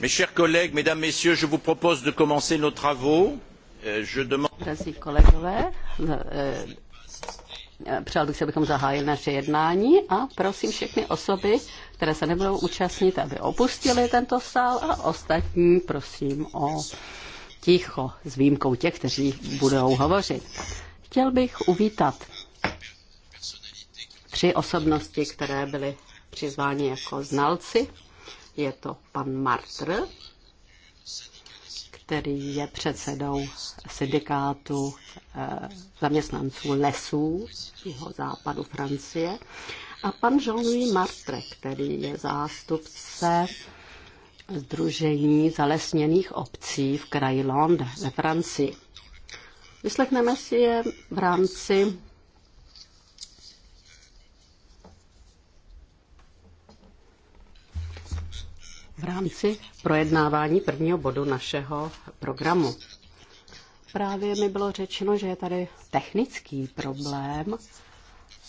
Mes chers collègues, mesdames, messieurs, je vous propose de commencer nos travaux. Euh, je demande... Eh, eh, přál bych si, abychom zahájili naše jednání a prosím všechny osoby, které se nebudou účastnit, aby opustili tento sál a ostatní prosím o ticho s výjimkou těch, kteří budou hovořit. Chtěl bych uvítat tři osobnosti, které byly přizváni jako znalci je to pan Martr, který je předsedou syndikátu eh, zaměstnanců lesů jeho západu Francie. A pan Jean-Louis Martre, který je zástupce Združení zalesněných obcí v kraji Londres ve Francii. Vyslechneme si je v rámci v rámci projednávání prvního bodu našeho programu. Právě mi bylo řečeno, že je tady technický problém.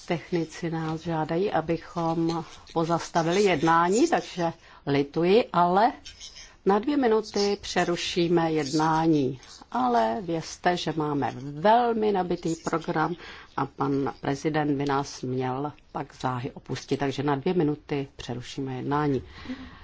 Technici nás žádají, abychom pozastavili jednání, takže lituji, ale na dvě minuty přerušíme jednání. Ale vězte, že máme velmi nabitý program a pan prezident by nás měl pak záhy opustit, takže na dvě minuty přerušíme jednání. Mm-hmm.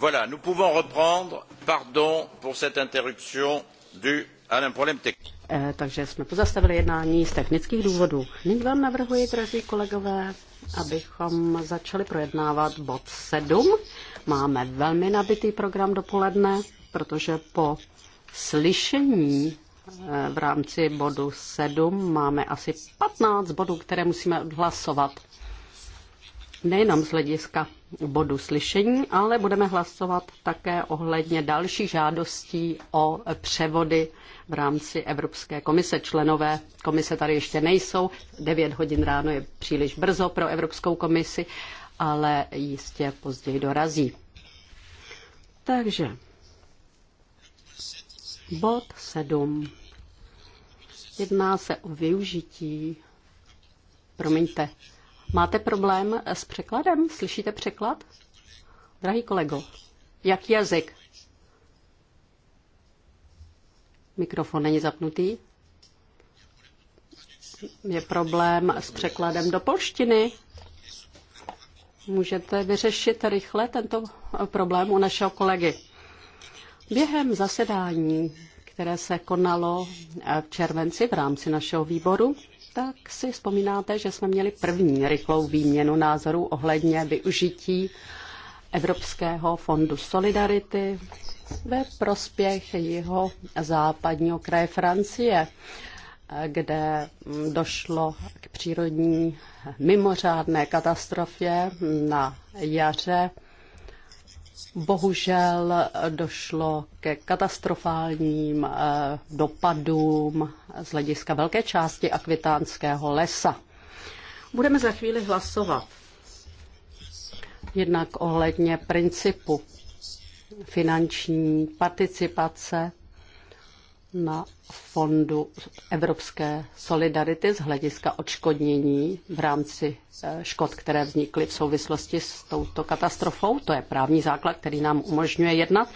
Voilà, nous pouvons reprendre. Pardon pour cette interruption due à un problème technique. Eh, takže jsme pozastavili jednání z technických důvodů. Nyní vám navrhuji, drazí kolegové, abychom začali projednávat bod 7. Máme velmi nabitý program dopoledne, protože po slyšení eh, v rámci bodu 7 máme asi 15 bodů, které musíme odhlasovat nejenom z hlediska bodu slyšení, ale budeme hlasovat také ohledně dalších žádostí o převody v rámci Evropské komise. Členové komise tady ještě nejsou. 9 hodin ráno je příliš brzo pro Evropskou komisi, ale jistě později dorazí. Takže bod 7. Jedná se o využití, promiňte, Máte problém s překladem? Slyšíte překlad? Drahý kolego, jak jazyk? Mikrofon není zapnutý. Je problém s překladem do polštiny. Můžete vyřešit rychle tento problém u našeho kolegy. Během zasedání, které se konalo v červenci v rámci našeho výboru, tak si vzpomínáte, že jsme měli první rychlou výměnu názorů ohledně využití Evropského fondu Solidarity ve prospěch jeho západního kraje Francie, kde došlo k přírodní mimořádné katastrofě na jaře Bohužel došlo ke katastrofálním eh, dopadům z hlediska velké části akvitánského lesa. Budeme za chvíli hlasovat jednak ohledně principu finanční participace na Fondu Evropské solidarity z hlediska odškodnění v rámci eh, škod, které vznikly v souvislosti s touto katastrofou. To je právní základ, který nám umožňuje jednat.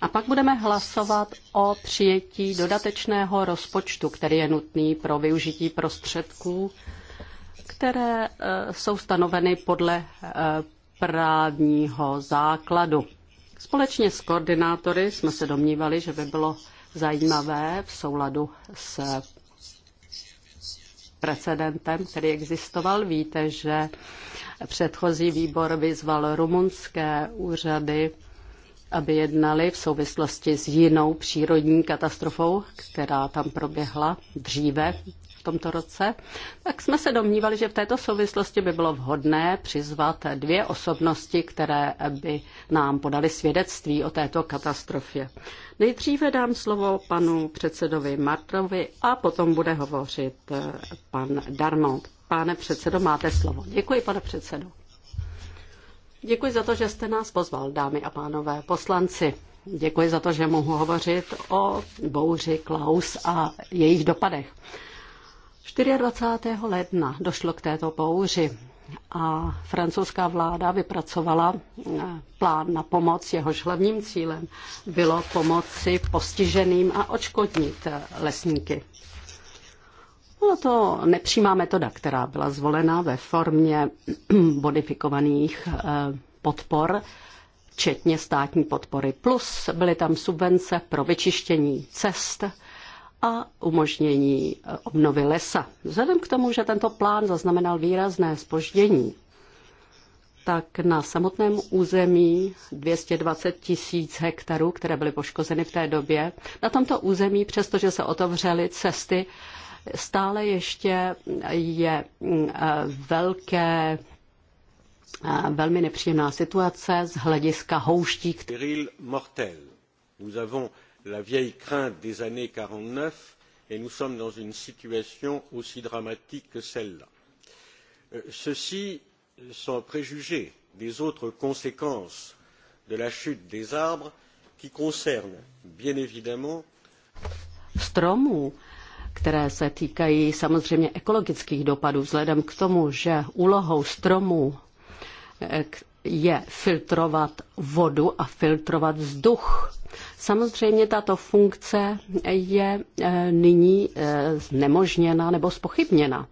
A pak budeme hlasovat o přijetí dodatečného rozpočtu, který je nutný pro využití prostředků, které eh, jsou stanoveny podle eh, právního základu. Společně s koordinátory jsme se domnívali, že by bylo zajímavé v souladu s precedentem, který existoval. Víte, že předchozí výbor vyzval rumunské úřady, aby jednali v souvislosti s jinou přírodní katastrofou, která tam proběhla dříve tomto roce, tak jsme se domnívali, že v této souvislosti by bylo vhodné přizvat dvě osobnosti, které by nám podali svědectví o této katastrofě. Nejdříve dám slovo panu předsedovi Martovi a potom bude hovořit eh, pan Darmont. Pane předsedo, máte slovo. Děkuji, pane předsedo. Děkuji za to, že jste nás pozval, dámy a pánové poslanci. Děkuji za to, že mohu hovořit o bouři Klaus a jejich dopadech. 24. ledna došlo k této bouři a francouzská vláda vypracovala eh, plán na pomoc, jehož hlavním cílem bylo pomoci postiženým a očkodnit eh, lesníky. Byla to nepřímá metoda, která byla zvolena ve formě modifikovaných eh, podpor, včetně státní podpory. Plus byly tam subvence pro vyčištění cest, a umožnění eh, obnovy lesa. Vzhledem k tomu, že tento plán zaznamenal výrazné spoždění, tak na samotném území 220 tisíc hektarů, které byly poškozeny v té době, na tomto území, přestože se otevřely cesty, stále ještě je mm, eh, velké eh, velmi nepříjemná situace z hlediska houští. Cyril Mortel. Nous avons la vieille crainte des années mille neuf cent quarante neuf et nous sommes dans une situation aussi dramatique que celle là. Euh, ceci sans préjuger des autres conséquences de la chute des arbres qui concernent bien évidemment stromů které se týkají samozřejmě ekologických dopadů, vzhledem k tomu, že úlohou stromů eh, je filtrovat vodu a filtrovat vzduch. Samozřejmě tato funkce je e, nyní e, znemožněna nebo spochybněna.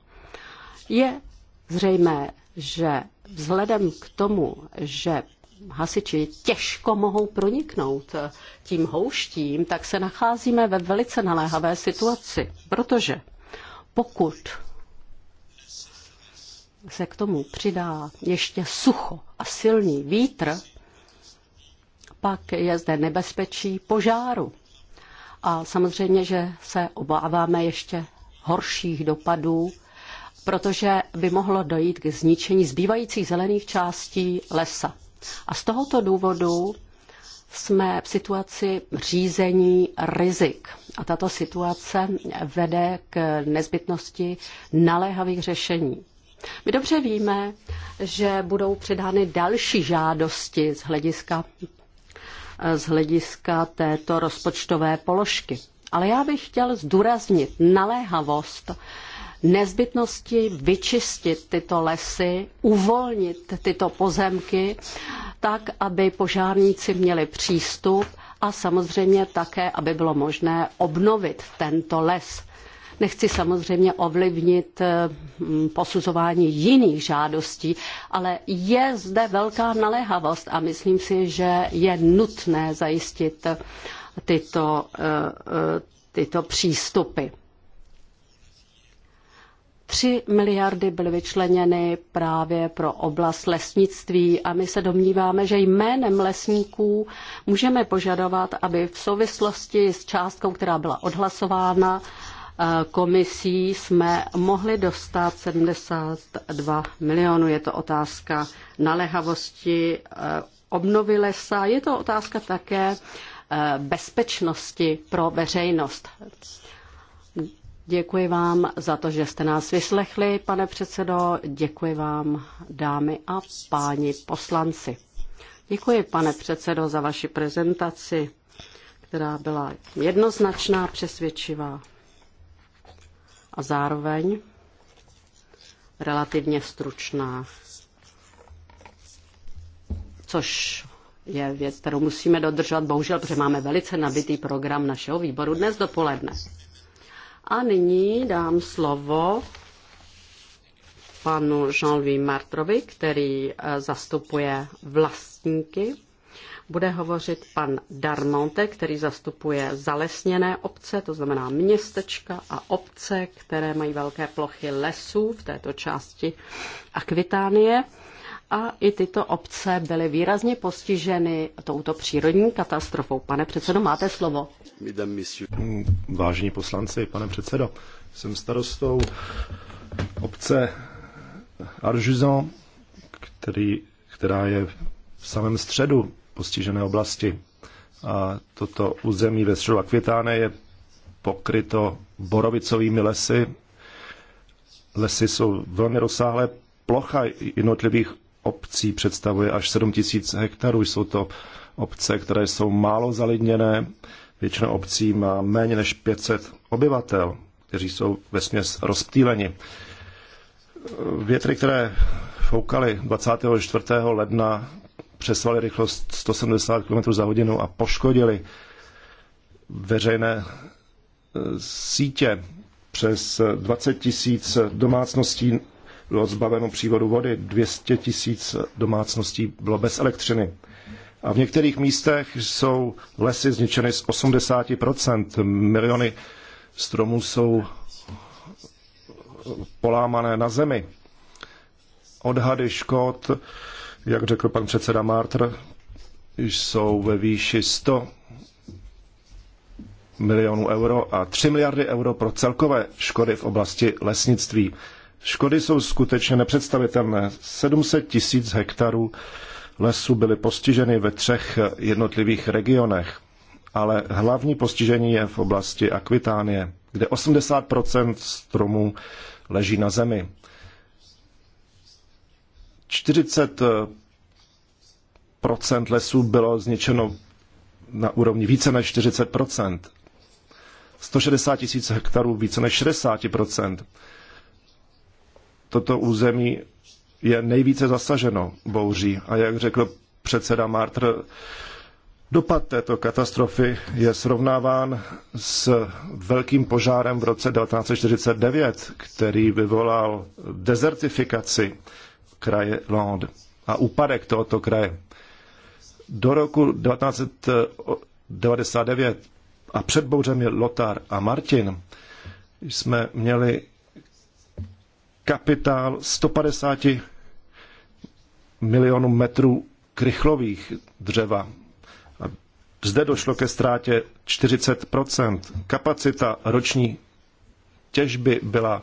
Je zřejmé, že vzhledem k tomu, že hasiči těžko mohou proniknout e, tím houštím, tak se nacházíme ve velice naléhavé situaci, protože pokud se k tomu přidá ještě sucho a silný vítr, naopak je zde nebezpečí požáru. A samozřejmě, že se obáváme ještě horších dopadů, protože by mohlo dojít k zničení zbývajících zelených částí lesa. A z tohoto důvodu jsme v situaci řízení rizik. A tato situace vede k nezbytnosti naléhavých řešení. My dobře víme, že budou předány další žádosti z hlediska z hlediska této rozpočtové položky. Ale já bych chtěl zdůraznit naléhavost nezbytnosti vyčistit tyto lesy, uvolnit tyto pozemky tak, aby požárníci měli přístup a samozřejmě také, aby bylo možné obnovit tento les. Nechci samozřejmě ovlivnit eh, posuzování jiných žádostí, ale je zde velká naléhavost a myslím si, že je nutné zajistit eh, tyto, eh, tyto přístupy. 3 miliardy byly vyčleněny právě pro oblast lesnictví a my se domníváme, že jménem lesníků můžeme požadovat, aby v souvislosti s částkou, která byla odhlasována, komisí jsme mohli dostat 72 milionů. Je to otázka naléhavosti eh, obnovy lesa, je to otázka také eh, bezpečnosti pro veřejnost. Děkuji vám za to, že jste nás vyslechli, pane předsedo. Děkuji vám, dámy a páni poslanci. Děkuji, pane předsedo, za vaši prezentaci, která byla jednoznačná, přesvědčivá a zároveň relativně stručná, což je věc, kterou musíme dodržovat, bohužel, protože máme velice nabitý program našeho výboru dnes dopoledne. A nyní dám slovo panu Jean-Louis Martrovi, který eh, zastupuje vlastníky bude hovořit pan Darmonte, který zastupuje zalesněné obce, to znamená městečka a obce, které mají velké plochy lesů v této části Akvitánie. A i tyto obce byly výrazně postiženy touto přírodní katastrofou. Pane předsedo, máte slovo. Vážení poslanci, pane předsedo, jsem starostou obce Arjuzon, který, která je v samém středu postižené oblasti. A toto území ve středu Akvitáne je pokryto borovicovými lesy. Lesy jsou velmi rozsáhlé. Plocha jednotlivých obcí představuje až 7 tisíc hektarů. Jsou to obce, které jsou málo zalidněné. Většina obcí má méně než 500 obyvatel, kteří jsou ve směs rozptýleni. Větry, které foukaly 24. ledna, přesvali rychlost 170 km za hodinu a poškodili veřejné e, sítě. Přes 20 tisíc domácností bylo zbaveno přívodu vody, 200 tisíc domácností bylo bez elektřiny. A v některých místech jsou lesy zničeny z 80%, miliony stromů jsou polámané na zemi. Odhady škod jak řekl pan předseda Martr, jsou ve výši 100 milionů euro a 3 miliardy euro pro celkové škody v oblasti lesnictví. Škody jsou skutečně nepředstavitelné. 700 tisíc hektarů lesů byly postiženy ve třech jednotlivých regionech, ale hlavní postižení je v oblasti Akvitánie, kde 80 stromů leží na zemi. 40 lesů bylo zničeno na úrovni více než 40 160 tisíc hektarů více než 60 Toto území je nejvíce zasaženo bouří a jak řekl předseda Martr, dopad této katastrofy je srovnáván s velkým požárem v roce 1949, který vyvolal dezertifikaci kraje Lond a úpadek tohoto kraje. Do roku 1999 a před bouřemi Lotar a Martin jsme měli kapitál 150 milionů metrů krychlových dřeva. A zde došlo ke ztrátě 40 Kapacita roční těžby byla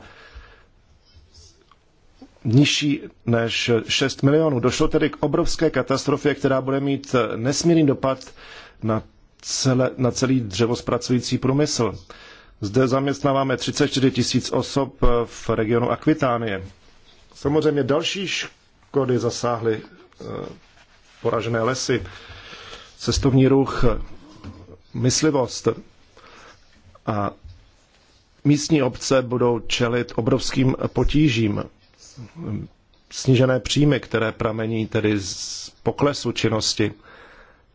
nižší než 6 milionů. Došlo tedy k obrovské katastrofě, která bude mít nesmírný dopad na, celé, na celý dřevospracující průmysl. Zde zaměstnáváme 34 tisíc osob v regionu Akvitánie. Samozřejmě další škody zasáhly eh, poražené lesy, cestovní ruch, myslivost a místní obce budou čelit obrovským potížím snížené příjmy, které pramení tedy z poklesu činnosti.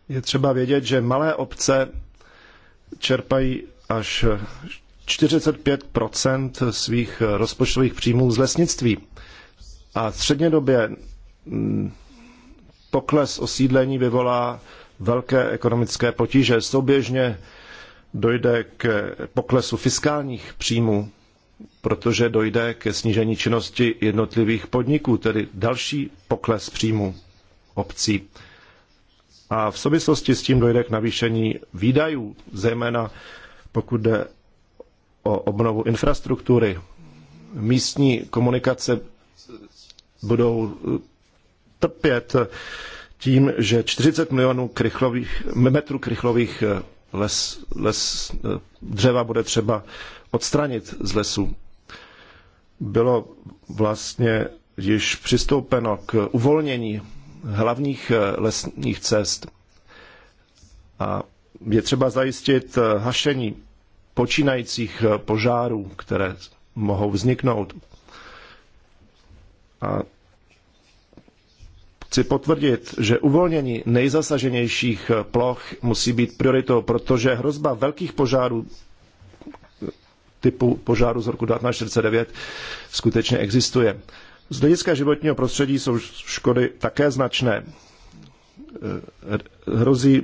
Je třeba vědět, že malé obce čerpají až 45 svých rozpočtových příjmů z lesnictví. A střednědobě mm, pokles osídlení vyvolá velké ekonomické potíže. Souběžně dojde k poklesu fiskálních příjmů protože dojde ke snížení činnosti jednotlivých podniků, tedy další pokles příjmu obcí. A v souvislosti s tím dojde k navýšení výdajů, zejména pokud jde o obnovu infrastruktury. Místní komunikace budou trpět tím, že 40 milionů krychlových, metrů krychlových les, les, dřeva bude třeba odstranit z lesů. Bylo vlastně již přistoupeno k uvolnění hlavních eh, lesních cest. A je třeba zajistit eh, hašení počínajících eh, požárů, které mohou vzniknout. A chci potvrdit, že uvolnění nejzasaženějších ploch musí být prioritou, protože hrozba velkých požárů typu požáru z roku 1949 skutečně existuje. Z hlediska životního prostředí jsou škody také značné. Eh, hrozí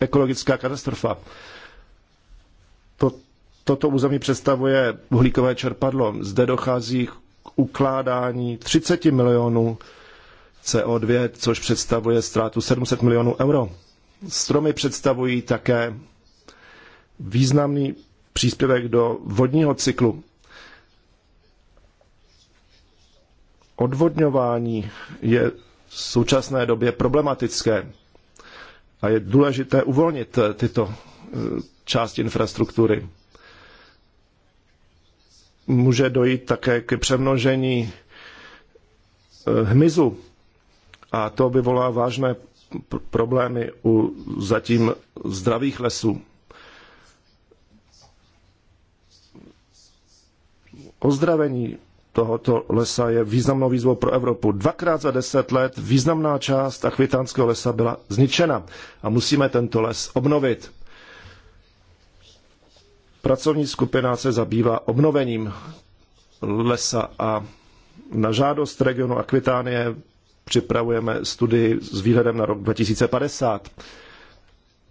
ekologická katastrofa. To, toto území představuje uhlíkové čerpadlo. Zde dochází k ukládání 30 milionů CO2, což představuje ztrátu 700 milionů euro. Stromy představují také významný příspěvek do vodního cyklu. Odvodňování je v současné době problematické a je důležité uvolnit eh, tyto eh, části infrastruktury. Může dojít také k přemnožení eh, hmyzu a to vyvolá vážné problémy u zatím zdravých lesů. ozdravení tohoto lesa je významnou výzvou pro Evropu. Dvakrát za deset let významná část akvitánského lesa byla zničena a musíme tento les obnovit. Pracovní skupina se zabývá obnovením lesa a na žádost regionu Akvitánie připravujeme studii s výhledem na rok 2050.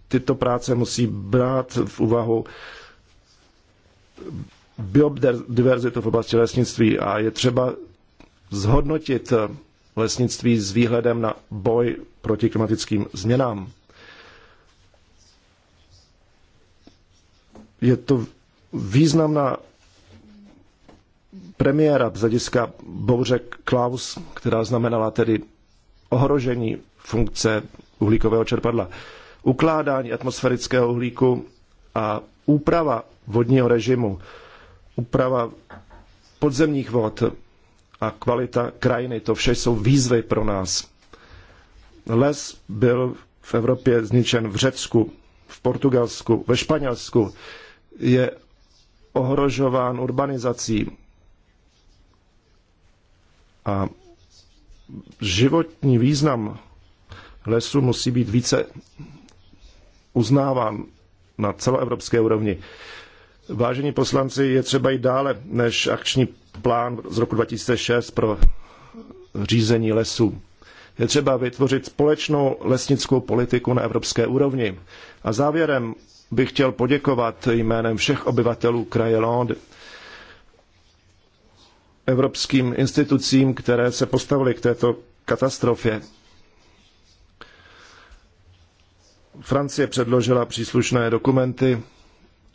Tyto práce musí brát v úvahu biodiverzitu v oblasti lesnictví a je třeba zhodnotit eh, lesnictví s výhledem na boj proti klimatickým změnám. Je to významná premiéra z hlediska bouře Klaus, která znamenala tedy ohrožení funkce uhlíkového čerpadla. Ukládání atmosférického uhlíku a úprava vodního režimu úprava podzemních vod a kvalita krajiny, to vše jsou výzvy pro nás. Les byl v Evropě zničen v Řecku, v Portugalsku, ve Španělsku. Je ohrožován urbanizací a životní význam lesu musí být více uznáván na celoevropské úrovni. Vážení poslanci, je třeba jít dále než akční plán z roku 2006 pro řízení lesů. Je třeba vytvořit společnou lesnickou politiku na evropské úrovni. A závěrem bych chtěl poděkovat jménem všech obyvatelů kraje Lond evropským institucím, které se postavily k této katastrofě. Francie předložila příslušné dokumenty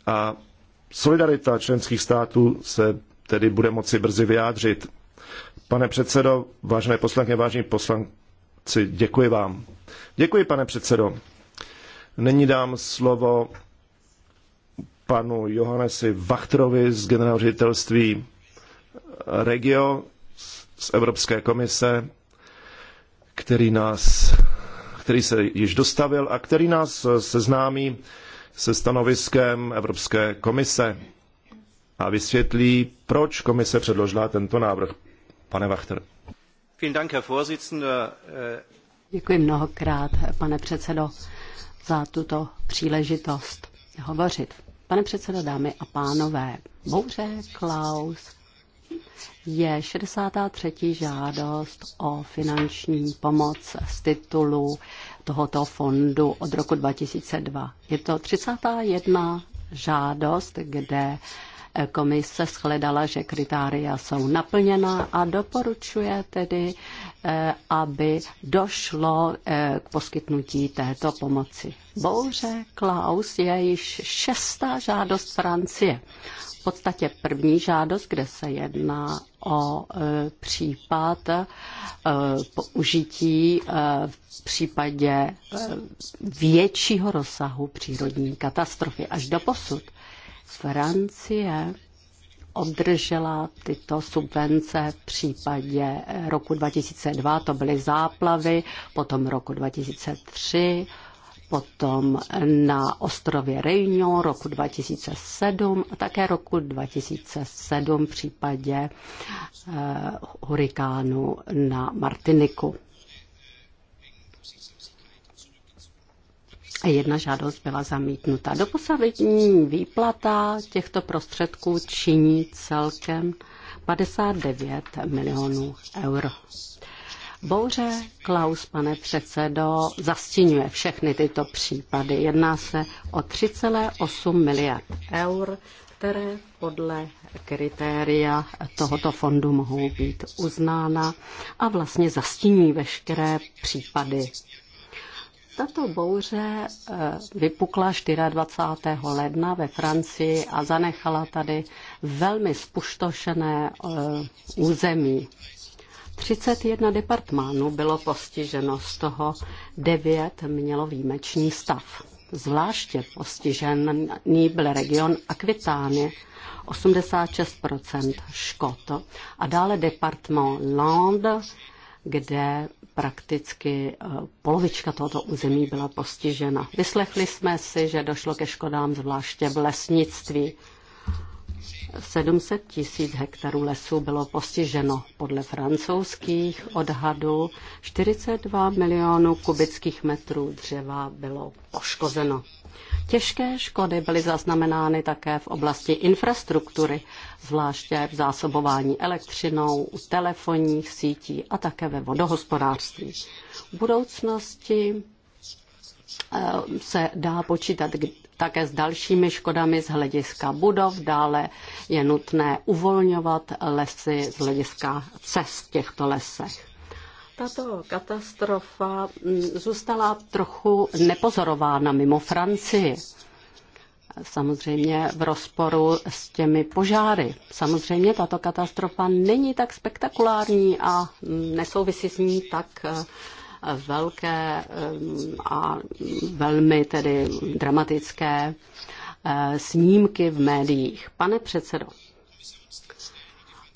a Solidarita členských států se tedy bude moci brzy vyjádřit. Pane předsedo, vážené poslankyně, vážení poslanci, děkuji vám. Děkuji, pane předsedo. Nyní dám slovo panu Johannesi Vachtrovi z generálního ředitelství Regio z Evropské komise, který, nás, který se již dostavil a který nás seznámí se stanoviskem Evropské komise a vysvětlí, proč komise předložila tento návrh. Pane Wachter. Děkuji mnohokrát, pane předsedo, za tuto příležitost hovořit. Pane předsedo, dámy a pánové, bouře Klaus je 63. žádost o finanční pomoc z titulu tohoto fondu od roku 2002. Je to 31 žádost, kde Komise shledala, že kritéria jsou naplněna a doporučuje tedy, eh, aby došlo eh, k poskytnutí této pomoci. Bouře Klaus je již šestá žádost Francie. V podstatě první žádost, kde se jedná o eh, případ použití v případě většího rozsahu přírodní katastrofy. Až do posud z Francie obdržela tyto subvence v případě roku 2002, to byly záplavy, potom roku 2003, potom na ostrově Réunion roku 2007 a také roku 2007 v případě eh, hurikánu na Martiniku. Jedna žádost byla zamítnuta. Doposavitní výplata těchto prostředků činí celkem 59 milionů eur. Bouře Klaus, pane předsedo, zastínuje všechny tyto případy. Jedná se o 3,8 miliard eur, které podle kritéria tohoto fondu mohou být uznána a vlastně zastíní veškeré případy tato bouře eh, vypukla 24. ledna ve Francii a zanechala tady velmi spuštošené eh, území. 31 departmánů bylo postiženo, z toho 9 mělo výjimečný stav. Zvláště postižený byl region Aquitány, 86 škod a dále departement Land, kde prakticky eh, polovička tohoto území byla postižena. Vyslechli jsme si, že došlo ke škodám zvláště v lesnictví. 700 tisíc hektarů lesů bylo postiženo. Podle francouzských odhadů 42 milionů kubických metrů dřeva bylo poškozeno. Těžké škody byly zaznamenány také v oblasti infrastruktury, zvláště v zásobování elektřinou, u telefonních sítí a také ve vodohospodářství. V budoucnosti eh, se dá počítat také s dalšími škodami z hlediska budov. Dále je nutné uvolňovat lesy z hlediska cest v těchto lesech. Tato katastrofa mm, zůstala trochu nepozorována mimo Francii. Samozřejmě v rozporu s těmi požáry. Samozřejmě tato katastrofa není tak spektakulární a nesouvisí s ní tak eh, velké eh, a velmi tedy dramatické eh, snímky v médiích. Pane předsedo,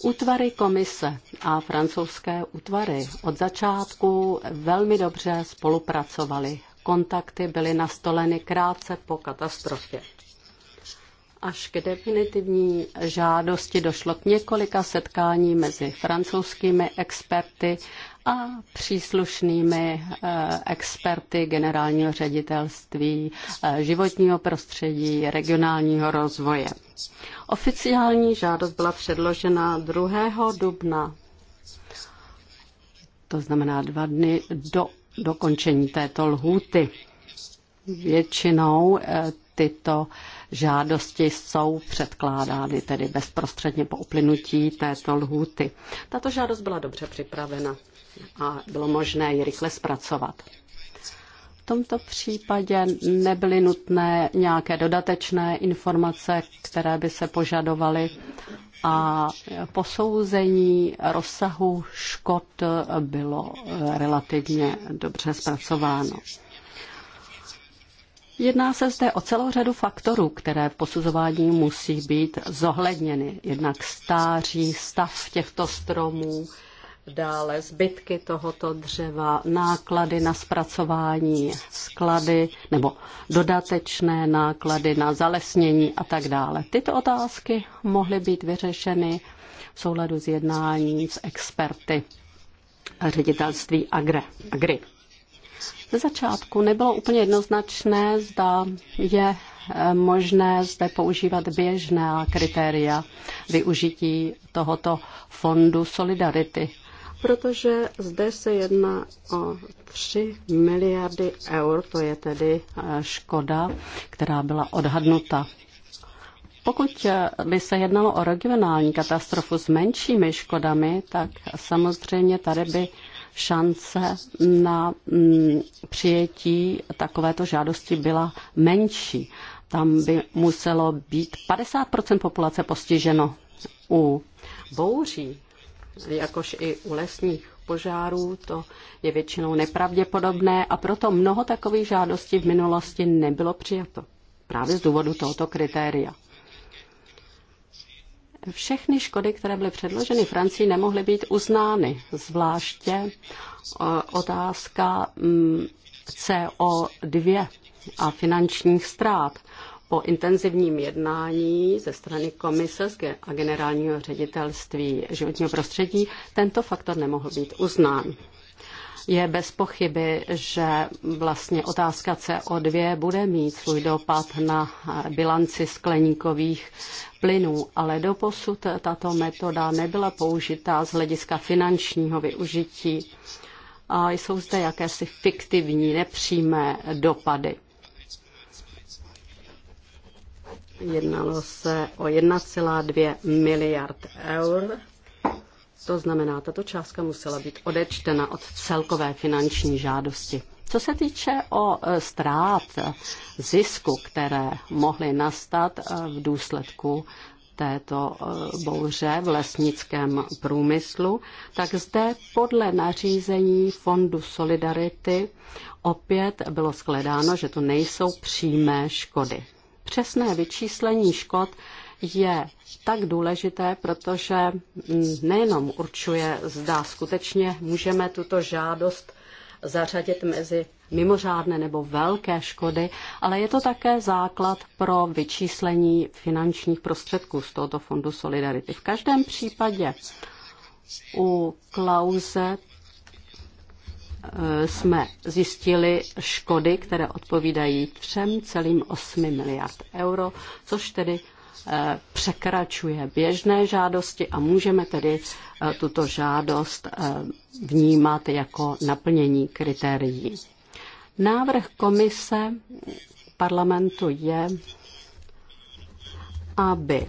Útvary komise a francouzské útvary od začátku velmi dobře spolupracovaly. Kontakty byly nastoleny krátce po katastrofě. Až k definitivní žádosti došlo k několika setkání mezi francouzskými experty a příslušnými eh, experty generálního ředitelství eh, životního prostředí, regionálního rozvoje. Oficiální žádost byla předložena 2. dubna, to znamená dva dny do dokončení této lhůty. Většinou eh, tyto žádosti jsou předkládány tedy bezprostředně po uplynutí této lhůty. Tato žádost byla dobře připravena a bylo možné ji rychle zpracovat. V tomto případě nebyly nutné nějaké dodatečné informace, které by se požadovaly a posouzení rozsahu škod bylo relativně dobře zpracováno. Jedná se zde o celou řadu faktorů, které v posuzování musí být zohledněny. Jednak stáří, stav těchto stromů, dále zbytky tohoto dřeva, náklady na zpracování sklady nebo dodatečné náklady na zalesnění a tak dále. Tyto otázky mohly být vyřešeny v souladu s jednáním s experty ředitelství Agre, Agri. Ze začátku nebylo úplně jednoznačné, zda je eh, možné zde používat běžná kritéria využití tohoto fondu Solidarity protože zde se jedná o 3 miliardy eur, to je tedy eh, škoda, která byla odhadnuta. Pokud eh, by se jednalo o regionální katastrofu s menšími škodami, tak samozřejmě tady by šance na mm, přijetí takovéto žádosti byla menší. Tam by muselo být 50 populace postiženo. U bouří jakož i u lesních požárů, to je většinou nepravděpodobné a proto mnoho takových žádostí v minulosti nebylo přijato. Právě z důvodu tohoto kritéria. Všechny škody, které byly předloženy Francii, nemohly být uznány, zvláště e, otázka mm, CO2 a finančních ztrát po intenzivním jednání ze strany komise a generálního ředitelství životního prostředí tento faktor nemohl být uznán. Je bez pochyby, že vlastně otázka CO2 bude mít svůj dopad na bilanci skleníkových plynů, ale doposud tato metoda nebyla použita z hlediska finančního využití. A jsou zde jakési fiktivní nepřímé dopady. Jednalo se o 1,2 miliard eur. To znamená, tato částka musela být odečtena od celkové finanční žádosti. Co se týče o e, ztrát zisku, které mohly nastat e, v důsledku této e, bouře v lesnickém průmyslu, tak zde podle nařízení Fondu Solidarity opět bylo skledáno, že to nejsou přímé škody přesné vyčíslení škod je tak důležité, protože nejenom určuje, zda skutečně můžeme tuto žádost zařadit mezi mimořádné nebo velké škody, ale je to také základ pro vyčíslení finančních prostředků z tohoto fondu Solidarity. V každém případě u klauze Eh, jsme zjistili škody, které odpovídají 3,8 miliard euro, což tedy eh, překračuje běžné žádosti a můžeme tedy eh, tuto žádost vnímat jako naplnění kritérií. Návrh komise parlamentu je, aby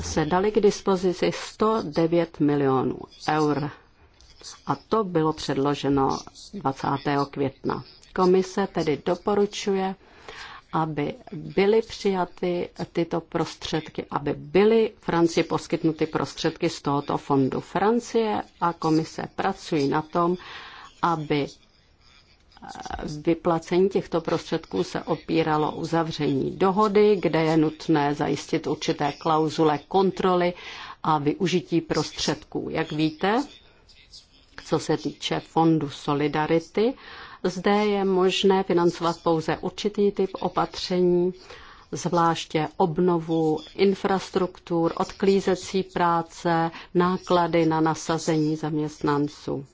se dali k dispozici 109 milionů eur a to bylo předloženo 20. května. Komise tedy doporučuje, aby byly přijaty tyto prostředky, aby byly Francii poskytnuty prostředky z tohoto fondu. Francie a komise pracují na tom, aby eh, vyplacení těchto prostředků se opíralo uzavření dohody, kde je nutné zajistit určité klauzule kontroly a využití prostředků. Jak víte, co se týče fondu Solidarity, zde je možné financovat pouze určitý typ opatření, zvláště obnovu infrastruktur, odklízecí práce, náklady na nasazení zaměstnanců.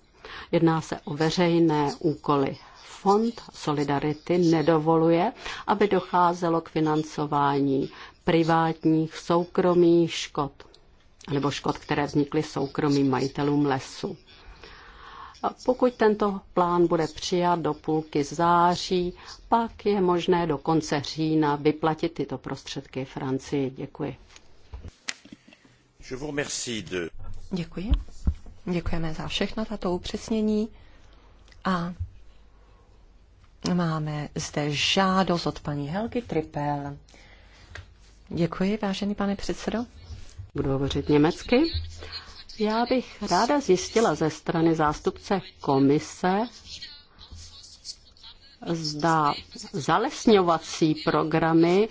Jedná se o veřejné úkoly. Fond Solidarity nedovoluje, aby docházelo k financování privátních soukromých škod nebo škod, které vznikly soukromým majitelům lesu. A pokud tento plán bude přijat do půlky září, pak je možné do konce října vyplatit tyto prostředky Francii. Děkuji. Děkuji. Děkujeme za všechno tato upřesnění a máme zde žádost od paní Helgy Tripel. Děkuji, vážený pane předsedo. Budu hovořit německy. Já bych ráda zjistila ze strany zástupce komise, zda zalesňovací programy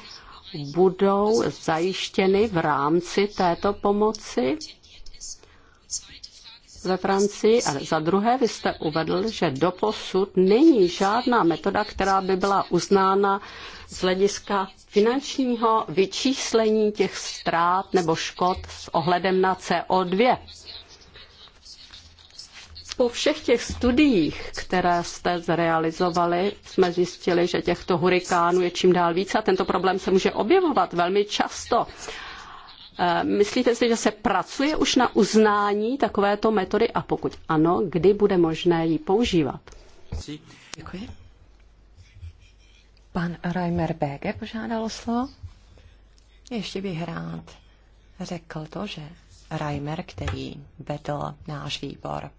budou zajištěny v rámci této pomoci ve Francii. A za druhé, vy jste uvedl, že doposud není žádná metoda, která by byla uznána z hlediska finančního vyčíslení těch ztrát nebo škod s ohledem na CO2. Po všech těch studiích, které jste zrealizovali, jsme zjistili, že těchto hurikánů je čím dál více a tento problém se může objevovat velmi často. Eh, myslíte si, že se pracuje už na uznání takovéto metody a pokud ano, kdy bude možné ji používat? Děkuji. Pan Reimer Bege požádal o slovo. Ještě bych rád řekl to, že Reimer, který vedl náš výbor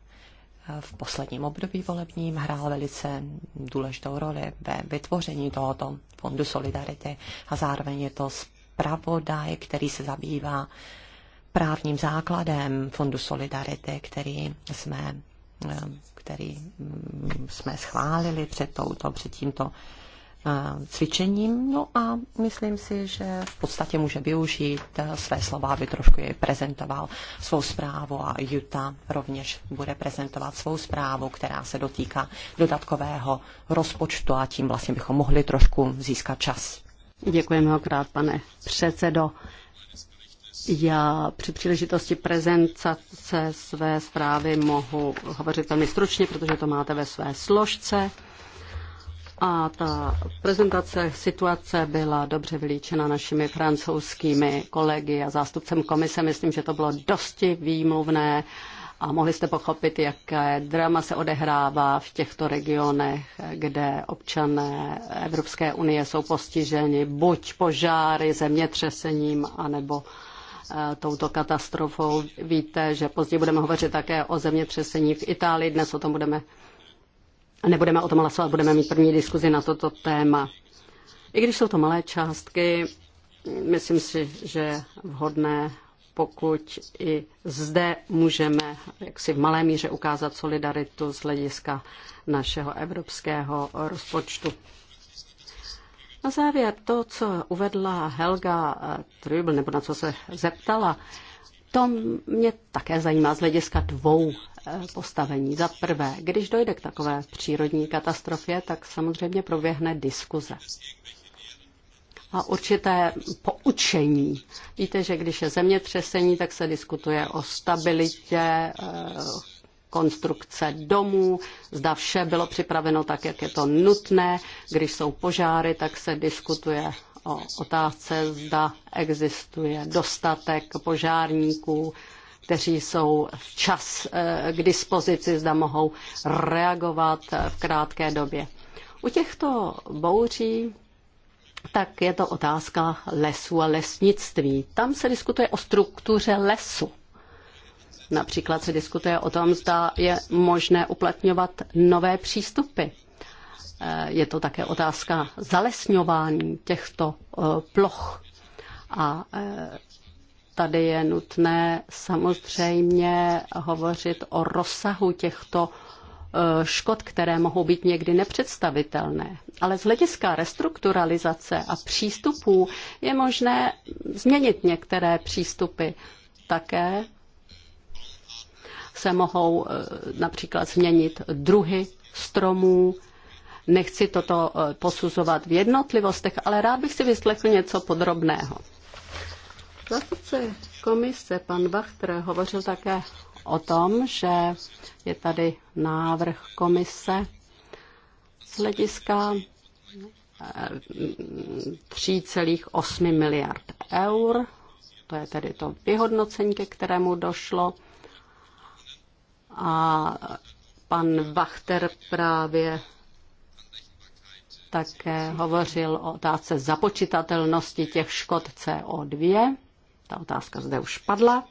v posledním období volebním hrál velice důležitou roli ve vytvoření tohoto fondu Solidarity a zároveň je to zpravodaj, který se zabývá právním základem Fondu Solidarity, který jsme, eh, který mm, jsme schválili před, touto, před tímto eh, cvičením. No a myslím si, že v podstatě může využít eh, své slova, aby trošku je prezentoval svou zprávu a Juta rovněž bude prezentovat svou zprávu, která se dotýká dodatkového rozpočtu a tím vlastně bychom mohli trošku získat čas. Děkuji mnohokrát, pane předsedo. Já při příležitosti prezentace své zprávy mohu hovořit velmi stručně, protože to máte ve své složce. A ta prezentace situace byla dobře vylíčena našimi francouzskými kolegy a zástupcem komise. Myslím, že to bylo dosti výmluvné. Uh, a mohli jste pochopit, jaké drama se odehrává v těchto regionech, kde občané Evropské unie jsou postiženi buď požáry, zemětřesením, anebo e, touto katastrofou. Víte, že později budeme hovořit také o zemětřesení v Itálii. Dnes o tom budeme, nebudeme o tom hlasovat, budeme mít první diskuzi na toto téma. I když jsou to malé částky, myslím si, že je vhodné pokud i zde můžeme jaksi v malé míře ukázat solidaritu z hlediska našeho evropského rozpočtu. Na závěr to, co uvedla Helga Trübel, nebo na co se zeptala, to mě také zajímá z hlediska dvou eh, postavení. Za prvé, když dojde k takové přírodní katastrofě, tak samozřejmě proběhne diskuze a určité poučení. Víte, že když je zemětřesení, tak se diskutuje o stabilitě eh, konstrukce domů, zda vše bylo připraveno tak, jak je to nutné. Když jsou požáry, tak se diskutuje o otázce, zda existuje dostatek požárníků, kteří jsou včas eh, k dispozici, zda mohou reagovat eh, v krátké době. U těchto bouří tak je to otázka lesů a lesnictví. Tam se diskutuje o struktuře lesu. Například se diskutuje o tom, zda je možné uplatňovat nové přístupy. Eh, je to také otázka zalesňování těchto eh, ploch. A eh, tady je nutné samozřejmě hovořit o rozsahu těchto Eh, škod, které mohou být někdy nepředstavitelné. Ale z hlediska restrukturalizace a přístupů je možné změnit některé přístupy. Také se mohou eh, například změnit druhy stromů. Nechci toto eh, posuzovat v jednotlivostech, ale rád bych si vyslechl něco podrobného. Zástupce komise, pan Wachter, hovořil také o tom, že je tady návrh komise z hlediska 3,8 eh, miliard eur. To je tedy to vyhodnocení, ke kterému došlo. A pan Wachter právě také hovořil o otázce započitatelnosti těch škod CO2. Ta otázka zde už padla.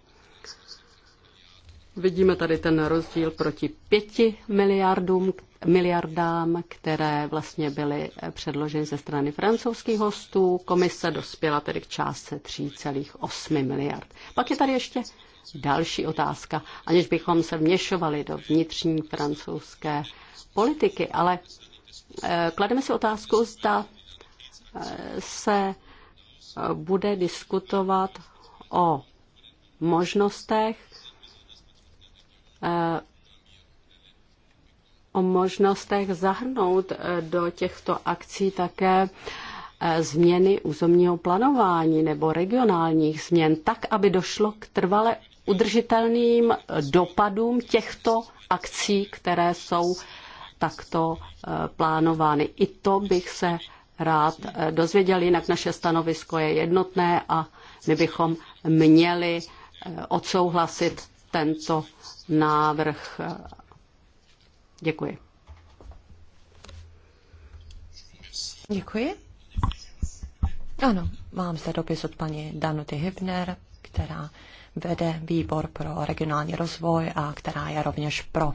Vidíme tady ten rozdíl proti pěti miliardům, miliardám, které vlastně byly předloženy ze strany francouzských hostů. Komise dospěla tedy k částce 3,8 miliard. Pak je tady ještě další otázka, aniž bychom se vněšovali do vnitřní francouzské politiky, ale eh, klademe si otázku, zda eh, se eh, bude diskutovat o možnostech Eh, o možnostech zahrnout eh, do těchto akcí také eh, změny územního plánování nebo regionálních změn, tak, aby došlo k trvale udržitelným dopadům těchto akcí, které jsou takto plánovány. I to bych se rád dozvěděl, jinak naše stanovisko je jednotné a my bychom měli odsouhlasit tento návrh. Děkuji. Děkuji. Ano, mám zde dopis od paní Danuty Hybner, která vede výbor pro regionální rozvoj a která je rovněž pro.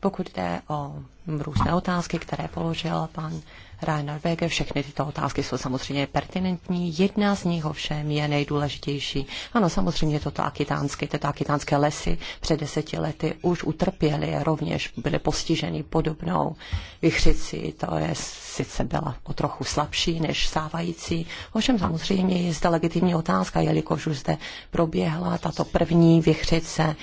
Pokud jde o různé otázky, které položil pan Rainer Wege. Všechny tyto otázky jsou samozřejmě pertinentní. Jedna z nich ovšem je nejdůležitější. Ano, samozřejmě toto akitánské, tyto akitánské lesy před deseti lety už utrpěly rovněž byly postiženy podobnou vychřici. To je sice byla o trochu slabší než sávající. Ovšem samozřejmě je zde legitimní otázka, jelikož už zde proběhla tato první vychřice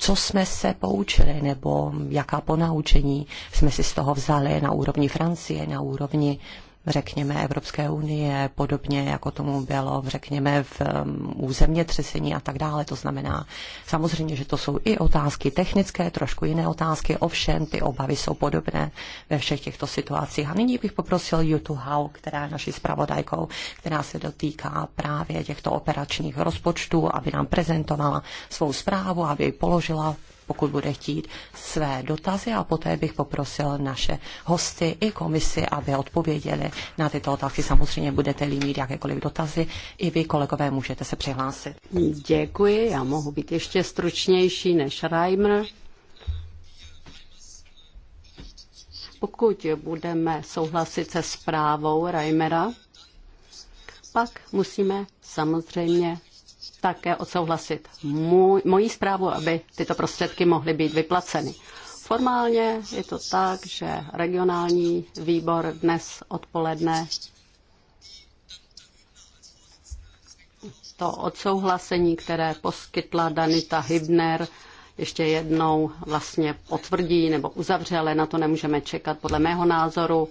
co jsme se poučili nebo jaká ponaučení jsme si z toho vzali na úrovni Francie, na úrovni řekněme, Evropské unie, podobně jako tomu bylo, řekněme, v um, územně třesení a tak dále. To znamená, samozřejmě, že to jsou i otázky technické, trošku jiné otázky, ovšem ty obavy jsou podobné ve všech těchto situacích. A nyní bych poprosil Jutu Hau, která je naší zpravodajkou, která se dotýká právě těchto operačních rozpočtů, aby nám prezentovala svou zprávu, aby položila pokud bude chtít, své dotazy a poté bych poprosil naše hosty i komisi, aby odpověděli na tyto otázky. Samozřejmě budete-li mít jakékoliv dotazy, i vy, kolegové, můžete se přihlásit. Děkuji, já mohu být ještě stručnější než Reimer. Pokud budeme souhlasit se zprávou Reimera, pak musíme samozřejmě také odsouhlasit můj, moji zprávu, aby tyto prostředky mohly být vyplaceny. Formálně je to tak, že regionální výbor dnes odpoledne to odsouhlasení, které poskytla Danita Hybner, ještě jednou vlastně potvrdí nebo uzavře, ale na to nemůžeme čekat podle mého názoru.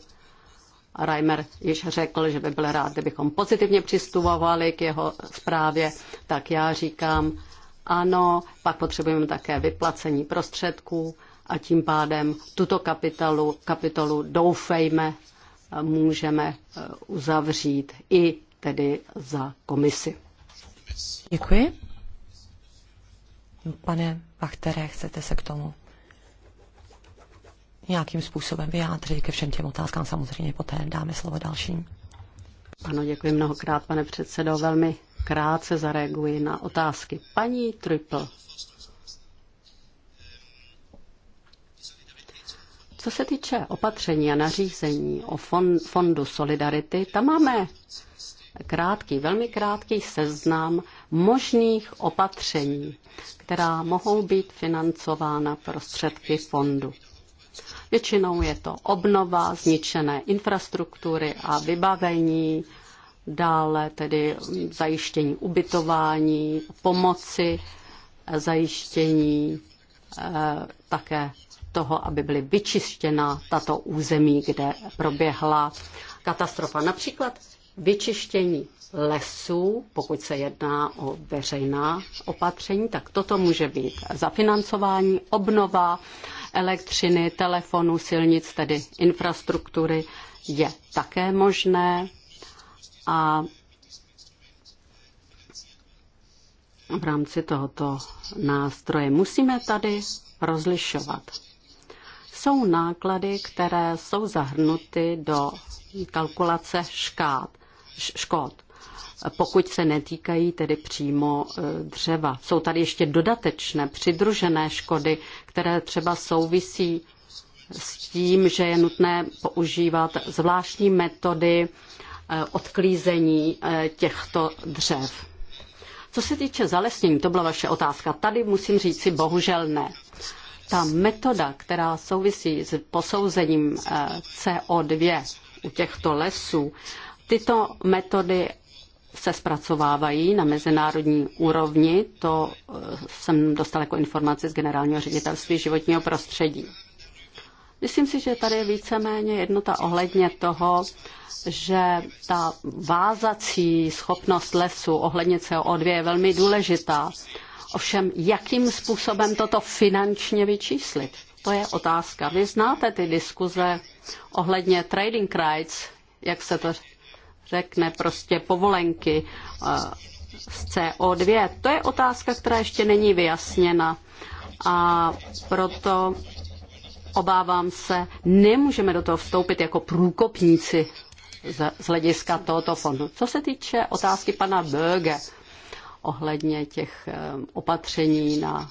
Reimer již řekl, že by byl rád, kdybychom pozitivně přistupovali k jeho zprávě, tak já říkám ano, pak potřebujeme také vyplacení prostředků a tím pádem tuto kapitolu, kapitolu doufejme, můžeme eh, uzavřít i tedy za komisi. Děkuji. Pane Bachtere, chcete se k tomu nějakým způsobem vyjádřit ke všem těm otázkám. Samozřejmě poté dáme slovo dalším. Ano, děkuji mnohokrát, pane předsedo. Velmi krátce zareaguji na otázky. Paní Triple. Co se týče opatření a nařízení o Fondu Solidarity, tam máme krátký, velmi krátký seznam možných opatření, která mohou být financována prostředky fondu. Většinou je to obnova zničené infrastruktury a vybavení, dále tedy zajištění ubytování, pomoci, e, zajištění eh, také toho, aby byly vyčištěna tato území, kde proběhla katastrofa. Například vyčištění lesů, pokud se jedná o veřejná opatření, tak toto může být zafinancování, obnova elektřiny, telefonů, silnic, tedy infrastruktury je také možné a v rámci tohoto nástroje musíme tady rozlišovat. Jsou náklady, které jsou zahrnuty do kalkulace škád, škod pokud se netýkají tedy přímo e, dřeva. Jsou tady ještě dodatečné přidružené škody, které třeba souvisí s tím, že je nutné používat zvláštní metody e, odklízení e, těchto dřev. Co se týče zalesnění, to byla vaše otázka, tady musím říct si bohužel ne. Ta metoda, která souvisí s posouzením CO2 u těchto lesů, tyto metody se zpracovávají na mezinárodní úrovni. To eh, jsem dostala jako informaci z Generálního ředitelství životního prostředí. Myslím si, že tady je víceméně jednota ohledně toho, že ta vázací schopnost lesu ohledně CO2 je velmi důležitá. Ovšem, jakým způsobem toto finančně vyčíslit? To je otázka. Vy znáte ty diskuze ohledně trading rights, jak se to řekne prostě povolenky eh, z CO2. To je otázka, která ještě není vyjasněna a proto obávám se, nemůžeme do toho vstoupit jako průkopníci z hlediska tohoto fondu. Co se týče otázky pana Böge ohledně těch eh, opatření na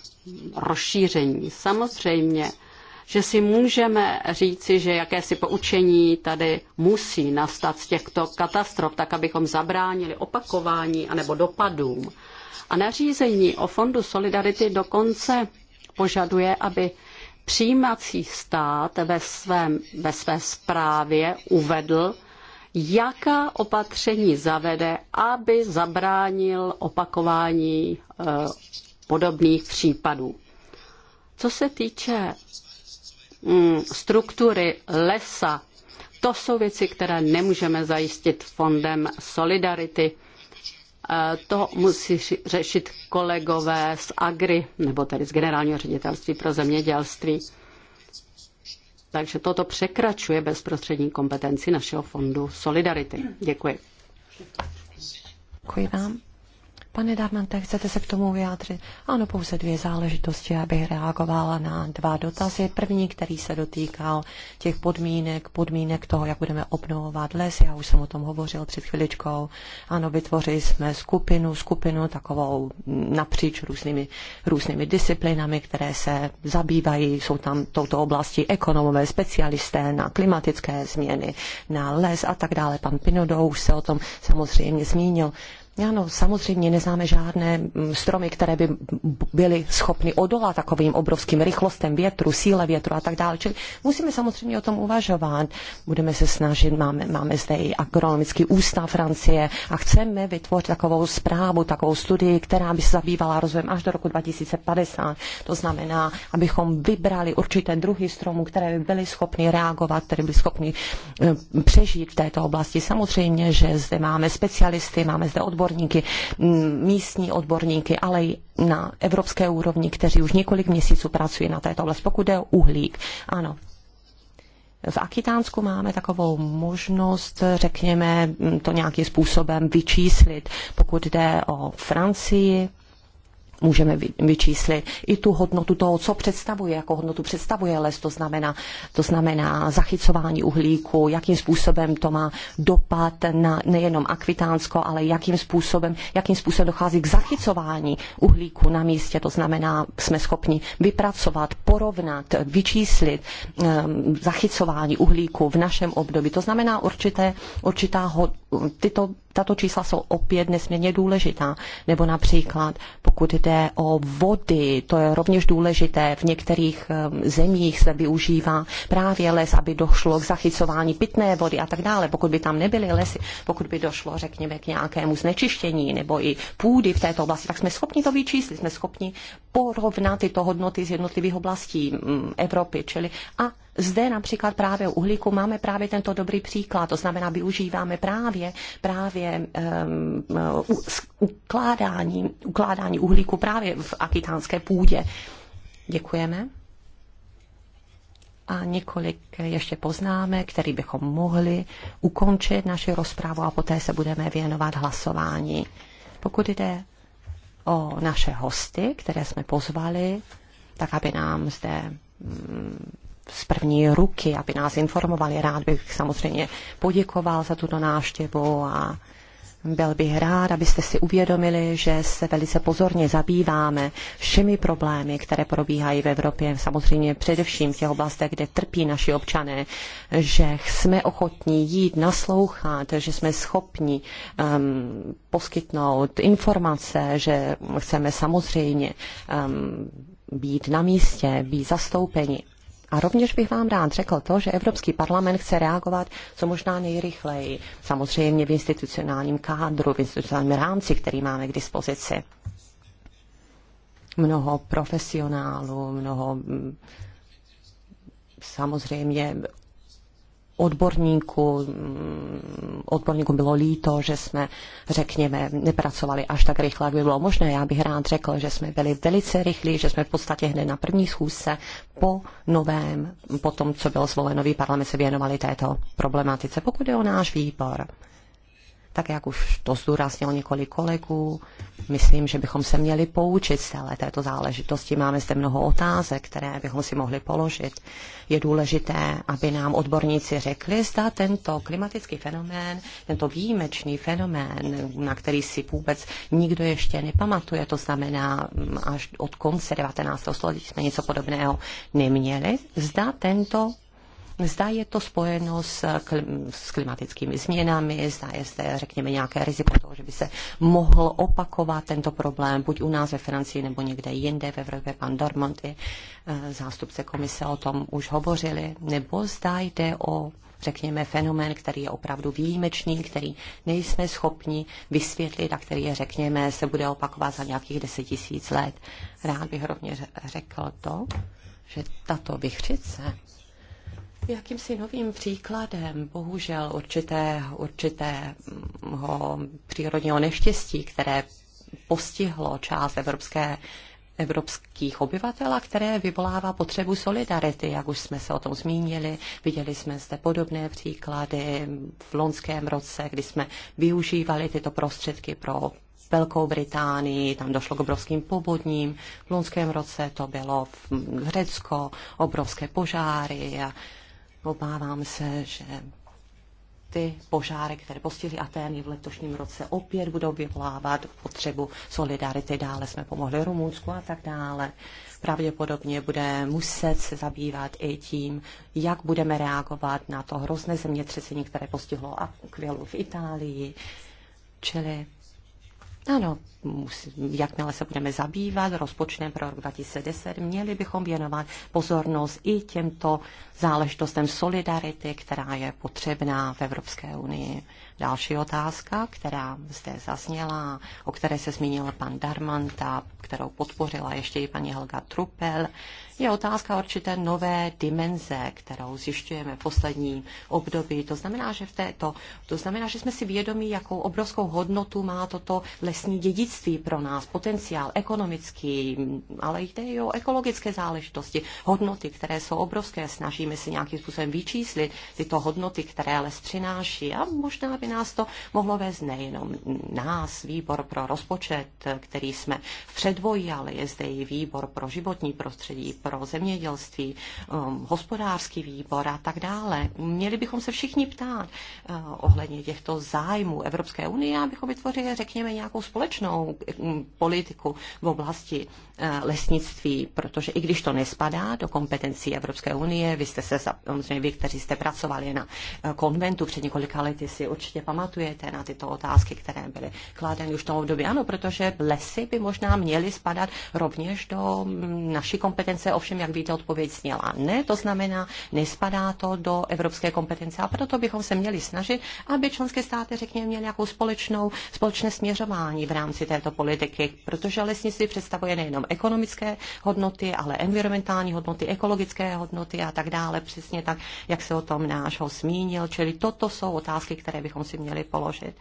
rozšíření, samozřejmě že si můžeme říci, že jakési poučení tady musí nastat z těchto katastrof, tak abychom zabránili opakování anebo dopadům. A nařízení o Fondu Solidarity dokonce požaduje, aby přijímací stát ve, svém, ve své zprávě uvedl, jaká opatření zavede, aby zabránil opakování e, podobných případů. Co se týče Mm, struktury lesa, to jsou věci, které nemůžeme zajistit fondem Solidarity. Eh, to musí řešit kolegové z Agri, nebo tedy z Generálního ředitelství pro zemědělství. Takže toto překračuje bezprostřední kompetenci našeho fondu Solidarity. Děkuji. Děkuji vám. Pane Darmante, chcete se k tomu vyjádřit? Ano, pouze dvě záležitosti, abych reagovala na dva dotazy. První, který se dotýkal těch podmínek, podmínek toho, jak budeme obnovovat les. Já už jsem o tom hovořil před chviličkou. Ano, vytvořili jsme skupinu, skupinu takovou napříč různými, různými disciplinami, které se zabývají, jsou tam touto oblasti ekonomové, specialisté na klimatické změny, na les a tak dále. Pan Pinodou už se o tom samozřejmě zmínil. Ano, samozřejmě neznáme žádné mm, stromy, které by byly schopny odolat takovým obrovským rychlostem větru, síle větru a tak dále. Čili musíme samozřejmě o tom uvažovat. Budeme se snažit, máme, máme zde i agronomický ústav Francie a chceme vytvořit takovou zprávu, takovou studii, která by se zabývala rozvojem až do roku 2050. To znamená, abychom vybrali určité druhy stromů, které by byly schopny reagovat, které by byly schopny eh, přežít v této oblasti. Samozřejmě, že zde máme specialisty, máme zde odborníky, odborníky, místní odborníky, ale i na evropské úrovni, kteří už několik měsíců pracují na této oblasti, pokud jde o uhlík. Ano, v Akitánsku máme takovou možnost, řekněme, to nějakým způsobem vyčíslit. Pokud jde o Francii, můžeme vyčíslit i tu hodnotu toho, co představuje, jako hodnotu představuje les, to znamená, to znamená zachycování uhlíku, jakým způsobem to má dopad na nejenom Akvitánsko, ale jakým způsobem, jakým způsobem dochází k zachycování uhlíku na místě, to znamená, jsme schopni vypracovat, porovnat, vyčíslit um, zachycování uhlíku v našem období. To znamená určité, určitá ho, tyto tato čísla jsou opět nesmírně důležitá. Nebo například, pokud jde o vody, to je rovněž důležité. V některých ehm, zemích se využívá právě les, aby došlo k zachycování pitné vody a tak dále. Pokud by tam nebyly lesy, pokud by došlo, řekněme, k nějakému znečištění nebo i půdy v této oblasti, tak jsme schopni to vyčíslit, jsme schopni porovnat tyto hodnoty z jednotlivých oblastí mm, Evropy. Čili a zde například právě u uhlíku máme právě tento dobrý příklad, to znamená, využíváme právě, právě um, ukládání, ukládání uhlíku právě v akitánské půdě. Děkujeme. A několik ještě poznáme, který bychom mohli ukončit naši rozprávu a poté se budeme věnovat hlasování. Pokud jde o naše hosty, které jsme pozvali, tak aby nám zde mm, z první ruky, aby nás informovali. Rád bych samozřejmě poděkoval za tuto návštěvu a byl bych rád, abyste si uvědomili, že se velice pozorně zabýváme všemi problémy, které probíhají v Evropě, samozřejmě především v těch oblastech, kde trpí naši občané, že jsme ochotní jít naslouchat, že jsme schopni um, poskytnout informace, že chceme samozřejmě um, být na místě, být zastoupeni. A rovněž bych vám rád řekl to, že Evropský parlament chce reagovat co možná nejrychleji, samozřejmě v institucionálním kádru, v institucionálním rámci, který máme k dispozici. Mnoho profesionálů, mnoho mm, samozřejmě odborníků, mm, odborníků bylo líto, že jsme, řekněme, nepracovali až tak rychle, jak by bylo možné. Já bych rád řekl, že jsme byli velice rychlí, že jsme v podstatě hned na první schůzce po novém, po tom, co byl zvolen nový parlament, se věnovali této problematice, pokud je o náš výbor tak jak už to zdůraznil několik kolegů, myslím, že bychom se měli poučit z celé této záležitosti. Máme zde mnoho otázek, které bychom si mohli položit. Je důležité, aby nám odborníci řekli, zda tento klimatický fenomén, tento výjimečný fenomén, na který si vůbec nikdo ještě nepamatuje, to znamená mm, až od konce 19. století jsme něco podobného neměli, zda tento Zda je to spojeno s, klim, s klimatickými změnami, zda je zde, řekněme, nějaké riziko toho, že by se mohl opakovat tento problém, buď u nás ve Francii nebo někde jinde v Evropě. Pan Dormont i eh, zástupce komise o tom už hovořili. Nebo zda jde o řekněme, fenomén, který je opravdu výjimečný, který nejsme schopni vysvětlit a který je, řekněme, se bude opakovat za nějakých deset tisíc let. Rád bych rovněž řekl to, že tato vychřice jakýmsi novým příkladem, bohužel, určité, určitého přírodního neštěstí, které postihlo část evropské evropských obyvatel a které vyvolává potřebu solidarity, jak už jsme se o tom zmínili. Viděli jsme zde podobné příklady v loňském roce, kdy jsme využívali tyto prostředky pro Velkou Británii, tam došlo k obrovským povodním. V loňském roce to bylo v Řecko, obrovské požáry a Obávám se, že ty požáry, které postihly Atény v letošním roce, opět budou vyvolávat potřebu solidarity. Dále jsme pomohli Rumunsku a tak dále. Pravděpodobně bude muset se zabývat i tím, jak budeme reagovat na to hrozné zemětřesení, které postihlo Aquilu v Itálii. Čili ano, musí, jakmile se budeme zabývat rozpočtem pro rok 2010, měli bychom věnovat pozornost i těmto záležitostem solidarity, která je potřebná v Evropské unii. Další otázka, která zde zazněla, o které se zmínil pan Darmanta, kterou podpořila ještě i paní Helga Trupel, je otázka určité nové dimenze, kterou zjišťujeme v posledním období. To znamená, že v této, to znamená, že jsme si vědomí, jakou obrovskou hodnotu má toto lesní dědictví pro nás, potenciál ekonomický, ale jde i o ekologické záležitosti, hodnoty, které jsou obrovské. Snažíme se nějakým způsobem vyčíslit tyto hodnoty, které les přináší a možná by nás to mohlo vést nejenom nás, výbor pro rozpočet, který jsme předvojí, ale je zde i výbor pro životní prostředí, pro zemědělství, um, hospodářský výbor a tak dále. Měli bychom se všichni ptát uh, ohledně těchto zájmů Evropské unie, abychom vytvořili, řekněme, nějakou společnou um, politiku v oblasti Eh, lesnictví, protože i když to nespadá do kompetencí Evropské unie, vy jste se, samozřejmě vy, kteří jste pracovali na eh, konventu před několika lety, si určitě pamatujete na tyto otázky, které byly kládeny už v tom období. Ano, protože lesy by možná měly spadat rovněž do mm, naší kompetence, ovšem, jak víte, odpověď sněla. ne, to znamená, nespadá to do evropské kompetence a proto bychom se měli snažit, aby členské státy, řekněme, měly nějakou společnou, společné směřování v rámci této politiky, protože lesnictví představuje nejenom ekonomické hodnoty, ale environmentální hodnoty, ekologické hodnoty a tak dále, přesně tak, jak se o tom náš ho smínil. Čili toto jsou otázky, které bychom si měli položit.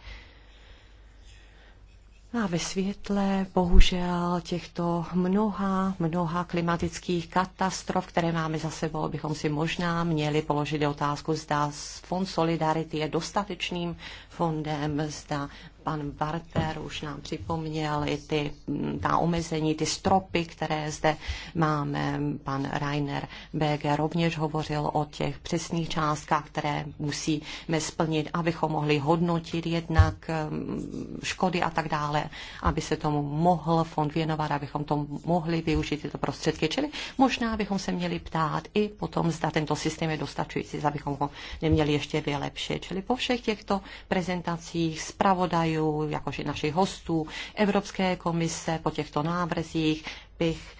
A ve světle bohužel těchto mnoha, mnoha klimatických katastrof, které máme za sebou, bychom si možná měli položit otázku, zda Fond Solidarity je dostatečným fondem, zda pan Barter už nám připomněl i ty, mm, ta omezení, ty stropy, které zde máme. Pan Rainer BG rovněž hovořil o těch přesných částkách, které musíme splnit, abychom mohli hodnotit jednak mm, škody a tak dále, aby se tomu mohl fond věnovat, abychom to mohli využít tyto prostředky. Čili možná bychom se měli ptát i potom, zda tento systém je dostačující, abychom ho neměli ještě vylepšit. Čili po všech těchto prezentacích zpravodajů, zdrojů, jakož i našich hostů Evropské komise po těchto návrzích bych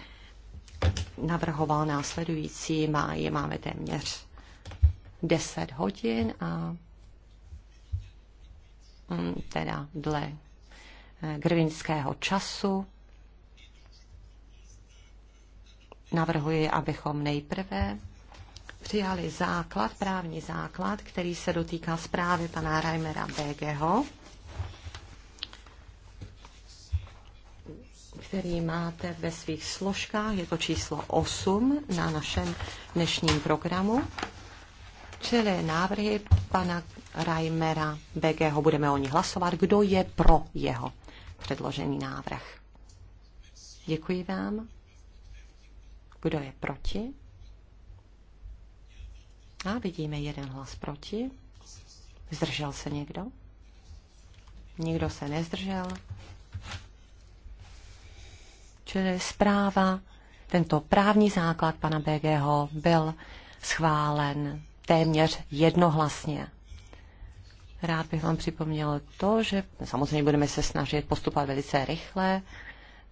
navrhoval následující. Má, je máme téměř 10 hodin a mm, teda dle eh, grvinského času. Navrhuji, abychom nejprve přijali základ, právní základ, který se dotýká zprávy pana Reimera BGho který máte ve svých složkách. Je to číslo 8 na našem dnešním programu. Čili návrhy pana Reimera Begeho. Budeme o ní hlasovat. Kdo je pro jeho předložený návrh? Děkuji vám. Kdo je proti? A vidíme jeden hlas proti. Zdržel se někdo? Nikdo se nezdržel. Čili zpráva, tento právní základ pana BGho byl schválen téměř jednohlasně. Rád bych vám připomněl to, že samozřejmě budeme se snažit postupovat velice rychle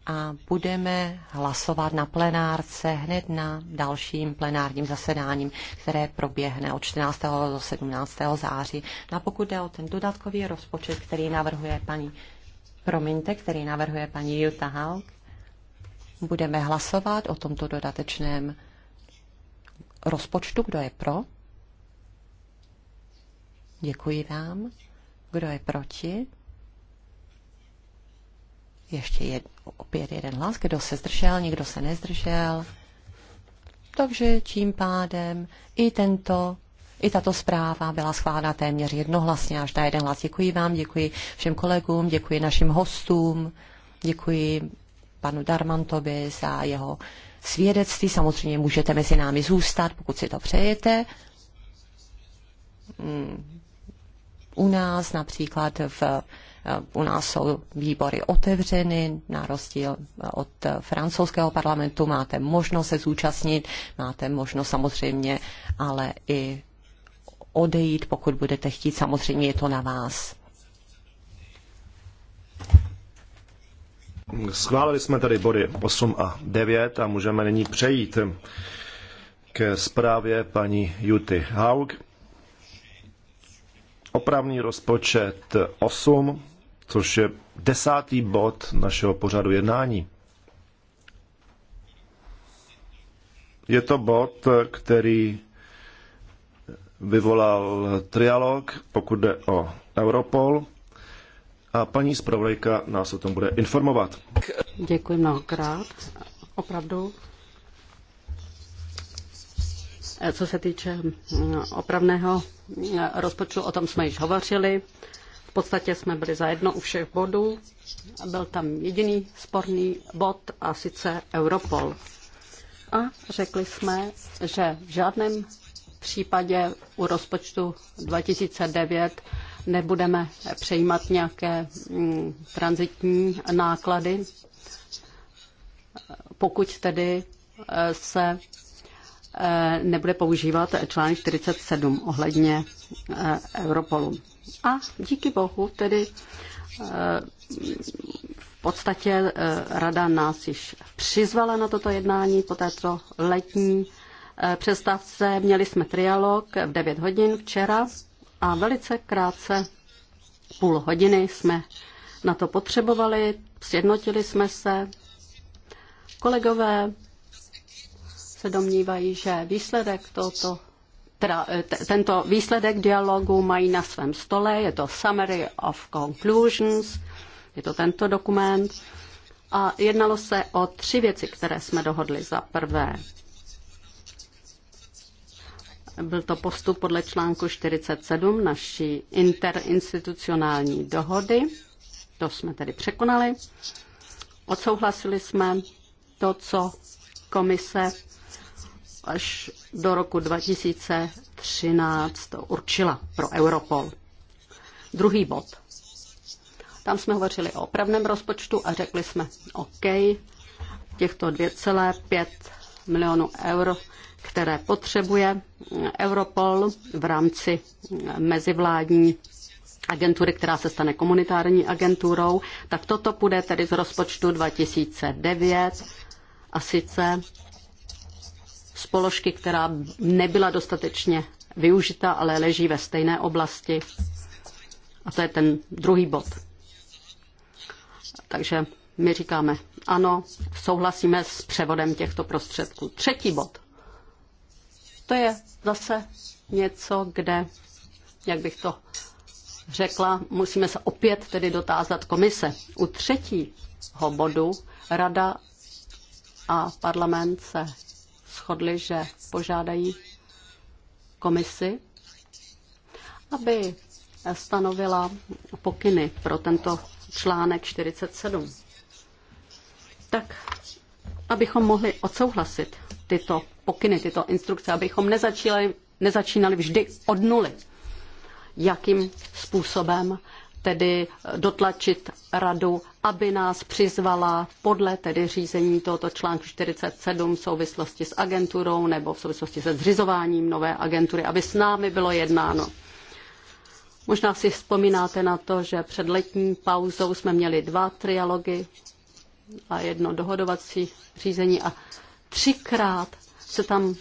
a budeme hlasovat na plenárce hned na dalším plenárním zasedáním, které proběhne od 14. do 17. září. No a pokud jde o ten dodatkový rozpočet, který navrhuje paní Promiňte, který navrhuje paní Jutta Budeme hlasovat o tomto dodatečném rozpočtu. Kdo je pro? Děkuji vám. Kdo je proti? Ještě jed, opět jeden hlas. Kdo se zdržel, nikdo se nezdržel. Takže tím pádem i tento i tato zpráva byla schválena téměř jednohlasně, až na jeden hlas. Děkuji vám, děkuji všem kolegům, děkuji našim hostům, děkuji panu Darmantovi za jeho svědectví. Samozřejmě můžete mezi námi zůstat, pokud si to přejete. Mm. U nás například v u nás jsou výbory otevřeny, na rozdíl od francouzského parlamentu. Máte možnost se zúčastnit, máte možnost samozřejmě, ale i odejít, pokud budete chtít. Samozřejmě je to na vás. Schválili jsme tady body 8 a 9 a můžeme nyní přejít ke zprávě paní Juty Haug. Opravný rozpočet 8, což je desátý bod našeho pořadu jednání. Je to bod, který vyvolal trialog, pokud jde o Europol a paní zpravodajka nás o tom bude informovat. Děkuji mnohokrát. Opravdu co se týče eh, opravného eh, rozpočtu, o tom jsme již hovořili. V podstatě jsme byli zajedno u všech bodů. Byl tam jediný sporný bod a sice Europol. A řekli jsme, že v žádném případě u rozpočtu 2009 nebudeme přejímat nějaké mm, transitní náklady, pokud tedy eh, se eh, nebude používat článek 47 ohledně eh, Europolu. A díky bohu tedy v podstatě rada nás již přizvala na toto jednání po této letní přestávce. Měli jsme trialog v 9 hodin včera a velice krátce, půl hodiny jsme na to potřebovali, sjednotili jsme se. Kolegové se domnívají, že výsledek tohoto teda, tento výsledek dialogu mají na svém stole, je to Summary of Conclusions, je to tento dokument. A jednalo se o tři věci, které jsme dohodli. Za prvé byl to postup podle článku 47 naší interinstitucionální dohody. To jsme tedy překonali. Odsouhlasili jsme to, co komise až do roku 2013 určila pro Europol. Druhý bod. Tam jsme hovořili o opravném rozpočtu a řekli jsme OK, těchto 2,5 milionů euro které potřebuje Europol v rámci mezivládní agentury, která se stane komunitární agenturou, tak toto půjde tedy z rozpočtu 2009 a sice z položky, která nebyla dostatečně využita, ale leží ve stejné oblasti. A to je ten druhý bod. Takže my říkáme ano, souhlasíme s převodem těchto prostředků. Třetí bod. To je zase něco, kde, jak bych to řekla, musíme se opět tedy dotázat komise. U třetího bodu rada a parlament se shodli, že požádají komisi, aby stanovila pokyny pro tento článek 47. Tak, abychom mohli odsouhlasit tyto pokyny, tyto instrukce, abychom nezačínali, nezačínali vždy od nuly. Jakým způsobem tedy dotlačit radu, aby nás přizvala podle tedy řízení tohoto článku 47 v souvislosti s agenturou nebo v souvislosti se zřizováním nové agentury, aby s námi bylo jednáno. Možná si vzpomínáte na to, že před letní pauzou jsme měli dva trialogy a jedno dohodovací řízení a Třikrát se tam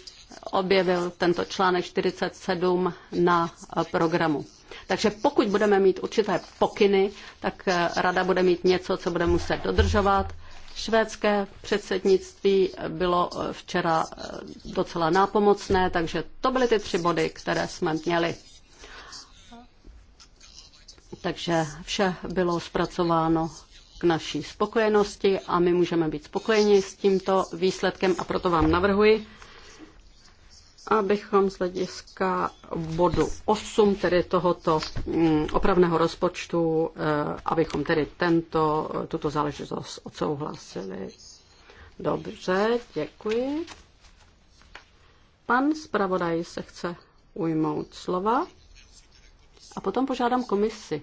objevil tento článek 47 na eh, programu. Takže pokud budeme mít určité pokyny, tak eh, rada bude mít něco, co bude muset dodržovat. Švédské předsednictví bylo eh, včera docela nápomocné, takže to byly ty tři body, které jsme měli. Takže vše bylo zpracováno k naší spokojenosti a my můžeme být spokojeni s tímto výsledkem a proto vám navrhuji, abychom z hlediska bodu 8, tedy tohoto mm, opravného rozpočtu, eh, abychom tedy tento, tuto záležitost odsouhlasili. Dobře, děkuji. Pan zpravodaj se chce ujmout slova a potom požádám komisi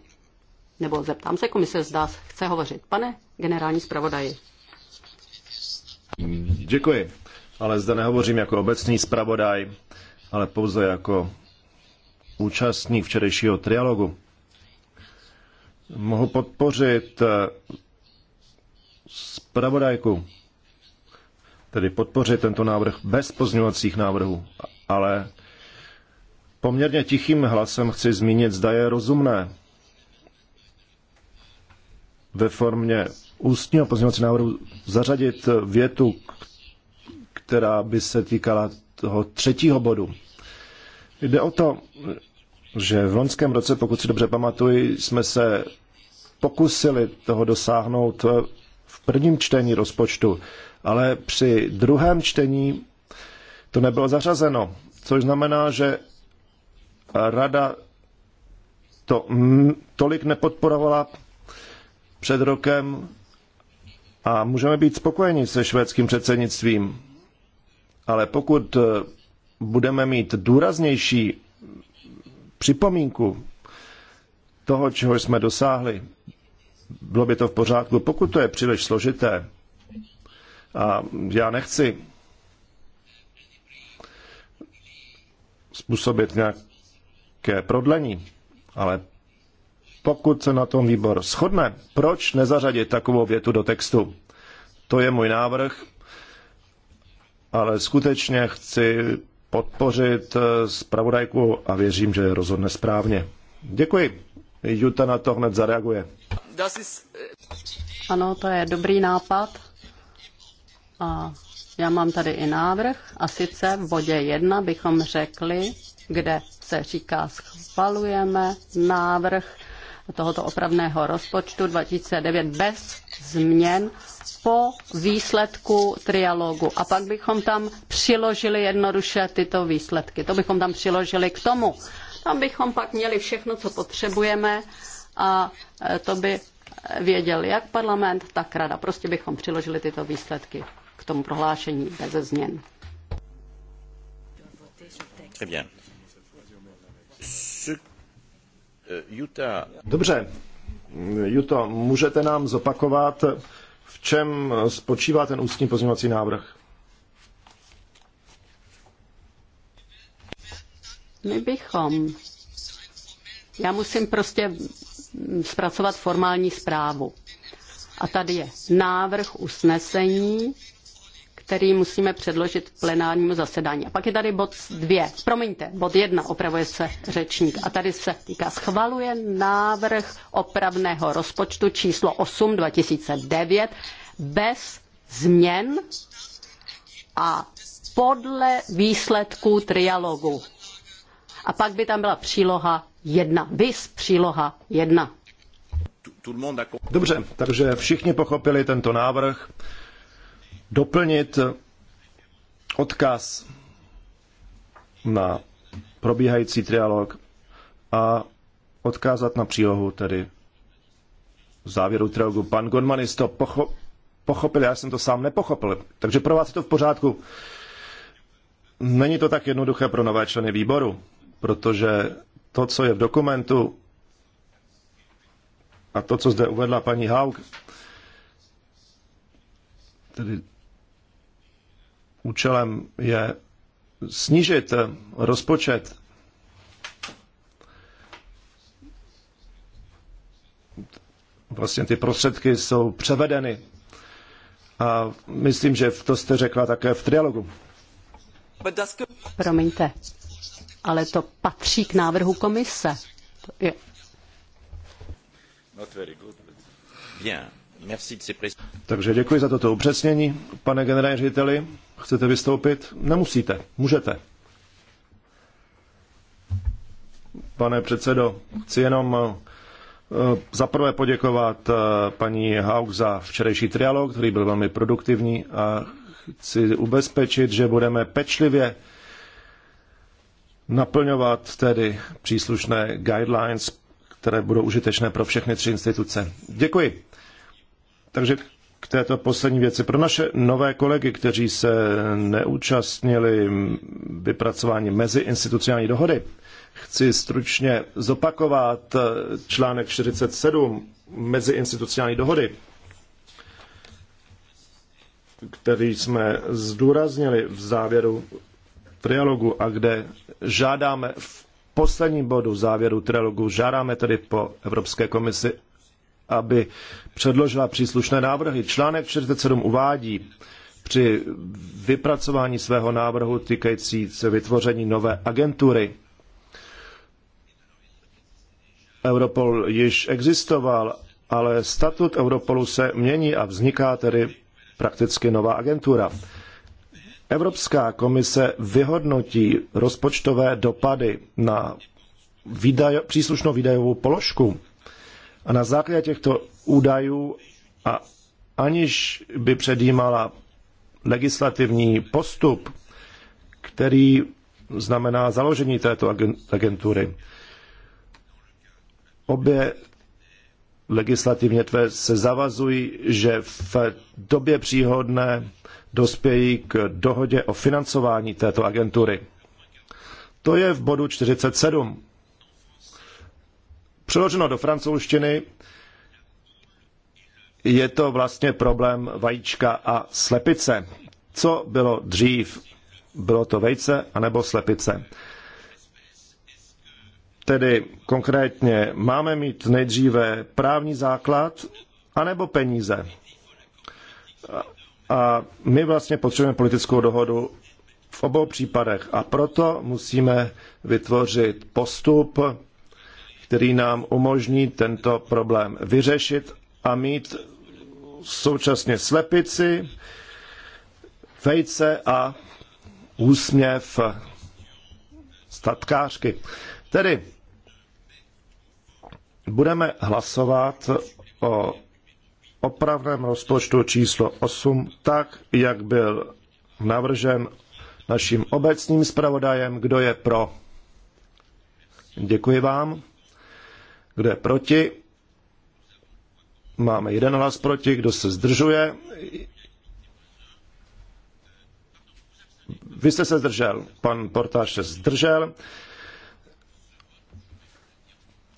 nebo zeptám se komise, zda chce hovořit. Pane generální zpravodaji. Děkuji, ale zde nehovořím jako obecný zpravodaj, ale pouze jako účastník včerejšího trialogu. Mohu podpořit eh, zpravodajku, tedy podpořit tento návrh bez pozňovacích návrhů, ale poměrně tichým hlasem chci zmínit, zda je rozumné ve formě ústního pozměňovacího návrhu zařadit větu, která by se týkala toho třetího bodu. Jde o to, že v loňském roce, pokud si dobře pamatuji, jsme se pokusili toho dosáhnout v prvním čtení rozpočtu, ale při druhém čtení to nebylo zařazeno, což znamená, že rada to tolik nepodporovala před rokem a můžeme být spokojeni se švédským předsednictvím. Ale pokud eh, budeme mít důraznější připomínku toho, čeho jsme dosáhli, bylo by to v pořádku. Pokud to je příliš složité, a já nechci způsobit nějaké prodlení, ale pokud se na tom výbor shodne, proč nezařadit takovou větu do textu? To je můj návrh, ale skutečně chci podpořit eh, zpravodajku a věřím, že rozhodne správně. Děkuji. Juta na to hned zareaguje. Ano, to je dobrý nápad. A já mám tady i návrh, a sice v bodě 1 bychom řekli, kde se říká schvalujeme návrh tohoto opravného rozpočtu 2009 bez změn po výsledku trialogu. A pak bychom tam přiložili jednoduše tyto výsledky. To bychom tam přiložili k tomu. Tam bychom pak měli všechno, co potřebujeme a e, to by věděl jak parlament, tak rada. Prostě bychom přiložili tyto výsledky k tomu prohlášení bez změn. Très bien. Dobře, Juto, můžete nám zopakovat, v čem spočívá ten ústní pozměňovací návrh? My bychom. Já musím prostě zpracovat formální zprávu. A tady je návrh usnesení který musíme předložit plenárnímu zasedání. A pak je tady bod dvě. promiňte, bod jedna opravuje se řečník. A tady se týká, schvaluje návrh opravného rozpočtu číslo 8 2009 bez změn a podle výsledků trialogu. A pak by tam byla příloha jedna, vys příloha jedna. Dobře, takže všichni pochopili tento návrh doplnit odkaz na probíhající trialog a odkázat na přílohu tedy závěru trialogu. Pan Gonmanis to pocho- pochopil, já jsem to sám nepochopil, takže pro vás je to v pořádku. Není to tak jednoduché pro nové členy výboru, protože to, co je v dokumentu a to, co zde uvedla paní Haug, tedy Účelem je snížit rozpočet vlastně ty prostředky jsou převedeny. A myslím, že to jste řekla také v trialogu. Promiňte, ale to patří k návrhu komise. To je... Not very good, but... Takže děkuji za toto upřesnění. Pane generální řediteli, chcete vystoupit? Nemusíte, můžete. Pane předsedo, chci jenom eh, za prvé poděkovat eh, paní Haug za včerejší trialog, který byl velmi produktivní a chci ubezpečit, že budeme pečlivě naplňovat tedy příslušné guidelines, které budou užitečné pro všechny tři instituce. Děkuji. Takže k této poslední věci. Pro naše nové kolegy, kteří se neúčastnili vypracování meziinstitucionální dohody, chci stručně zopakovat článek 47 meziinstitucionální dohody, který jsme zdůraznili v závěru trialogu a kde žádáme v posledním bodu závěru trialogu, žádáme tedy po Evropské komisi, aby předložila příslušné návrhy. Článek 47 uvádí, při vypracování svého návrhu týkající se vytvoření nové agentury. Europol již existoval, ale statut Europolu se mění a vzniká tedy prakticky nová agentura. Evropská komise vyhodnotí rozpočtové dopady na výdaj, příslušnou výdajovou položku a na základě těchto údajů, a aniž by předjímala legislativní postup, který znamená založení této agentury, obě legislativně tvé se zavazují, že v době příhodné dospějí k dohodě o financování této agentury. To je v bodu 47. Přeloženo do francouzštiny je to vlastně problém vajíčka a slepice. Co bylo dřív? Bylo to vejce anebo slepice? Tedy konkrétně máme mít nejdříve právní základ anebo peníze. A my vlastně potřebujeme politickou dohodu v obou případech a proto musíme vytvořit postup, který nám umožní tento problém vyřešit a mít současně slepici, vejce a úsměv statkářky. Tedy budeme hlasovat o opravném rozpočtu číslo 8 tak, jak byl navržen naším obecním zpravodajem. Kdo je pro? Děkuji vám. Kdo je proti? Máme jeden hlas proti. Kdo se zdržuje? Vy jste se zdržel. Pan Portář se zdržel.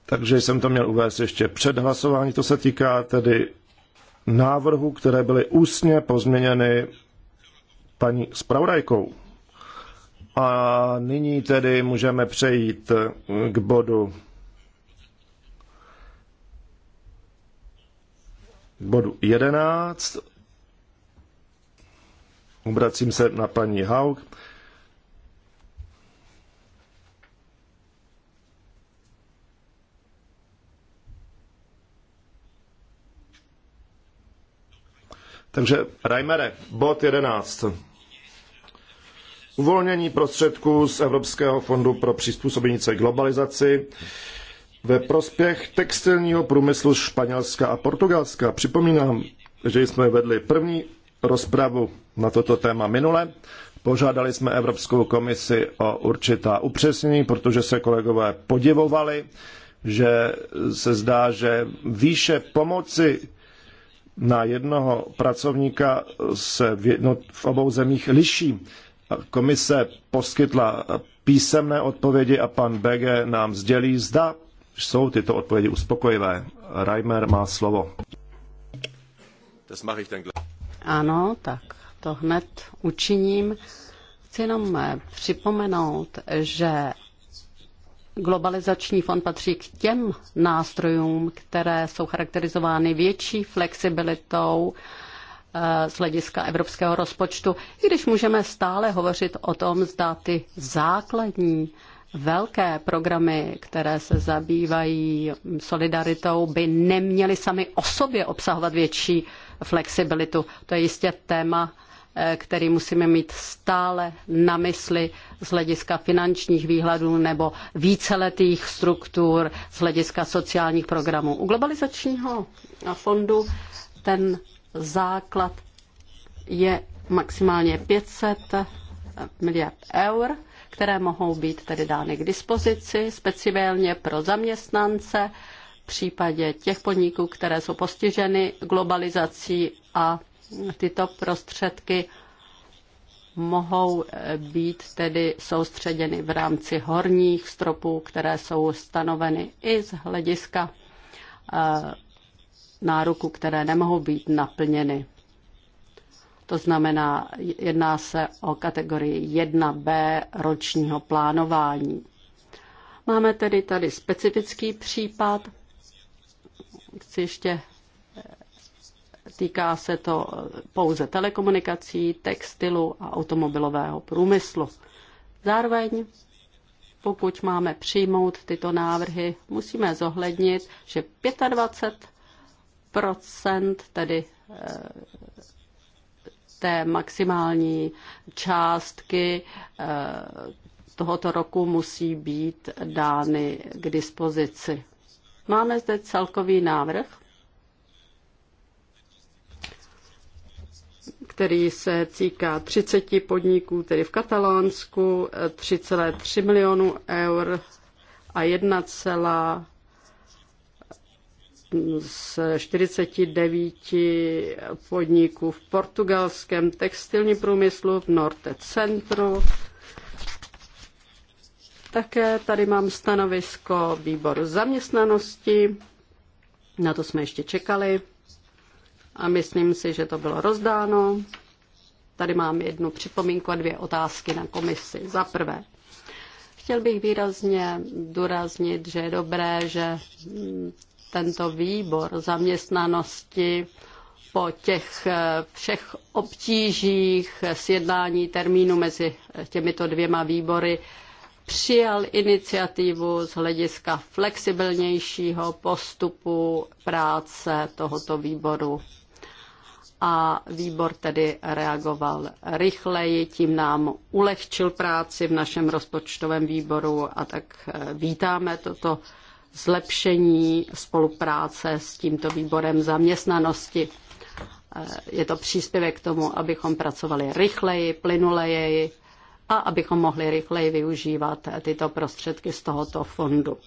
Takže jsem to měl uvést ještě před hlasování. To se týká tedy návrhů, které byly ústně pozměněny paní zpravodajkou. A nyní tedy můžeme přejít k bodu K bodu 11 obracím se na paní Haug. Takže Reimere, bod 11. Uvolnění prostředků z Evropského fondu pro přizpůsobení se globalizaci ve prospěch textilního průmyslu Španělska a Portugalska. Připomínám, že jsme vedli první rozpravu na toto téma minule. Požádali jsme Evropskou komisi o určitá upřesnění, protože se kolegové podivovali, že se zdá, že výše pomoci na jednoho pracovníka se v, jedno, v obou zemích liší. Komise poskytla písemné odpovědi a pan Bege nám sdělí, zda jsou tyto odpovědi uspokojivé? Reimer má slovo. Ano, tak to hned učiním. Chci jenom eh, připomenout, že globalizační fond patří k těm nástrojům, které jsou charakterizovány větší flexibilitou eh, z hlediska evropského rozpočtu, i když můžeme stále hovořit o tom, zda ty základní velké programy, které se zabývají solidaritou, by neměly sami o sobě obsahovat větší flexibilitu. To je jistě téma, eh, který musíme mít stále na mysli z hlediska finančních výhledů nebo víceletých struktur, z hlediska sociálních programů. U globalizačního fondu ten základ je maximálně 500 miliard eur které mohou být tedy dány k dispozici speciálně pro zaměstnance v případě těch podniků, které jsou postiženy globalizací a tyto prostředky mohou eh, být tedy soustředěny v rámci horních stropů, které jsou stanoveny i z hlediska eh, náruku, které nemohou být naplněny. To znamená, jedná se o kategorii 1b ročního plánování. Máme tedy tady specifický případ. Chci ještě eh, Týká se to pouze telekomunikací, textilu a automobilového průmyslu. Zároveň, pokud máme přijmout tyto návrhy, musíme zohlednit, že 25 tedy eh, té maximální částky eh, tohoto roku musí být dány k dispozici. Máme zde celkový návrh, který se týká 30 podniků, tedy v Katalánsku 3,3 eh, milionů eur a 1, z 49 podniků v portugalském textilním průmyslu, v Norte Centru. Také tady mám stanovisko výboru zaměstnanosti. Na to jsme ještě čekali a myslím si, že to bylo rozdáno. Tady mám jednu připomínku a dvě otázky na komisi. Za prvé, chtěl bych výrazně důraznit, že je dobré, že tento výbor zaměstnanosti po těch eh, všech obtížích sjednání termínu mezi těmito dvěma výbory přijal iniciativu z hlediska flexibilnějšího postupu práce tohoto výboru. A výbor tedy reagoval rychleji, tím nám ulehčil práci v našem rozpočtovém výboru a tak eh, vítáme toto zlepšení spolupráce s tímto výborem zaměstnanosti. Je to příspěvek k tomu, abychom pracovali rychleji, plynuleji a abychom mohli rychleji využívat tyto prostředky z tohoto fondu.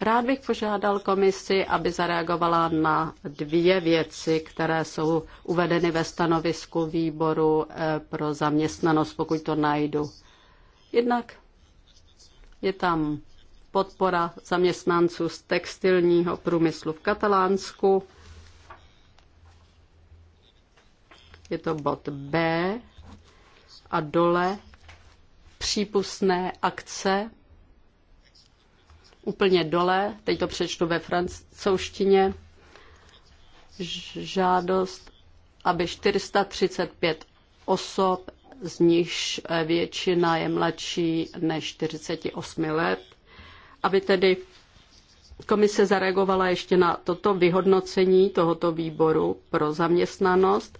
Rád bych požádal komisi, aby zareagovala na dvě věci, které jsou uvedeny ve stanovisku výboru eh, pro zaměstnanost, pokud to najdu. Jednak je tam podpora zaměstnanců z textilního průmyslu v Katalánsku. Je to bod B a dole přípustné akce. Úplně dole, teď to přečtu ve francouzštině, žádost, aby 435 osob, z nichž eh, většina je mladší než 48 let, aby tedy komise zareagovala ještě na toto vyhodnocení tohoto výboru pro zaměstnanost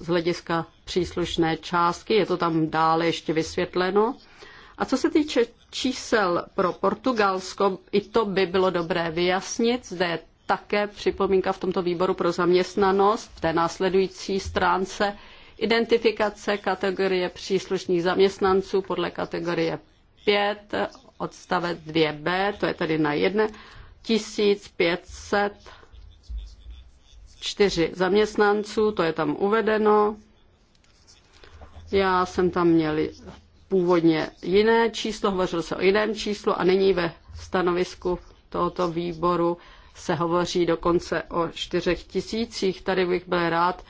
z hlediska příslušné částky. Je to tam dále ještě vysvětleno. A co se týče čísel pro Portugalsko, i to by bylo dobré vyjasnit. Zde je také připomínka v tomto výboru pro zaměstnanost v té následující stránce identifikace kategorie příslušných zaměstnanců podle kategorie 5 odstavec 2b, to je tedy na jedné, 1504 zaměstnanců, to je tam uvedeno. Já jsem tam měl původně jiné číslo, hovořil se o jiném číslu a nyní ve stanovisku tohoto výboru se hovoří dokonce o čtyřech tisících. Tady bych byl rád,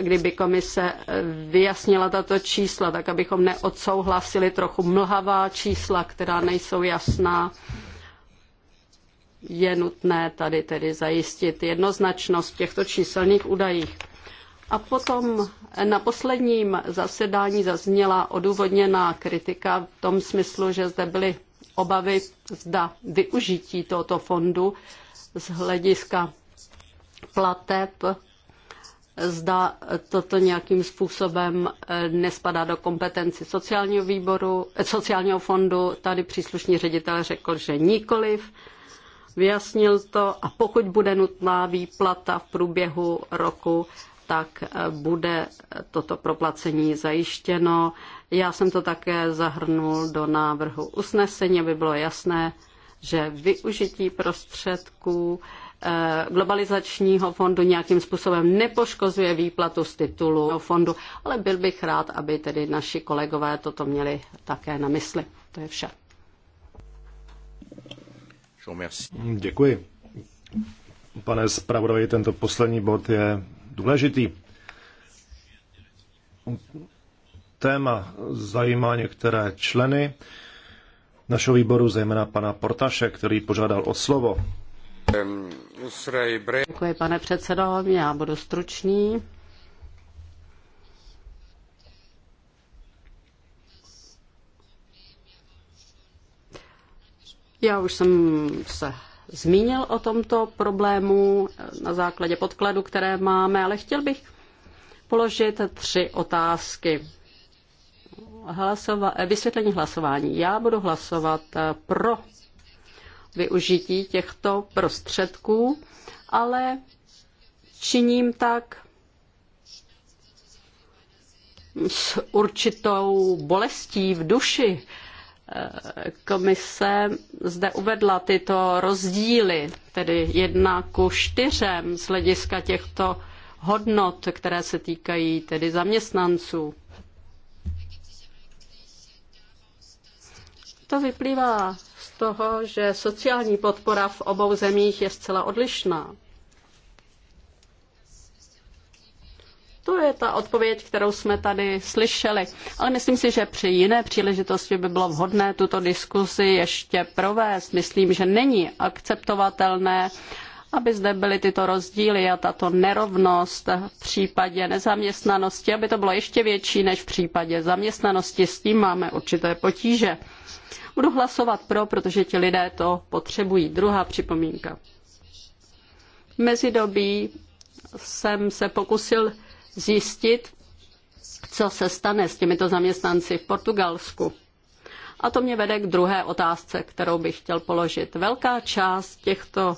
kdyby komise vyjasnila tato čísla, tak abychom neodsouhlasili trochu mlhavá čísla, která nejsou jasná. Je nutné tady tedy zajistit jednoznačnost těchto číselných údajích. A potom na posledním zasedání zazněla odůvodněná kritika v tom smyslu, že zde byly obavy, zda využití tohoto fondu z hlediska plateb zda toto nějakým způsobem eh, nespadá do kompetenci sociálního výboru, eh, sociálního fondu. Tady příslušný ředitel řekl, že nikoliv. Vyjasnil to a pokud bude nutná výplata v průběhu roku, tak eh, bude toto proplacení zajištěno. Já jsem to také zahrnul do návrhu usnesení, aby bylo jasné, že využití prostředků Eh, globalizačního fondu nějakým způsobem nepoškozuje výplatu z titulu fondu, ale byl bych rád, aby tedy naši kolegové toto měli také na mysli. To je vše. Děkuji. Pane zpravodaji, tento poslední bod je důležitý. Téma zajímá některé členy našeho výboru, zejména pana Portaše, který požádal o slovo. Děkuji, pane předsedo. Já budu stručný. Já už jsem se zmínil o tomto problému na základě podkladu, které máme, ale chtěl bych položit tři otázky. Hlasova- vysvětlení hlasování. Já budu hlasovat pro využití těchto prostředků, ale činím tak s určitou bolestí v duši. Eh, komise zde uvedla tyto rozdíly, tedy jedna ku čtyřem z hlediska těchto hodnot, které se týkají tedy zaměstnanců. To vyplývá toho, že sociální podpora v obou zemích je zcela odlišná. To je ta odpověď, kterou jsme tady slyšeli. Ale myslím si, že při jiné příležitosti by bylo vhodné tuto diskusi ještě provést. Myslím, že není akceptovatelné, aby zde byly tyto rozdíly a tato nerovnost v případě nezaměstnanosti, aby to bylo ještě větší než v případě zaměstnanosti. S tím máme určité potíže. Budu hlasovat pro, protože ti lidé to potřebují. Druhá připomínka. V mezidobí jsem se pokusil zjistit, co se stane s těmito zaměstnanci v Portugalsku. A to mě vede k druhé otázce, kterou bych chtěl položit. Velká část těchto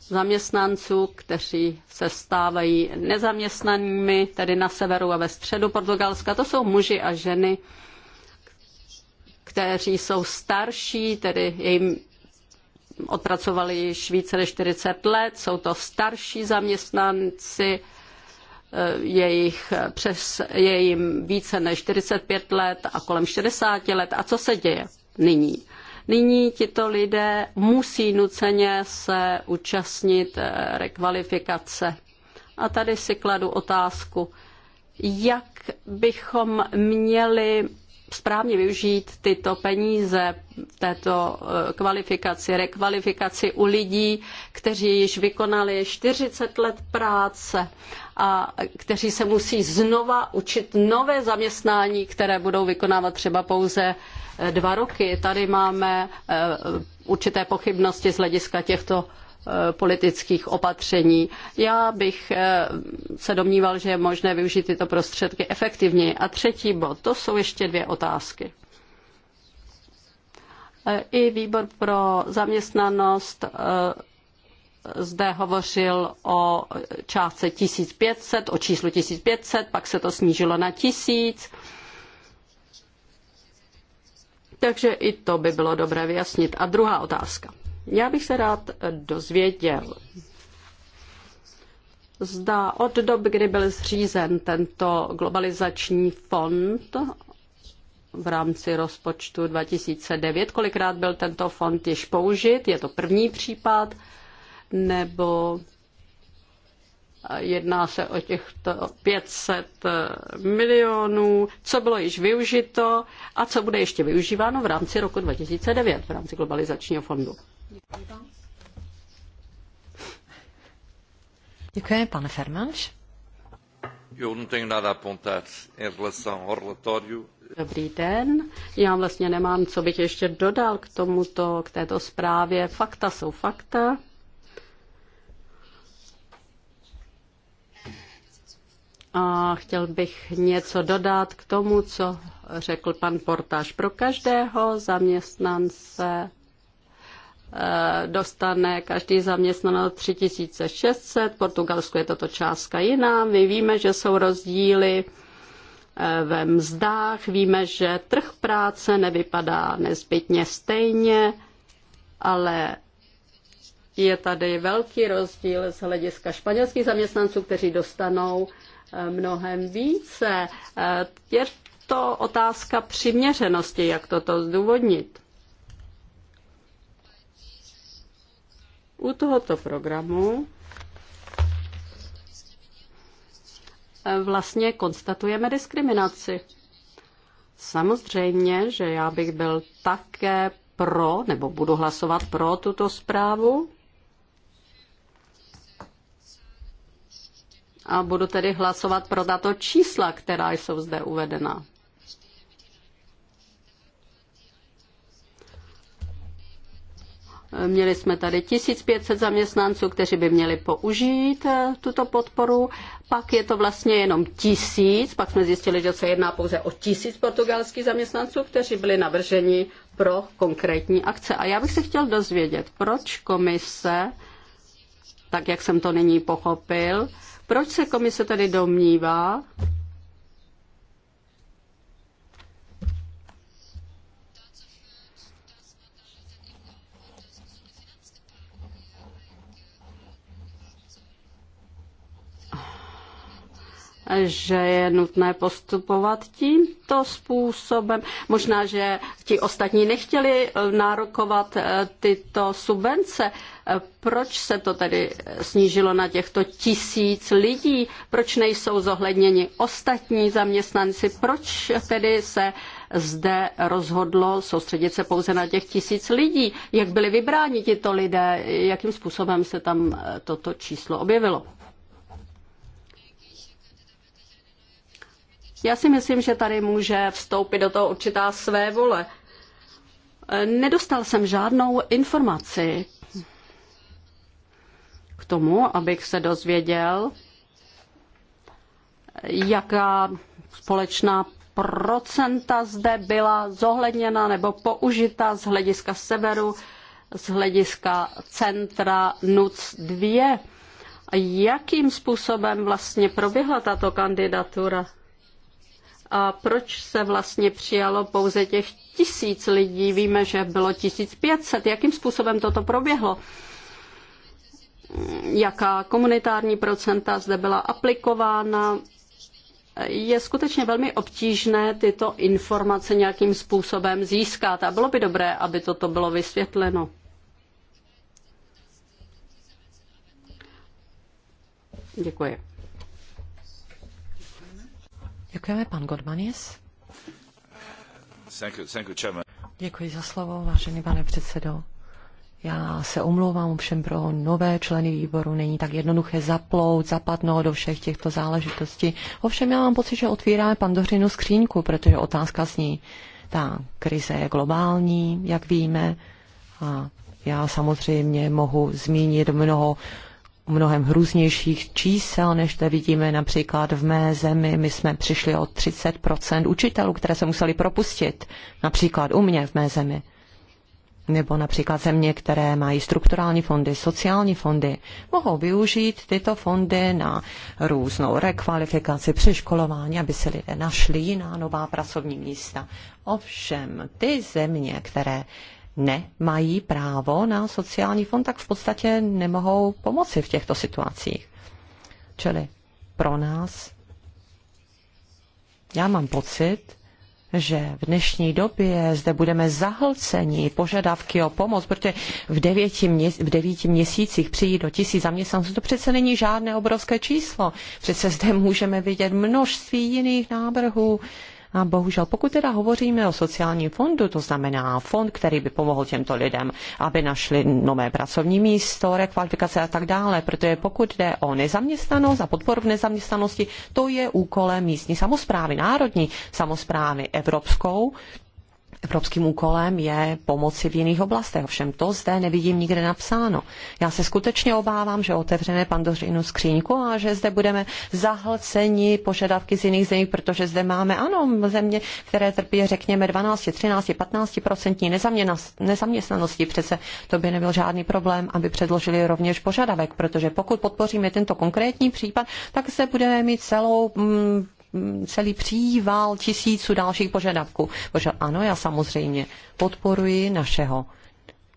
zaměstnanců, kteří se stávají nezaměstnanými, tedy na severu a ve středu Portugalska, to jsou muži a ženy, kteří jsou starší, tedy jim odpracovali již více než 40 let, jsou to starší zaměstnanci, eh, je, jich přes, je jim více než 45 let a kolem 60 let. A co se děje nyní? Nyní tito lidé musí nuceně se účastnit eh, rekvalifikace. A tady si kladu otázku, jak bychom měli správně využít tyto peníze v této eh, kvalifikaci, rekvalifikaci u lidí, kteří již vykonali 40 let práce a kteří se musí znova učit nové zaměstnání, které budou vykonávat třeba pouze eh, dva roky. Tady máme eh, určité pochybnosti z hlediska těchto Eh, politických opatření. Já bych eh, se domníval, že je možné využít tyto prostředky efektivněji. A třetí bod, to jsou ještě dvě otázky. Eh, I výbor pro zaměstnanost zde hovořil o částce 1500, o číslu 1500, pak se to snížilo na 1000. Takže i to by bylo dobré vyjasnit. A druhá otázka. Já bych se rád dozvěděl, zda od doby, kdy byl zřízen tento globalizační fond v rámci rozpočtu 2009, kolikrát byl tento fond již použit, je to první případ, nebo jedná se o těchto 500 milionů, co bylo již využito a co bude ještě využíváno v rámci roku 2009, v rámci globalizačního fondu. Děkuji vám. Děkuji, pane Fermanš. Dobrý den. Já vlastně nemám, co bych ještě dodal k tomuto, k této zprávě. Fakta jsou fakta. A chtěl bych něco dodat k tomu, co řekl pan Portáž. Pro každého zaměstnance Eh, dostane každý zaměstnanec 3600, v Portugalsku je tato částka jiná. My víme, že jsou rozdíly eh, ve mzdách, víme, že trh práce nevypadá nezbytně stejně, ale je tady velký rozdíl z hlediska španělských zaměstnanců, kteří dostanou eh, mnohem více. Je to otázka přiměřenosti, jak toto zdůvodnit. U tohoto programu eh, vlastně konstatujeme diskriminaci. Samozřejmě, že já bych byl také pro, nebo budu hlasovat pro tuto zprávu. A budu tedy hlasovat pro tato čísla, která jsou zde uvedena. Měli jsme tady 1500 zaměstnanců, kteří by měli použít eh, tuto podporu. Pak je to vlastně jenom tisíc, pak jsme zjistili, že se jedná pouze o tisíc portugalských zaměstnanců, kteří byli navrženi pro konkrétní akce. A já bych se chtěl dozvědět, proč komise, tak jak jsem to nyní pochopil, proč se komise tady domnívá, že je nutné postupovat tímto způsobem. Možná, že ti ostatní nechtěli eh, nárokovat eh, tyto subvence. Eh, proč se to tedy snížilo na těchto tisíc lidí? Proč nejsou zohledněni ostatní zaměstnanci? Proč tedy se zde rozhodlo soustředit se pouze na těch tisíc lidí? Jak byli vybráni tito lidé? Jakým způsobem se tam toto číslo objevilo? Já si myslím, že tady může vstoupit do toho určitá své vole. Nedostal jsem žádnou informaci k tomu, abych se dozvěděl, jaká společná procenta zde byla zohledněna nebo použita z hlediska severu, z hlediska centra NUC 2. Jakým způsobem vlastně proběhla tato kandidatura? a proč se vlastně přijalo pouze těch tisíc lidí. Víme, že bylo 1500. Jakým způsobem toto proběhlo? Jaká komunitární procenta zde byla aplikována? Je skutečně velmi obtížné tyto informace nějakým způsobem získat a bylo by dobré, aby toto bylo vysvětleno. Děkuji. Děkujeme, pan Godmanis. Děkuji za slovo, vážený pane předsedo. Já se omlouvám všem pro nové členy výboru, není tak jednoduché zaplout, zapadnout do všech těchto záležitostí. Ovšem já mám pocit, že otvíráme pandořinu skříňku, protože otázka zní, ta krize je globální, jak víme, a já samozřejmě mohu zmínit mnoho mnohem hrůznějších čísel, než to vidíme například v mé zemi. My jsme přišli o 30% učitelů, které se museli propustit, například u mě v mé zemi. Nebo například země, které mají strukturální fondy, sociální fondy, mohou využít tyto fondy na různou rekvalifikaci, přeškolování, aby se lidé našli jiná nová pracovní místa. Ovšem, ty země, které nemají právo na sociální fond, tak v podstatě nemohou pomoci v těchto situacích. Čili pro nás, já mám pocit, že v dnešní době zde budeme zahlceni požadavky o pomoc, protože v devěti, měs- v devíti měsících přijít do tisíc zaměstnanců, to přece není žádné obrovské číslo. Přece zde můžeme vidět množství jiných návrhů, a bohužel, pokud teda hovoříme o sociálním fondu, to znamená fond, který by pomohl těmto lidem, aby našli nové pracovní místo, rekvalifikace a tak dále, protože pokud jde o nezaměstnanost a podporu v nezaměstnanosti, to je úkolem místní samozprávy, národní samozprávy, evropskou, Evropským úkolem je pomoci v jiných oblastech. Ovšem to zde nevidím nikde napsáno. Já se skutečně obávám, že otevřeme pandořinu skříňku a že zde budeme zahlceni požadavky z jiných zemí, protože zde máme, ano, země, které trpí, řekněme, 12, 13, 15 procentní nezaměstnanosti. Přece to by nebyl žádný problém, aby předložili rovněž požadavek, protože pokud podpoříme tento konkrétní případ, tak se budeme mít celou mm, Mm, celý příval tisíců dalších požadavků. Bože, ano, já samozřejmě podporuji našeho,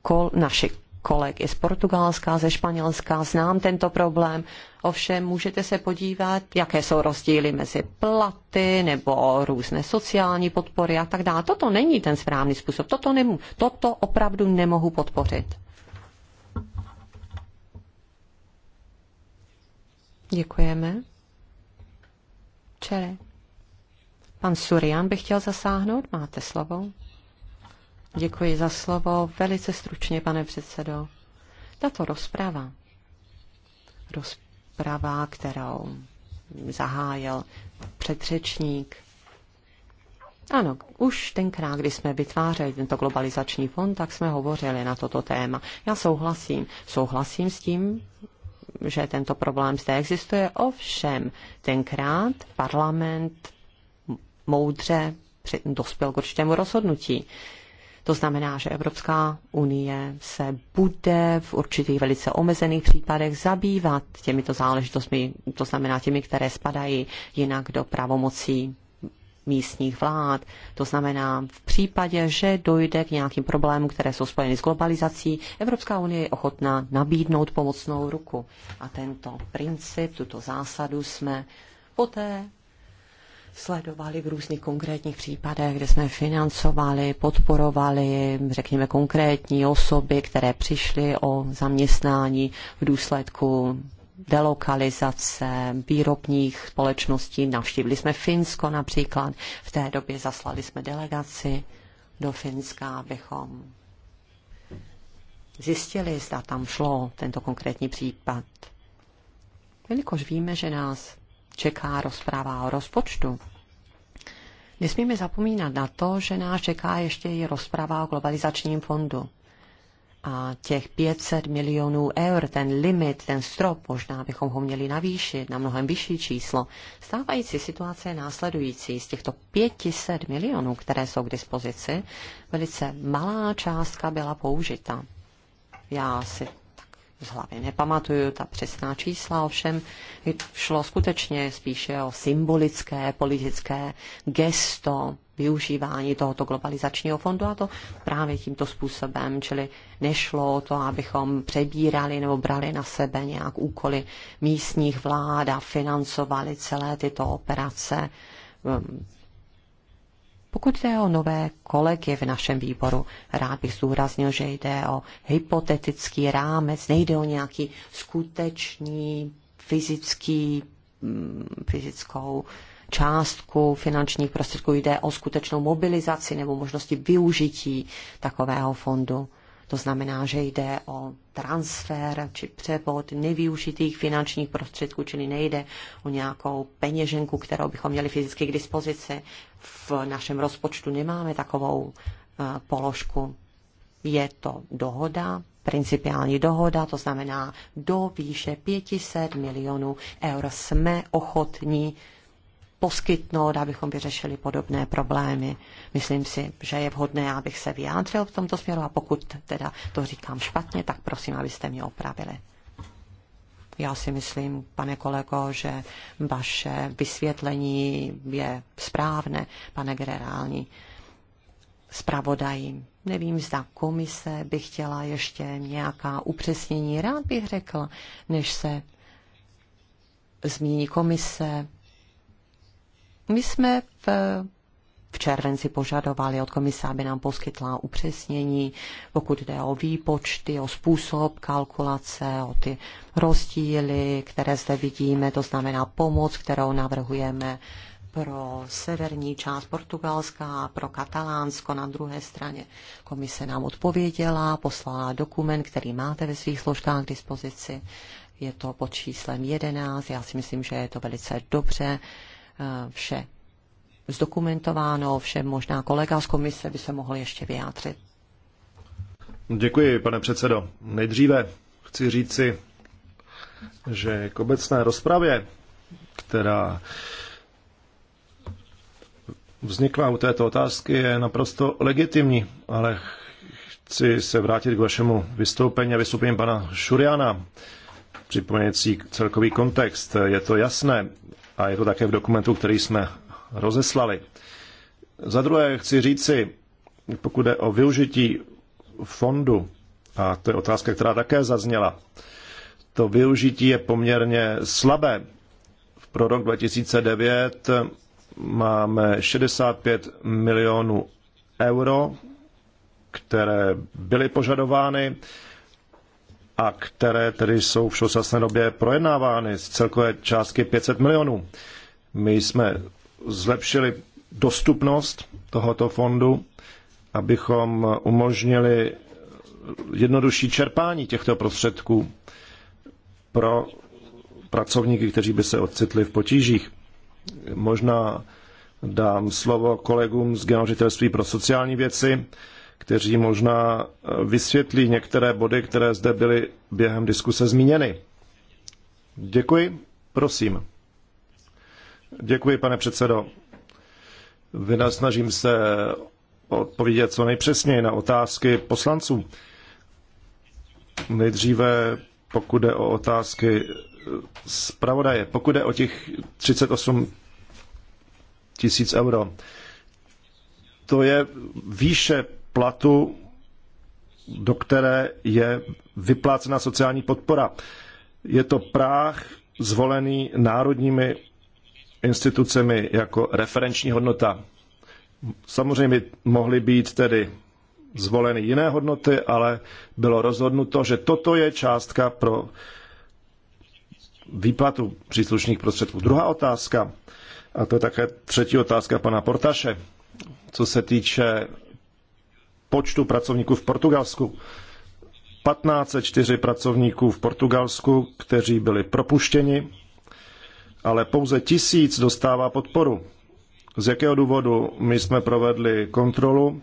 kol, naši kolegy z Portugalska, ze Španělska, znám tento problém. Ovšem můžete se podívat, jaké jsou rozdíly mezi platy nebo různé sociální podpory a tak dále. Toto není ten správný způsob. Toto, nemů- toto opravdu nemohu podpořit. Děkujeme. Čili pan Surian by chtěl zasáhnout, máte slovo. Děkuji za slovo. Velice stručně, pane předsedo. Tato rozprava, rozprava, kterou zahájil předřečník, ano, už tenkrát, kdy jsme vytvářeli tento globalizační fond, tak jsme hovořili na toto téma. Já souhlasím. Souhlasím s tím, že tento problém zde existuje. Ovšem, tenkrát parlament moudře dospěl k určitému rozhodnutí. To znamená, že Evropská unie se bude v určitých velice omezených případech zabývat těmito záležitostmi, to znamená těmi, které spadají jinak do pravomocí místních vlád. To znamená, v případě, že dojde k nějakým problémům, které jsou spojeny s globalizací, Evropská unie je ochotná nabídnout pomocnou ruku. A tento princip, tuto zásadu jsme poté sledovali v různých konkrétních případech, kde jsme financovali, podporovali, řekněme, konkrétní osoby, které přišly o zaměstnání v důsledku delokalizace výrobních společností. Navštívili jsme Finsko například. V té době zaslali jsme delegaci do Finska, abychom zjistili, zda tam šlo tento konkrétní případ. Jelikož víme, že nás čeká rozpráva o rozpočtu, nesmíme zapomínat na to, že nás čeká ještě i rozprava o globalizačním fondu a těch 500 milionů eur, ten limit, ten strop, možná bychom ho měli navýšit na mnohem vyšší číslo. Stávající situace je následující. Z těchto 500 milionů, které jsou k dispozici, velice malá částka byla použita. Já si tak z hlavy nepamatuju ta přesná čísla, ovšem šlo skutečně spíše o symbolické politické gesto, využívání tohoto globalizačního fondu a to právě tímto způsobem, čili nešlo o to, abychom přebírali nebo brali na sebe nějak úkoly místních vlád a financovali celé tyto operace. Pokud jde o nové kolegy v našem výboru, rád bych zdůraznil, že jde o hypotetický rámec, nejde o nějaký skutečný fyzický, mm, fyzickou částku finančních prostředků, jde o skutečnou mobilizaci nebo možnosti využití takového fondu. To znamená, že jde o transfer či převod nevyužitých finančních prostředků, čili nejde o nějakou peněženku, kterou bychom měli fyzicky k dispozici. V našem rozpočtu nemáme takovou eh, položku. Je to dohoda, principiální dohoda, to znamená do výše 500 milionů eur jsme ochotní poskytnout, abychom vyřešili podobné problémy. Myslím si, že je vhodné, abych se vyjádřil v tomto směru a pokud teda to říkám špatně, tak prosím, abyste mě opravili. Já si myslím, pane kolego, že vaše vysvětlení je správné, pane generální zpravodají. Nevím, zda komise by chtěla ještě nějaká upřesnění. Rád bych řekl, než se zmíní komise, my jsme v, v červenci požadovali od komise, aby nám poskytla upřesnění, pokud jde o výpočty, o způsob kalkulace, o ty rozdíly, které zde vidíme, to znamená pomoc, kterou navrhujeme pro severní část Portugalska a pro Katalánsko na druhé straně. Komise nám odpověděla, poslala dokument, který máte ve svých složkách k dispozici. Je to pod číslem 11. Já si myslím, že je to velice dobře Eh, vše zdokumentováno, vše možná kolega z komise by se mohl ještě vyjádřit. Děkuji, pane předsedo. Nejdříve chci říci, že k obecné rozpravě, která vznikla u této otázky, je naprosto legitimní, ale chci se vrátit k vašemu vystoupení a vystoupení pana Šuriana, připomenící celkový kontext. Je to jasné, a je to také v dokumentu, který jsme rozeslali. Za druhé chci říci, pokud jde o využití fondu, a to je otázka, která také zazněla, to využití je poměrně slabé. Pro rok 2009 máme 65 milionů euro, které byly požadovány a které tedy jsou v současné době projednávány z celkové částky 500 milionů. My jsme zlepšili dostupnost tohoto fondu, abychom umožnili jednodušší čerpání těchto prostředků pro pracovníky, kteří by se ocitli v potížích. Možná dám slovo kolegům z Genožitelství pro sociální věci, kteří možná eh, vysvětlí některé body, které zde byly během diskuse zmíněny. Děkuji, prosím. Děkuji, pane předsedo. Vynasnažím se odpovědět co nejpřesněji na otázky poslanců. Nejdříve, pokud jde o otázky eh, zpravodaje, pokud jde o těch 38 tisíc euro, to je výše platu, do které je vyplácena sociální podpora. Je to práh zvolený národními institucemi jako referenční hodnota. Samozřejmě mohly být tedy zvoleny jiné hodnoty, ale bylo rozhodnuto, že toto je částka pro výplatu příslušných prostředků. Druhá otázka, a to je také třetí otázka pana Portaše, co se týče počtu pracovníků v Portugalsku. 1504 pracovníků v Portugalsku, kteří byli propuštěni, ale pouze tisíc dostává podporu. Z jakého důvodu my jsme provedli kontrolu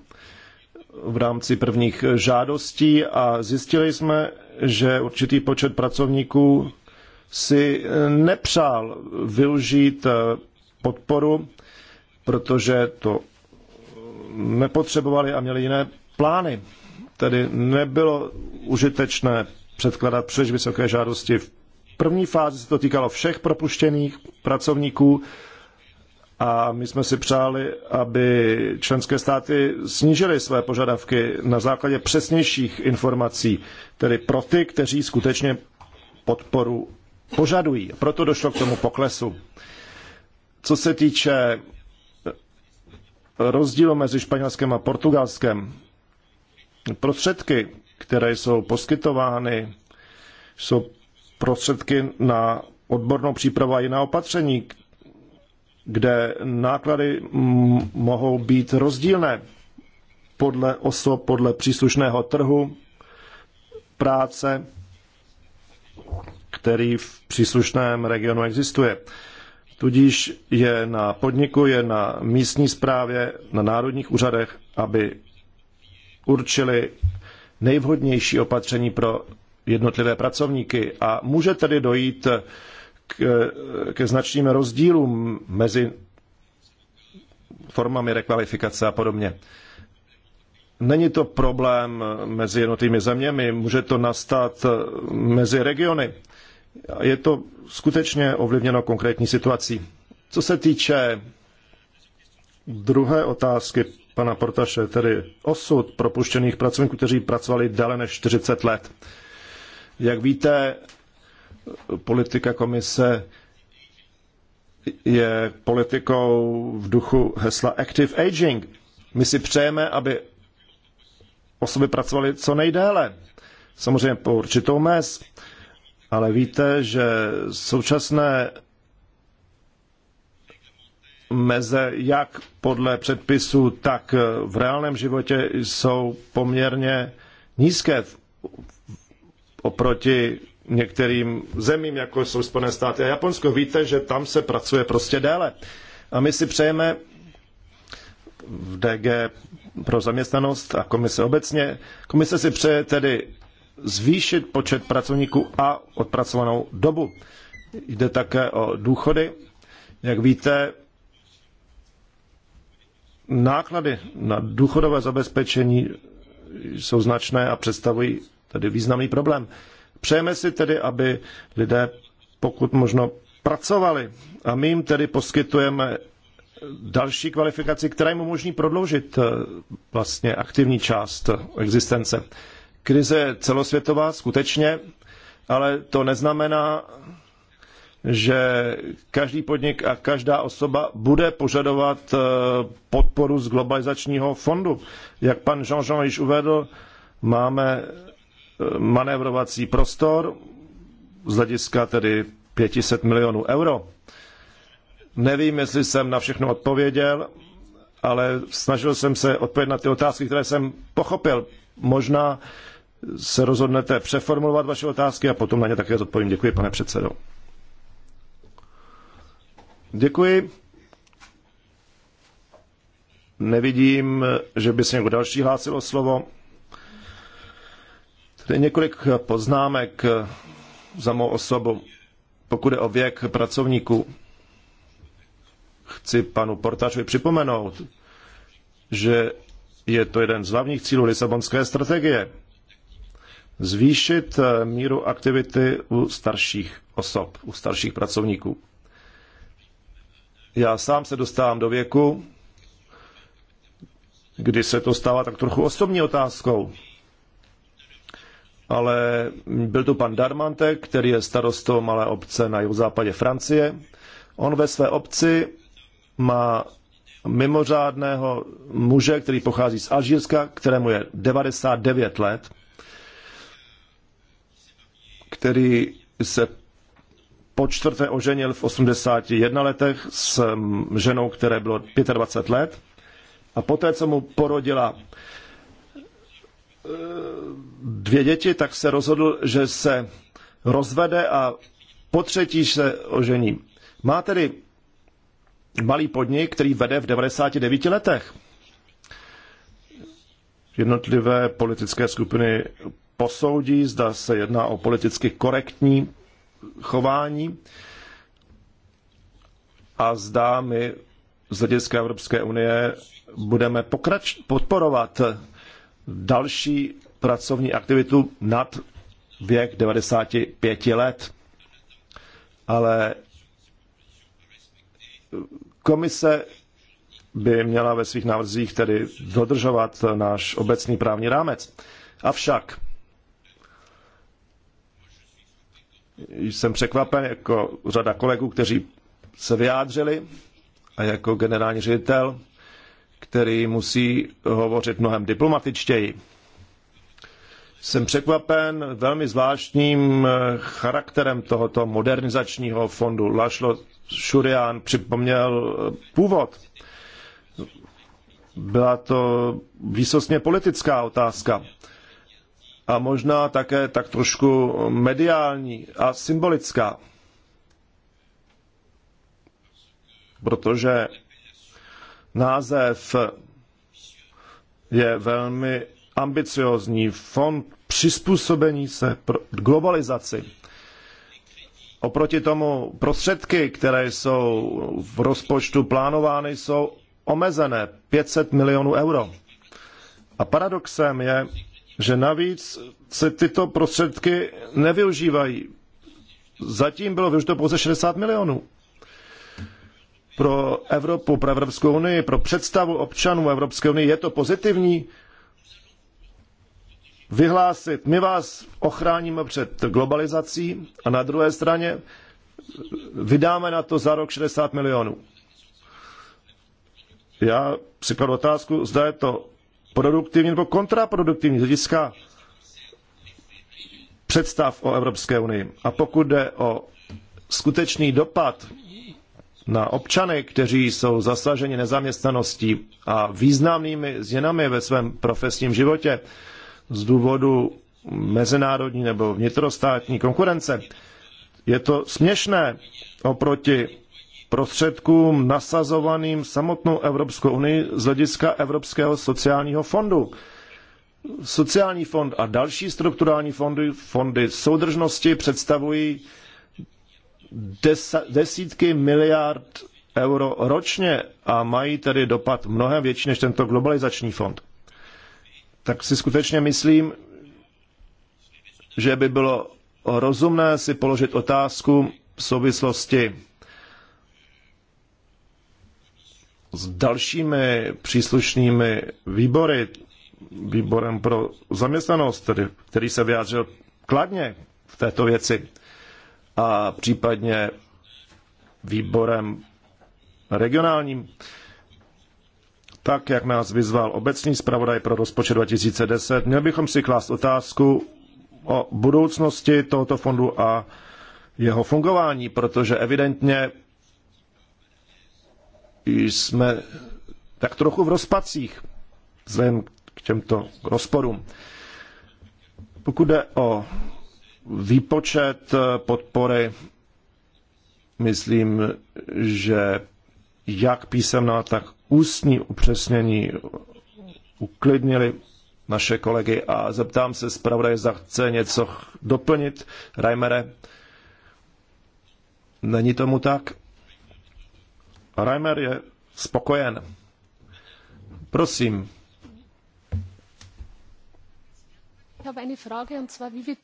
v rámci prvních žádostí a zjistili jsme, že určitý počet pracovníků si nepřál využít eh, podporu, protože to nepotřebovali a měli jiné plány. Tedy nebylo užitečné předkládat příliš vysoké žádosti. V první fázi se to týkalo všech propuštěných pracovníků a my jsme si přáli, aby členské státy snížily své požadavky na základě přesnějších informací, tedy pro ty, kteří skutečně podporu požadují. Proto došlo k tomu poklesu. Co se týče rozdílu mezi Španělskem a Portugalskem, Prostředky, které jsou poskytovány, jsou prostředky na odbornou přípravu a jiná opatření, kde náklady mohou být rozdílné podle osob, podle příslušného trhu práce, který v příslušném regionu existuje. Tudíž je na podniku, je na místní správě, na národních úřadech, aby určili nejvhodnější opatření pro jednotlivé pracovníky a může tedy dojít k, ke značným rozdílům mezi formami rekvalifikace a podobně. Není to problém mezi jednotlivými zeměmi, může to nastat mezi regiony. Je to skutečně ovlivněno konkrétní situací. Co se týče druhé otázky pana Portaše, tedy osud propuštěných pracovníků, kteří pracovali déle než 40 let. Jak víte, politika komise je politikou v duchu hesla Active Aging. My si přejeme, aby osoby pracovaly co nejdéle. Samozřejmě po určitou mez, ale víte, že současné meze jak podle předpisů, tak v reálném životě jsou poměrně nízké oproti některým zemím, jako jsou Spojené státy a Japonsko. Víte, že tam se pracuje prostě déle. A my si přejeme v DG pro zaměstnanost a komise obecně. Komise si přeje tedy zvýšit počet pracovníků a odpracovanou dobu. Jde také o důchody. Jak víte, náklady na důchodové zabezpečení jsou značné a představují tedy významný problém. Přejeme si tedy, aby lidé pokud možno pracovali a my jim tedy poskytujeme další kvalifikaci, která jim umožní prodloužit eh, vlastně aktivní část existence. Krize je celosvětová, skutečně, ale to neznamená, že každý podnik a každá osoba bude požadovat eh, podporu z globalizačního fondu. Jak pan Jean-Jean již uvedl, máme eh, manévrovací prostor z hlediska tedy 500 milionů euro. Nevím, jestli jsem na všechno odpověděl, ale snažil jsem se odpovědět na ty otázky, které jsem pochopil. Možná se rozhodnete přeformulovat vaše otázky a potom na ně také zodpovím. Děkuji, pane předsedo. Děkuji. Nevidím, že by se někdo další hlásil o slovo. Tady několik poznámek za mou osobu. Pokud je o věk pracovníků, chci panu Portačovi připomenout, že je to jeden z hlavních cílů Lisabonské strategie. Zvýšit míru aktivity u starších osob, u starších pracovníků. Já sám se dostávám do věku, kdy se to stává tak trochu osobní otázkou. Ale byl tu pan Darmante, který je starostou malé obce na západě Francie. On ve své obci má mimořádného muže, který pochází z Alžírska, kterému je 99 let, který se po čtvrté oženil v 81 letech s mm, ženou, které bylo 25 let. A poté, co mu porodila e, dvě děti, tak se rozhodl, že se rozvede a po třetí se ožení. Má tedy malý podnik, který vede v 99 letech. Jednotlivé politické skupiny posoudí, zda se jedná o politicky korektní chování a zdá mi z hlediska Evropské unie budeme pokrač, podporovat další pracovní aktivitu nad věk 95 let. Ale komise by měla ve svých návrzích tedy dodržovat náš obecný právní rámec. Avšak jsem překvapen jako řada kolegů, kteří se vyjádřili a jako generální ředitel, který musí hovořit mnohem diplomatičtěji. Jsem překvapen velmi zvláštním charakterem tohoto modernizačního fondu. Lašlo Šurian připomněl původ. Byla to výsostně politická otázka a možná také tak trošku mediální a symbolická. Protože název je velmi ambiciozní. Fond přizpůsobení se globalizaci. Oproti tomu prostředky, které jsou v rozpočtu plánovány, jsou omezené 500 milionů euro. A paradoxem je, že navíc se tyto prostředky nevyužívají. Zatím bylo využito pouze 60 milionů. Pro Evropu, pro Evropskou unii, pro představu občanů Evropské unie je to pozitivní vyhlásit, my vás ochráníme před globalizací a na druhé straně vydáme na to za rok 60 milionů. Já si kladu otázku, zda je to produktivní nebo kontraproduktivní z hlediska představ o Evropské unii. A pokud jde o skutečný dopad na občany, kteří jsou zasaženi nezaměstnaností a významnými změnami ve svém profesním životě z důvodu mezinárodní nebo vnitrostátní konkurence, je to směšné oproti prostředkům nasazovaným samotnou Evropskou unii z hlediska Evropského sociálního fondu. Sociální fond a další strukturální fondy, fondy soudržnosti představují desítky miliard euro ročně a mají tedy dopad mnohem větší než tento globalizační fond. Tak si skutečně myslím, že by bylo rozumné si položit otázku v souvislosti s dalšími příslušnými výbory, výborem pro zaměstnanost, tedy, který se vyjádřil kladně v této věci a případně výborem regionálním, tak jak nás vyzval obecní zpravodaj pro rozpočet 2010, měl bychom si klást otázku o budoucnosti tohoto fondu a jeho fungování, protože evidentně jsme tak trochu v rozpacích vzhledem k těmto rozporům. Pokud jde o výpočet podpory, myslím, že jak písemná, tak ústní upřesnění uklidnili naše kolegy a zeptám se zpravodaj, zda chce něco doplnit. Reimere, není tomu tak? A Reimer je spokojen. Prosím.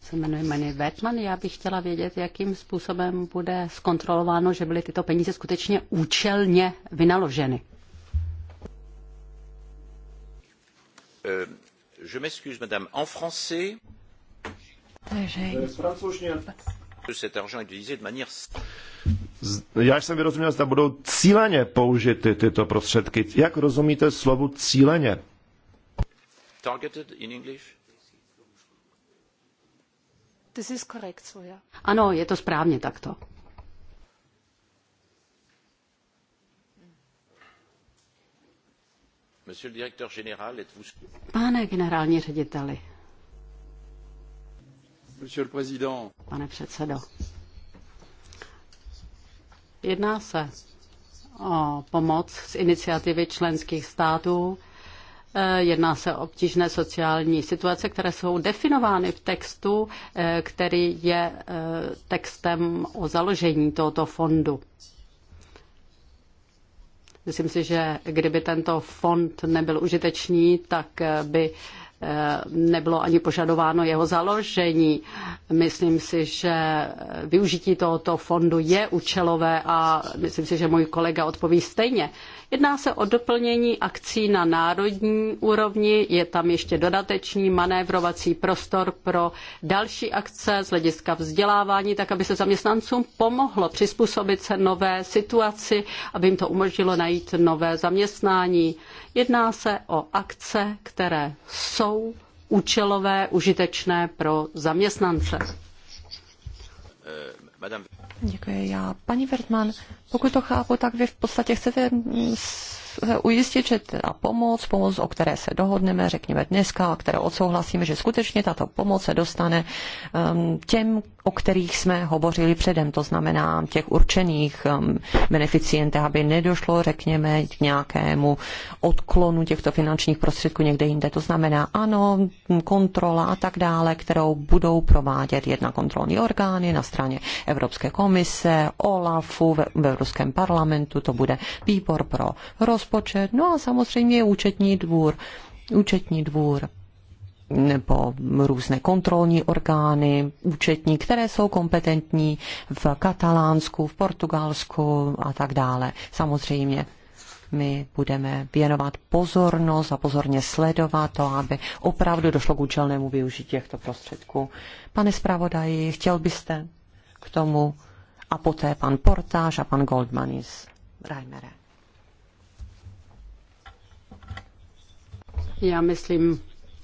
Se jmenuji Manny Wertmann. Já bych chtěla vědět, jakým způsobem bude zkontrolováno, že byly tyto peníze skutečně účelně vynaloženy. Euh, je m'excuse, madame. En français. Takže... Já jsem vyrozuměl, zda budou cíleně použity tyto prostředky. Jak rozumíte slovu cíleně? Targeted in English? This is correct, so yeah. Ano, je to správně takto. Pane generální řediteli, Pane předsedo, jedná se o pomoc z iniciativy členských států. Eh, jedná se o obtížné sociální situace, které jsou definovány v textu, eh, který je eh, textem o založení tohoto fondu. Myslím si, že kdyby tento fond nebyl užitečný, tak by Eh, nebylo ani požadováno jeho založení. Myslím si, že využití tohoto fondu je účelové a myslím si, že můj kolega odpoví stejně. Jedná se o doplnění akcí na národní úrovni, je tam ještě dodatečný manévrovací prostor pro další akce z hlediska vzdělávání, tak aby se zaměstnancům pomohlo přizpůsobit se nové situaci, aby jim to umožnilo najít nové zaměstnání. Jedná se o akce, které jsou účelové, užitečné pro zaměstnance. Eh, Děkuji já. Paní Vertman, pokud to chápu, tak vy v podstatě chcete mm, ujistit, že ta pomoc, pomoc, o které se dohodneme, řekněme dneska, o které odsouhlasíme, že skutečně tato pomoc se dostane um, těm, o kterých jsme hovořili předem, to znamená těch určených um, beneficientech, aby nedošlo, řekněme, k nějakému odklonu těchto finančních prostředků někde jinde. To znamená, ano, kontrola a tak dále, kterou budou provádět jedna kontrolní orgány na straně Evropské komise, OLAFu, v, v Evropském parlamentu, to bude výbor pro rozpočet, rozpočet, no a samozřejmě účetní dvůr. Účetní dvůr nebo různé kontrolní orgány, účetní, které jsou kompetentní v Katalánsku, v Portugalsku a tak dále. Samozřejmě my budeme věnovat pozornost a pozorně sledovat to, aby opravdu došlo k účelnému využití těchto prostředků. Pane zpravodaji, chtěl byste k tomu a poté pan Portáž a pan Goldmanis. Reimere. Já myslím,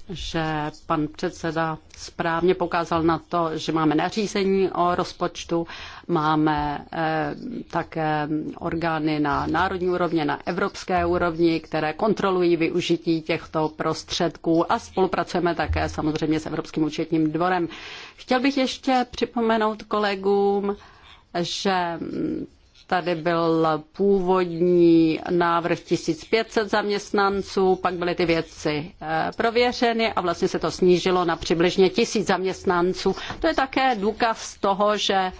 že pan předseda správně pokázal na to, že máme nařízení o rozpočtu, máme eh, také orgány na národní úrovni, na evropské úrovni, které kontrolují využití těchto prostředků a spolupracujeme také samozřejmě s Evropským účetním dvorem. Chtěl bych ještě připomenout kolegům, že tady byl původní návrh 1500 zaměstnanců, pak byly ty věci eh, prověřeny a vlastně se to snížilo na přibližně 1000 zaměstnanců. To je také důkaz toho, že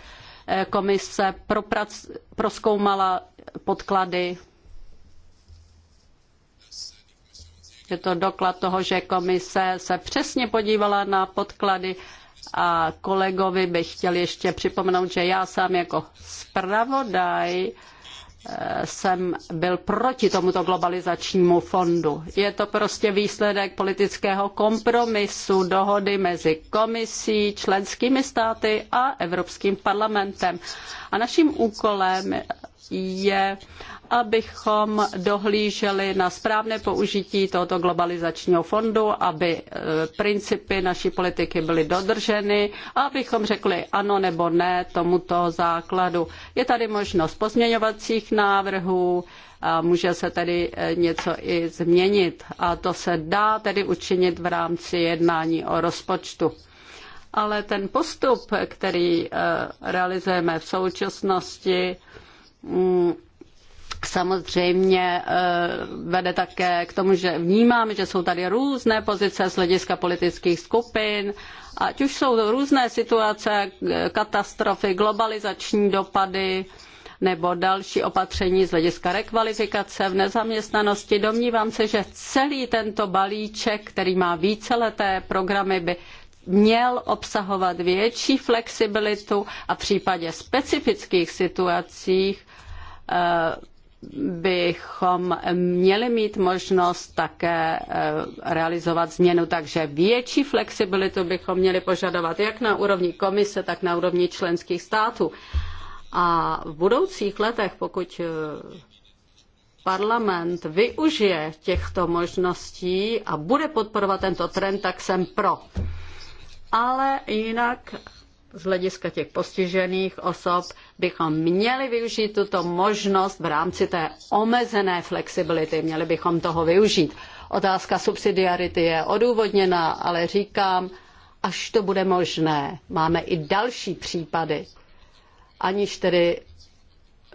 eh, komise proprac- proskoumala podklady. Je to doklad toho, že komise se přesně podívala na podklady a kolegovi bych chtěl ještě připomenout, že já sám jako zpravodaj eh, jsem byl proti tomuto globalizačnímu fondu. Je to prostě výsledek politického kompromisu, dohody mezi komisí, členskými státy a Evropským parlamentem. A naším úkolem je abychom dohlíželi na správné použití tohoto globalizačního fondu, aby e, principy naší politiky byly dodrženy a abychom řekli ano nebo ne tomuto základu. Je tady možnost pozměňovacích návrhů, a může se tedy e, něco i změnit. A to se dá tedy učinit v rámci jednání o rozpočtu. Ale ten postup, který e, realizujeme v současnosti, mm, samozřejmě eh, vede také k tomu, že vnímáme, že jsou tady různé pozice z hlediska politických skupin, ať už jsou to různé situace, katastrofy, globalizační dopady nebo další opatření z hlediska rekvalifikace v nezaměstnanosti. Domnívám se, že celý tento balíček, který má víceleté programy, by měl obsahovat větší flexibilitu a v případě specifických situacích eh, bychom měli mít možnost také eh, realizovat změnu, takže větší flexibilitu bychom měli požadovat jak na úrovni komise, tak na úrovni členských států. A v budoucích letech, pokud eh, parlament využije těchto možností a bude podporovat tento trend, tak jsem pro. Ale jinak z hlediska těch postižených osob bychom měli využít tuto možnost v rámci té omezené flexibility. Měli bychom toho využít. Otázka subsidiarity je odůvodněná, ale říkám, až to bude možné. Máme i další případy, aniž tedy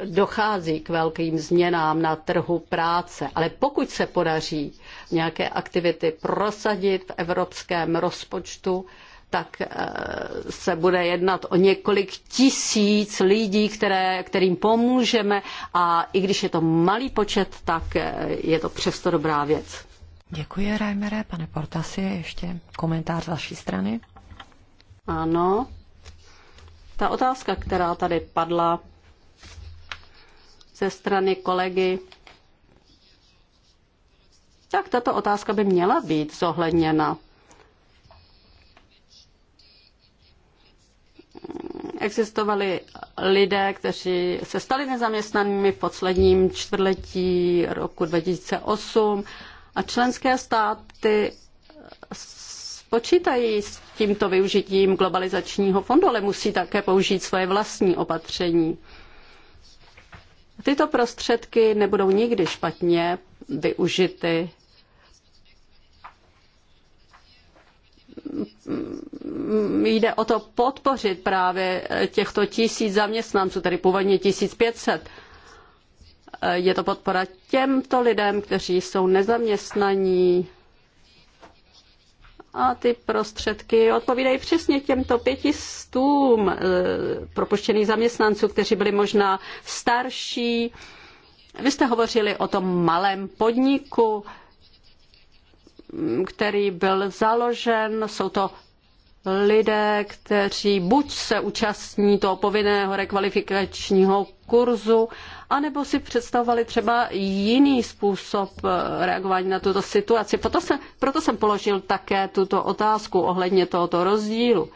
dochází k velkým změnám na trhu práce. Ale pokud se podaří nějaké aktivity prosadit v evropském rozpočtu, tak eh, se bude jednat o několik tisíc lidí, které, kterým pomůžeme a i když je to malý počet, tak eh, je to přesto dobrá věc. Děkuji, Reimere. Pane Portasi, ještě komentář z vaší strany. Ano. Ta otázka, která tady padla ze strany kolegy, tak tato otázka by měla být zohledněna existovali lidé, kteří se stali nezaměstnanými v posledním čtvrtletí roku 2008 a členské státy počítají s tímto využitím globalizačního fondu, ale musí také použít svoje vlastní opatření. Tyto prostředky nebudou nikdy špatně využity jde o to podpořit právě těchto tisíc zaměstnanců, tedy původně 1500. Je to podpora těmto lidem, kteří jsou nezaměstnaní. A ty prostředky odpovídají přesně těmto pětistům eh, propuštěných zaměstnanců, kteří byli možná starší. Vy jste hovořili o tom malém podniku který byl založen. Jsou to lidé, kteří buď se účastní toho povinného rekvalifikačního kurzu, anebo si představovali třeba jiný způsob eh, reagování na tuto situaci. Proto jsem, proto jsem položil také tuto otázku ohledně tohoto rozdílu.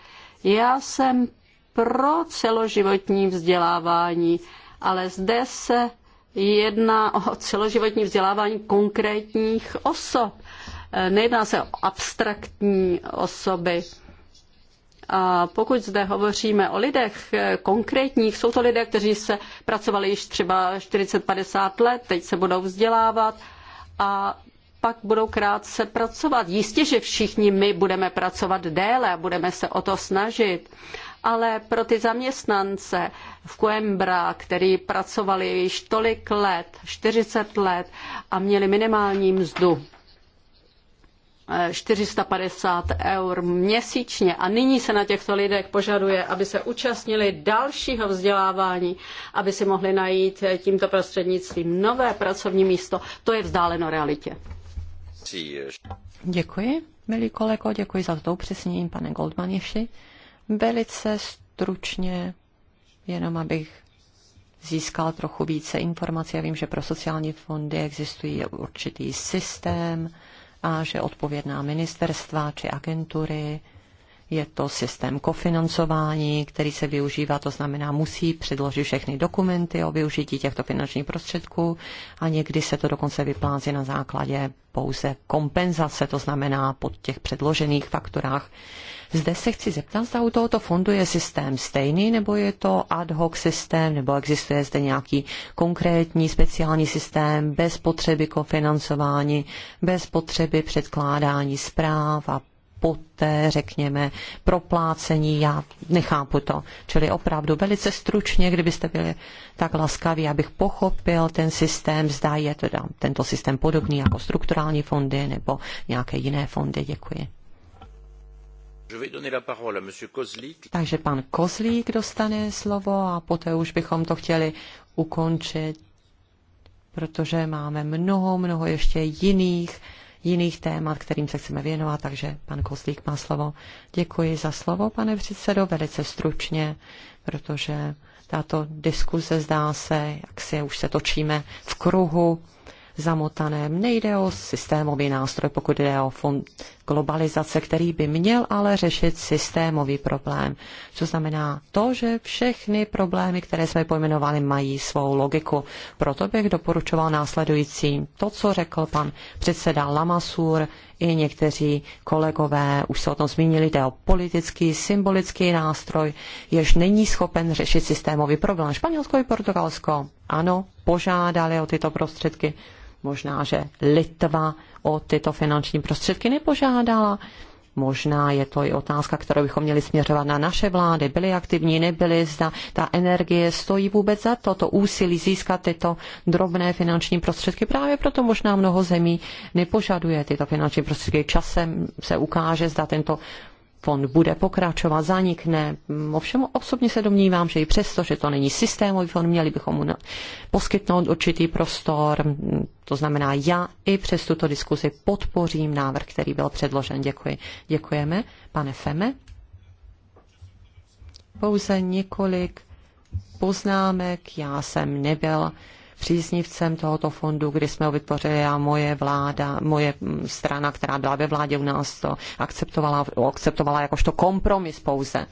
Já jsem pro celoživotní vzdělávání, ale zde se jedná o celoživotní vzdělávání konkrétních osob. Eh, nejedná se o abstraktní osoby. A pokud zde hovoříme o lidech eh, konkrétních, jsou to lidé, kteří se pracovali již třeba 40-50 let, teď se budou vzdělávat a pak budou krátce pracovat. Jistě, že všichni my budeme pracovat déle a budeme se o to snažit, ale pro ty zaměstnance v Coimbra, který pracovali již tolik let, 40 let a měli minimální mzdu, 450 eur měsíčně a nyní se na těchto lidech požaduje, aby se účastnili dalšího vzdělávání, aby si mohli najít tímto prostřednictvím nové pracovní místo. To je vzdáleno realitě. Děkuji, milí kolego, děkuji za to upřesnění, pane Goldmaniši. Velice stručně, jenom abych získal trochu více informací. Já vím, že pro sociální fondy existují určitý systém, a že odpovědná ministerstva či agentury je to systém kofinancování, který se využívá, to znamená, musí předložit všechny dokumenty o využití těchto finančních prostředků a někdy se to dokonce vyplází na základě pouze kompenzace, to znamená pod těch předložených fakturách. Zde se chci zeptat, zda u tohoto fondu je systém stejný, nebo je to ad hoc systém, nebo existuje zde nějaký konkrétní speciální systém bez potřeby kofinancování, bez potřeby předkládání zpráv a poté, řekněme, proplácení, já nechápu to. Čili opravdu velice stručně, kdybyste byli tak laskaví, abych pochopil ten systém, zda je teda tento systém podobný jako strukturální fondy nebo nějaké jiné fondy. Děkuji. Takže pan Kozlík dostane slovo a poté už bychom to chtěli ukončit, protože máme mnoho, mnoho ještě jiných jiných témat, kterým se chceme věnovat, takže pan Kozlík má slovo. Děkuji za slovo, pane předsedo, velice stručně, protože tato diskuze zdá se, jak se už se točíme v kruhu zamotaném. Nejde o systémový nástroj, pokud jde o fond globalizace, který by měl ale řešit systémový problém. Co znamená to, že všechny problémy, které jsme pojmenovali, mají svou logiku. Proto bych doporučoval následující to, co řekl pan předseda Lamasur i někteří kolegové už se o tom zmínili, jde o politický, symbolický nástroj, jež není schopen řešit systémový problém. Španělsko i Portugalsko, ano, požádali o tyto prostředky. Možná, že Litva o tyto finanční prostředky nepožádala. Možná je to i otázka, kterou bychom měli směřovat na naše vlády. Byly aktivní, nebyly, zda ta energie stojí vůbec za to, to úsilí získat tyto drobné finanční prostředky. Právě proto možná mnoho zemí nepožaduje tyto finanční prostředky. Časem se ukáže, zda tento fond bude pokračovat, zanikne. Ovšem osobně se domnívám, že i přesto, že to není systémový fond, měli bychom mu poskytnout určitý prostor. To znamená, já i přes tuto diskuzi podpořím návrh, který byl předložen. Děkuji. Děkujeme. Pane Feme? Pouze několik poznámek. Já jsem nebyl příznivcem tohoto fondu, kdy jsme ho vytvořili a moje vláda, moje mm, strana, která byla ve vládě u nás, to akceptovala, akceptovala jakožto kompromis pouze.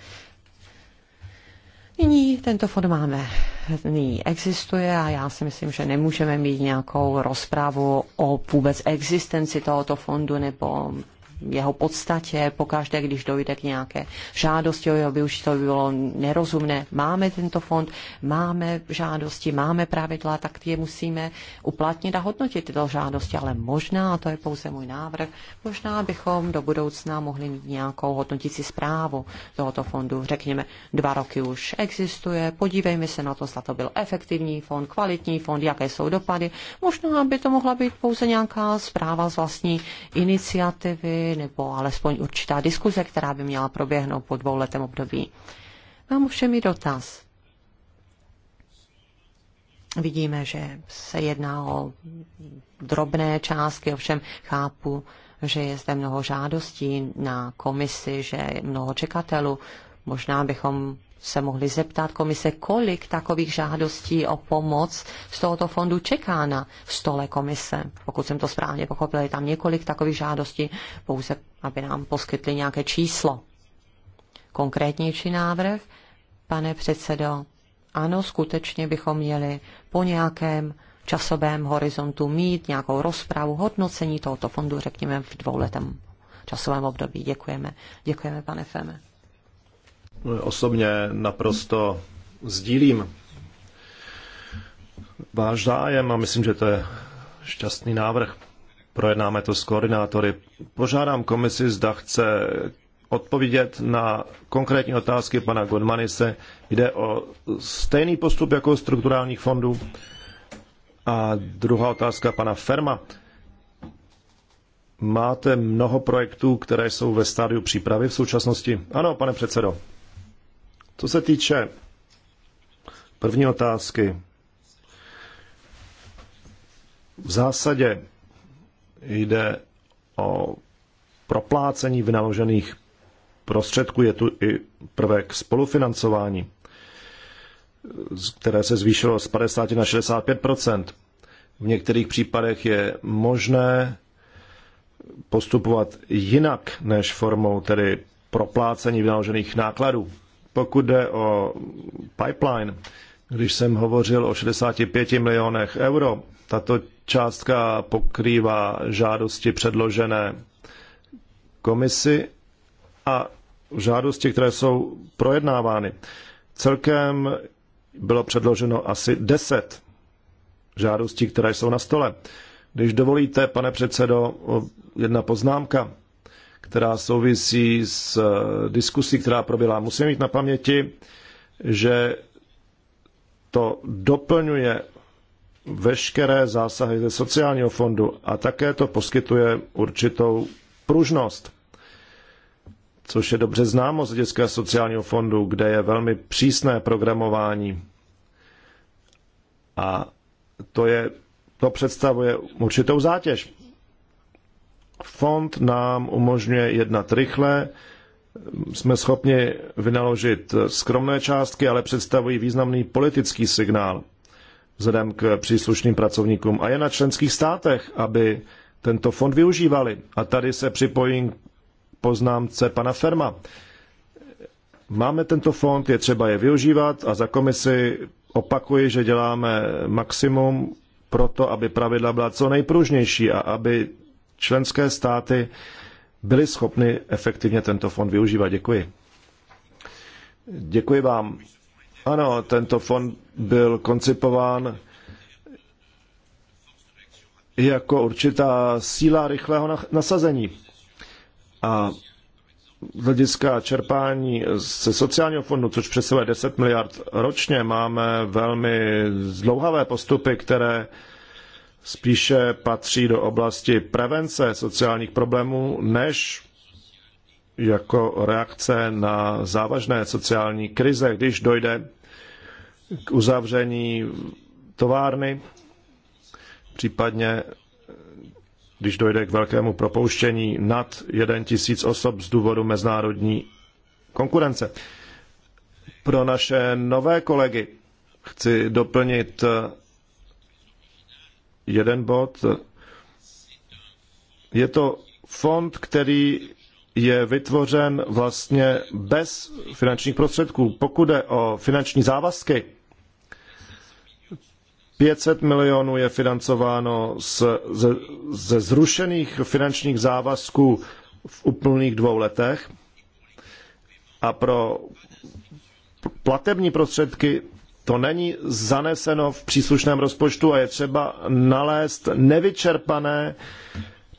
Nyní tento fond máme, nyní existuje a já si myslím, že nemůžeme mít nějakou rozpravu o vůbec existenci tohoto fondu nebo jeho podstatě, pokaždé, když dojde k nějaké žádosti o jeho využití, to by bylo nerozumné. Máme tento fond, máme žádosti, máme pravidla, tak je musíme uplatnit a hodnotit tyto žádosti, ale možná, a to je pouze můj návrh, možná bychom do budoucna mohli mít nějakou hodnotící zprávu tohoto fondu. Řekněme, dva roky už existuje, podívejme se na to, zda to byl efektivní fond, kvalitní fond, jaké jsou dopady. Možná by to mohla být pouze nějaká zpráva z vlastní iniciativy, nebo alespoň určitá diskuze, která by měla proběhnout po dvouletém období. Mám ovšem i dotaz. Vidíme, že se jedná o drobné částky, ovšem chápu, že je zde mnoho žádostí na komisi, že je mnoho čekatelů. Možná bychom se mohli zeptat komise, kolik takových žádostí o pomoc z tohoto fondu čeká na stole komise. Pokud jsem to správně pochopil, je tam několik takových žádostí, pouze aby nám poskytli nějaké číslo. Konkrétnější návrh, pane předsedo, ano, skutečně bychom měli po nějakém časovém horizontu mít nějakou rozpravu, hodnocení tohoto fondu, řekněme, v dvouletém časovém období. Děkujeme. Děkujeme, pane Feme osobně naprosto sdílím váš zájem a myslím, že to je šťastný návrh. Projednáme to s koordinátory. Požádám komisi, zda chce odpovědět na konkrétní otázky pana Godmanise. Jde o stejný postup jako strukturálních fondů. A druhá otázka pana Ferma. Máte mnoho projektů, které jsou ve stádiu přípravy v současnosti? Ano, pane předsedo. Co se týče první otázky, v zásadě jde o proplácení vynaložených prostředků. Je tu i prvek spolufinancování, které se zvýšilo z 50 na 65 V některých případech je možné postupovat jinak než formou tedy proplácení vynaložených nákladů. Pokud jde o pipeline, když jsem hovořil o 65 milionech euro, tato částka pokrývá žádosti předložené komisi a žádosti, které jsou projednávány. Celkem bylo předloženo asi 10 žádostí, které jsou na stole. Když dovolíte, pane předsedo, jedna poznámka která souvisí s eh, diskusí, která proběhla. Musíme mít na paměti, že to doplňuje veškeré zásahy ze sociálního fondu a také to poskytuje určitou pružnost, což je dobře známo z Dětského sociálního fondu, kde je velmi přísné programování. A to, je, to představuje určitou zátěž. Fond nám umožňuje jednat rychle, jsme schopni vynaložit skromné částky, ale představují významný politický signál vzhledem k příslušným pracovníkům. A je na členských státech, aby tento fond využívali. A tady se připojím k poznámce pana Ferma. Máme tento fond, je třeba je využívat a za komisi opakuji, že děláme maximum pro to, aby pravidla byla co nejpružnější a aby členské státy byly schopny efektivně tento fond využívat. Děkuji. Děkuji vám. Ano, tento fond byl koncipován jako určitá síla rychlého nasazení. A z hlediska čerpání ze sociálního fondu, což přesahuje 10 miliard ročně, máme velmi zdlouhavé postupy, které spíše patří do oblasti prevence sociálních problémů, než jako reakce na závažné sociální krize, když dojde k uzavření továrny, případně když dojde k velkému propouštění nad 1 tisíc osob z důvodu mezinárodní konkurence. Pro naše nové kolegy chci doplnit jeden bod. Je to fond, který je vytvořen vlastně bez finančních prostředků. Pokud je o finanční závazky, 500 milionů je financováno z, ze, ze zrušených finančních závazků v úplných dvou letech a pro platební prostředky to není zaneseno v příslušném rozpočtu a je třeba nalézt nevyčerpané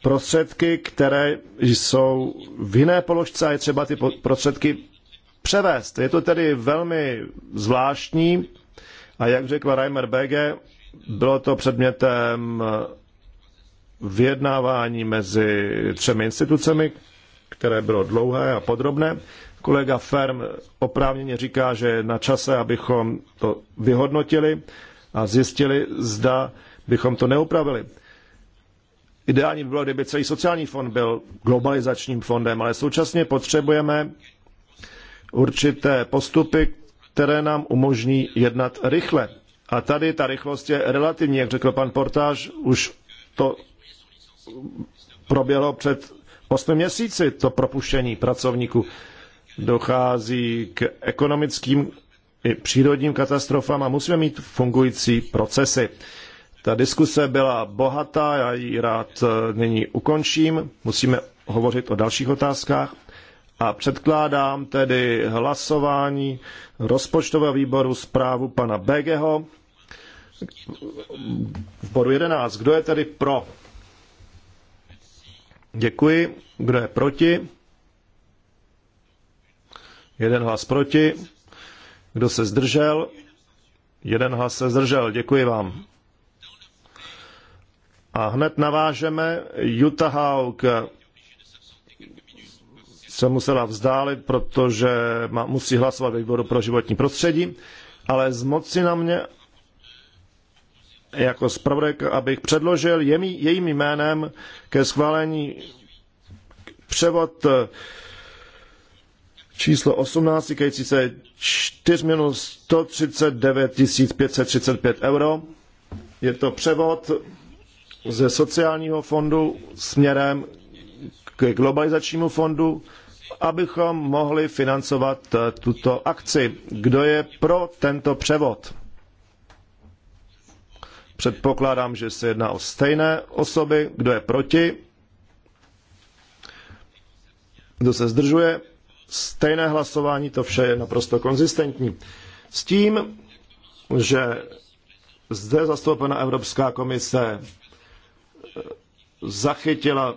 prostředky, které jsou v jiné položce a je třeba ty prostředky převést. Je to tedy velmi zvláštní a jak řekla Reimer Bege, bylo to předmětem vyjednávání mezi třemi institucemi, které bylo dlouhé a podrobné. Kolega Ferm oprávněně říká, že je na čase, abychom to vyhodnotili a zjistili, zda bychom to neupravili. Ideální by bylo, kdyby celý sociální fond byl globalizačním fondem, ale současně potřebujeme určité postupy, které nám umožní jednat rychle. A tady ta rychlost je relativní, jak řekl pan Portáž, už to proběhlo před 8 měsíci to propuštění pracovníků. Dochází k ekonomickým i přírodním katastrofám a musíme mít fungující procesy. Ta diskuse byla bohatá, já ji rád eh, nyní ukončím. Musíme hovořit o dalších otázkách. A předkládám tedy hlasování rozpočtového výboru zprávu pana Begeho v bodu 11. Kdo je tedy pro? Děkuji. Kdo je proti? Jeden hlas proti. Kdo se zdržel? Jeden hlas se zdržel. Děkuji vám. A hned navážeme. Jutta Hauk se musela vzdálit, protože musí hlasovat výboru pro životní prostředí, ale z na mě jako zpravodajka, abych předložil jemí, jejím jménem ke schválení převod eh, číslo 18 týkající se 4 milionů 139 535 euro. Je to převod ze sociálního fondu směrem k globalizačnímu fondu, abychom mohli financovat eh, tuto akci. Kdo je pro tento převod? Předpokládám, že se jedná o stejné osoby. Kdo je proti? Kdo se zdržuje? Stejné hlasování, to vše je naprosto konzistentní. S tím, že zde zastoupena Evropská komise eh, zachytila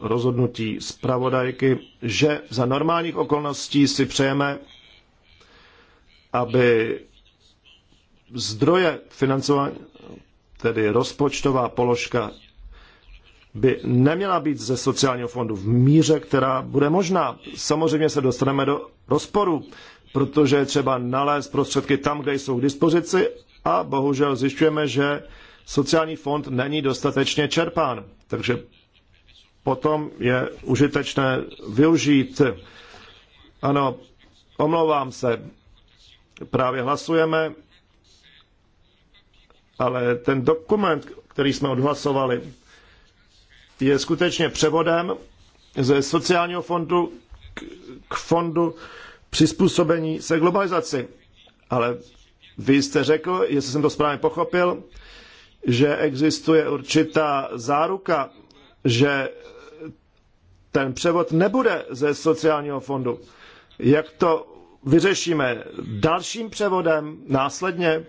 rozhodnutí zpravodajky, že za normálních okolností si přejeme, aby zdroje financování tedy rozpočtová položka, by neměla být ze sociálního fondu v míře, která bude možná. Samozřejmě se dostaneme do rozporu, protože je třeba nalézt prostředky tam, kde jsou k dispozici a bohužel zjišťujeme, že sociální fond není dostatečně čerpán. Takže potom je užitečné využít. Ano, omlouvám se, právě hlasujeme ale ten dokument, který jsme odhlasovali, je skutečně převodem ze sociálního fondu k fondu přizpůsobení se globalizaci. Ale vy jste řekl, jestli jsem to správně pochopil, že existuje určitá záruka, že ten převod nebude ze sociálního fondu. Jak to vyřešíme dalším převodem následně?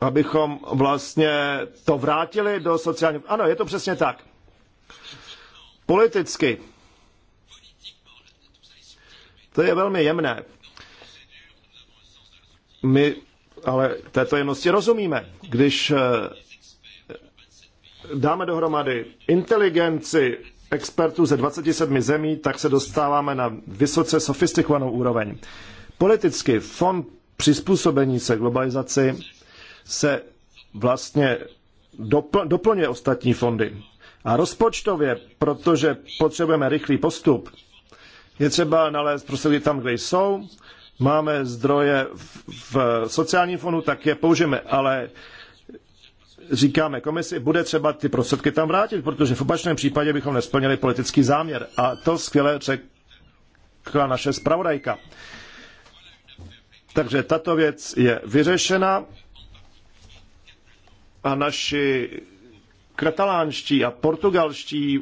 abychom vlastně to vrátili do sociálního... Ano, je to přesně tak. Politicky. To je velmi jemné. My ale této jemnosti rozumíme. Když eh, dáme dohromady inteligenci expertů ze 27 zemí, tak se dostáváme na vysoce sofistikovanou úroveň. Politicky fond přizpůsobení se globalizaci se vlastně doplňuje ostatní fondy. A rozpočtově, protože potřebujeme rychlý postup, je třeba nalézt prostředky tam, kde jsou. Máme zdroje v sociálním fondu, tak je použijeme, ale říkáme komisi, bude třeba ty prostředky tam vrátit, protože v opačném případě bychom nesplnili politický záměr. A to skvěle řekla naše zpravodajka. Takže tato věc je vyřešena a naši katalánští a portugalští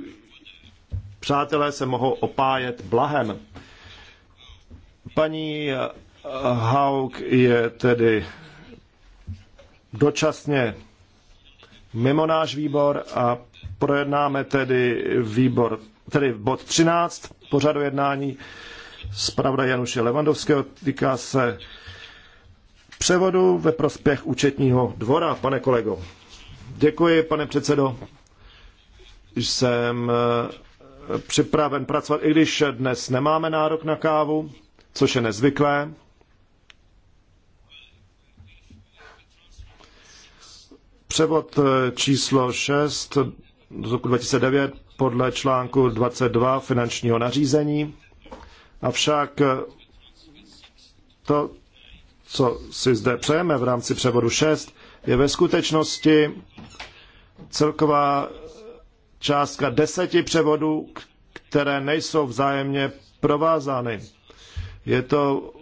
přátelé se mohou opájet blahem. Paní Haug je tedy dočasně mimo náš výbor a projednáme tedy výbor, tedy bod 13 pořadu jednání zpravda Januše Levandovského, týká se převodu ve prospěch účetního dvora, pane kolego. Děkuji, pane předsedo. Jsem eh, připraven pracovat, i když dnes nemáme nárok na kávu, což je nezvyklé. Převod eh, číslo 6 z roku 2009 podle článku 22 finančního nařízení. Avšak eh, to, co si zde přejeme v rámci převodu 6, je ve skutečnosti celková částka deseti převodů, které nejsou vzájemně provázány. Je to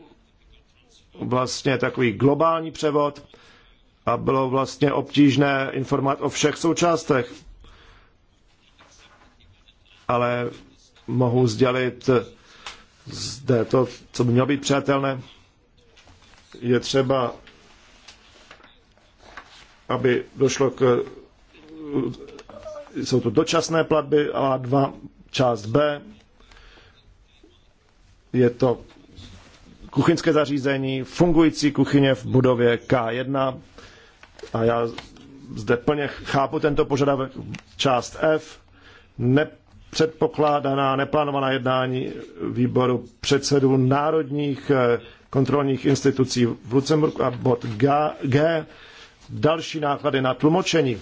vlastně takový globální převod a bylo vlastně obtížné informovat o všech součástech. Ale mohu sdělit zde to, co by mělo být přijatelné je třeba, aby došlo k. Jsou to dočasné platby A2, část B. Je to kuchyňské zařízení, fungující kuchyně v budově K1. A já zde plně chápu tento požadavek. Část F. Ne, předpokládaná neplánovaná jednání výboru předsedů národních kontrolních institucí v Lucemburku a bod G, G další náklady na tlumočení.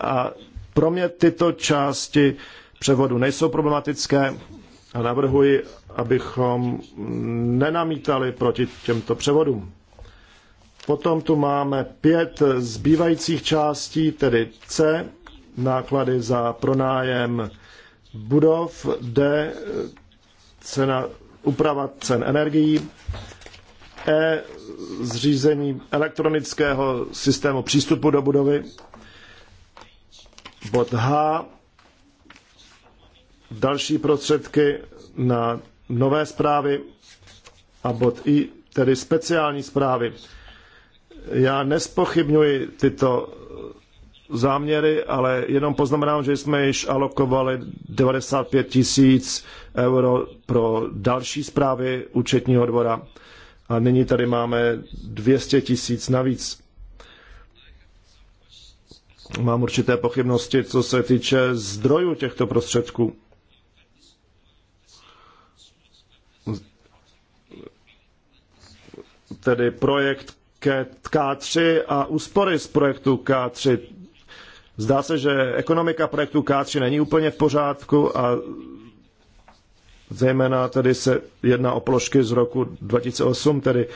A pro mě tyto části převodu nejsou problematické a navrhuji, abychom nenamítali proti těmto převodům. Potom tu máme pět zbývajících částí, tedy C, náklady za pronájem budov, D, cena úprava cen energií, E zřízení elektronického systému přístupu do budovy, bod H další prostředky na nové zprávy a bod I, tedy speciální zprávy. Já nespochybňuji tyto záměry, ale jenom poznamenám, že jsme již alokovali 95 tisíc euro pro další zprávy účetního dvora a nyní tady máme 200 tisíc navíc. Mám určité pochybnosti, co se týče zdrojů těchto prostředků. Tedy projekt K3 a úspory z projektu K3 Zdá se, že ekonomika projektu K3 není úplně v pořádku a zejména tedy se jedná o položky z roku 2008, tedy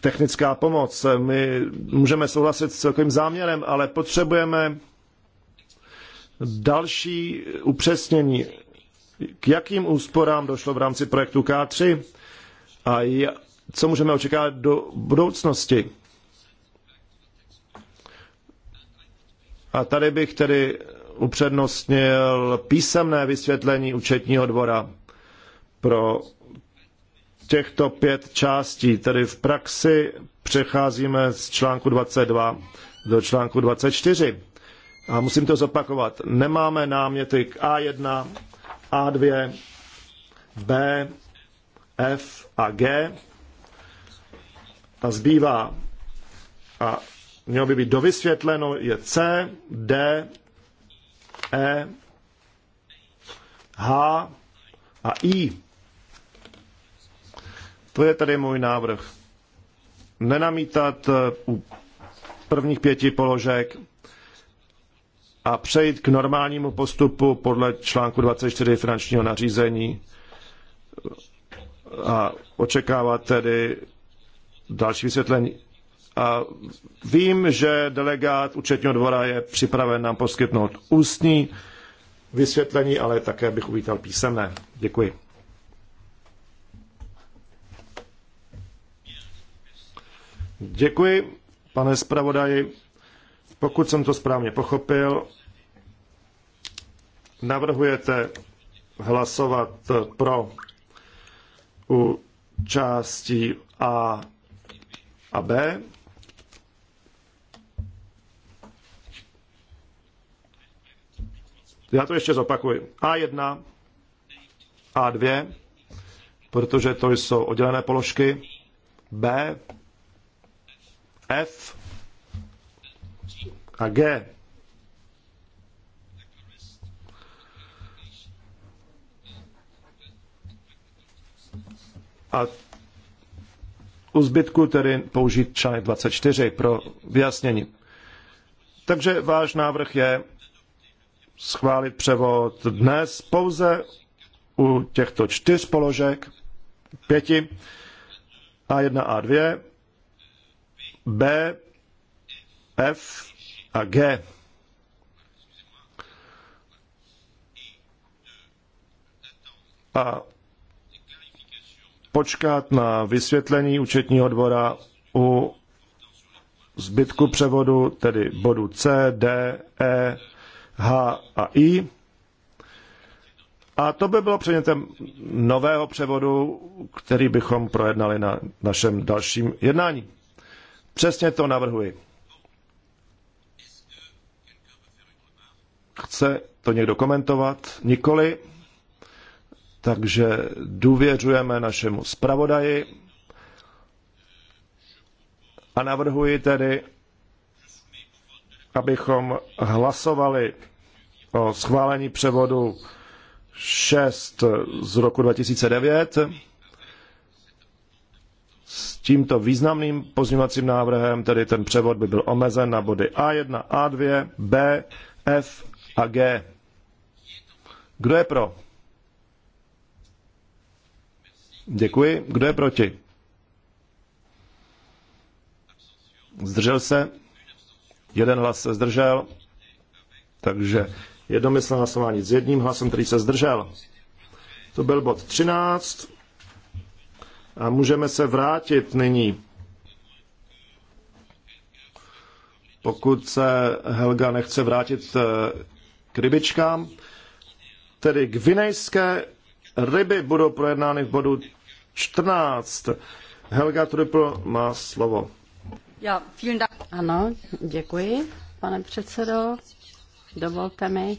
technická pomoc. My můžeme souhlasit s celkovým záměrem, ale potřebujeme další upřesnění. K jakým úsporám došlo v rámci projektu K3 a co můžeme očekávat do budoucnosti? A tady bych tedy upřednostnil písemné vysvětlení účetního dvora pro těchto pět částí. Tedy v praxi přecházíme z článku 22 do článku 24. A musím to zopakovat. Nemáme náměty k A1, A2, B, F a G. A zbývá a mělo by být dovysvětleno, je C, D, E, H a I. To je tady můj návrh. Nenamítat eh, u prvních pěti položek a přejít k normálnímu postupu podle článku 24 finančního nařízení a očekávat tedy další vysvětlení. A vím, že delegát účetního dvora je připraven nám poskytnout ústní vysvětlení, ale také bych uvítal písemné. Děkuji. Děkuji, pane zpravodaji. Pokud jsem to správně pochopil, navrhujete hlasovat pro u části A a B Já to ještě zopakuji. A1, A2, protože to jsou oddělené položky. B, F a G. A u zbytku tedy použít článek 24 pro vyjasnění. Takže váš návrh je, schválit převod dnes pouze u těchto čtyř položek, pěti, A1, A2, B, F a G. A počkat na vysvětlení účetního dvora u zbytku převodu, tedy bodu C, D, E, H a I. A to by bylo předmětem nového převodu, který bychom projednali na našem dalším jednání. Přesně to navrhuji. Chce to někdo komentovat? Nikoli. Takže důvěřujeme našemu zpravodaji a navrhuji tedy, abychom hlasovali o schválení převodu 6 z roku 2009. S tímto významným pozměňovacím návrhem tedy ten převod by byl omezen na body A1, A2, B, F a G. Kdo je pro? Děkuji. Kdo je proti? Zdržel se? Jeden hlas se zdržel. Takže jednomyslné hlasování s jedním hlasem, který se zdržel. To byl bod 13. A můžeme se vrátit nyní. Pokud se Helga nechce vrátit eh, k rybičkám, tedy gvinejské ryby budou projednány v bodu 14. Helga Trupl má slovo. Ja vielen Dank. Ano, děkuji, pane předsedo. Dovolte mi,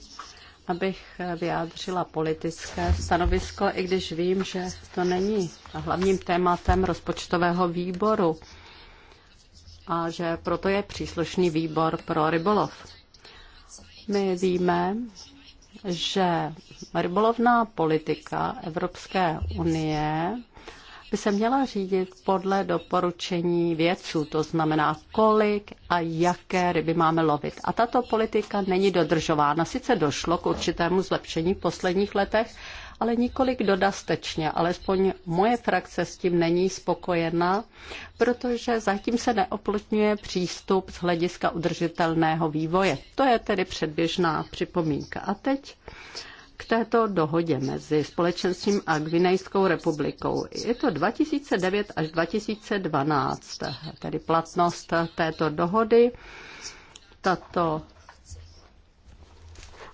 abych vyjádřila politické stanovisko, i když vím, že to není hlavním tématem rozpočtového výboru a že proto je příslušný výbor pro rybolov. My víme, že rybolovná politika Evropské unie by se měla řídit podle doporučení vědců, to znamená, kolik a jaké ryby máme lovit. A tato politika není dodržována. Sice došlo k určitému zlepšení v posledních letech, ale nikolik dodastečně, alespoň moje frakce s tím není spokojena, protože zatím se neoplotňuje přístup z hlediska udržitelného vývoje. To je tedy předběžná připomínka. A teď k této dohodě mezi společenstvím a Gvinejskou republikou. Je to 2009 až 2012, tedy platnost této dohody. Tato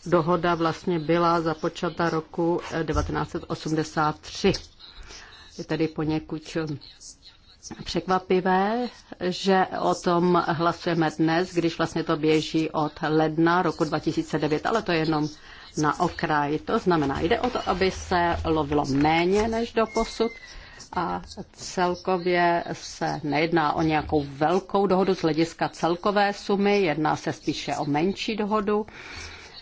dohoda vlastně byla započata roku 1983. Je tedy poněkud překvapivé, že o tom hlasujeme dnes, když vlastně to běží od ledna roku 2009, ale to je jenom na okraj. To znamená, jde o to, aby se lovilo méně než do posud a celkově se nejedná o nějakou velkou dohodu z hlediska celkové sumy, jedná se spíše o menší dohodu.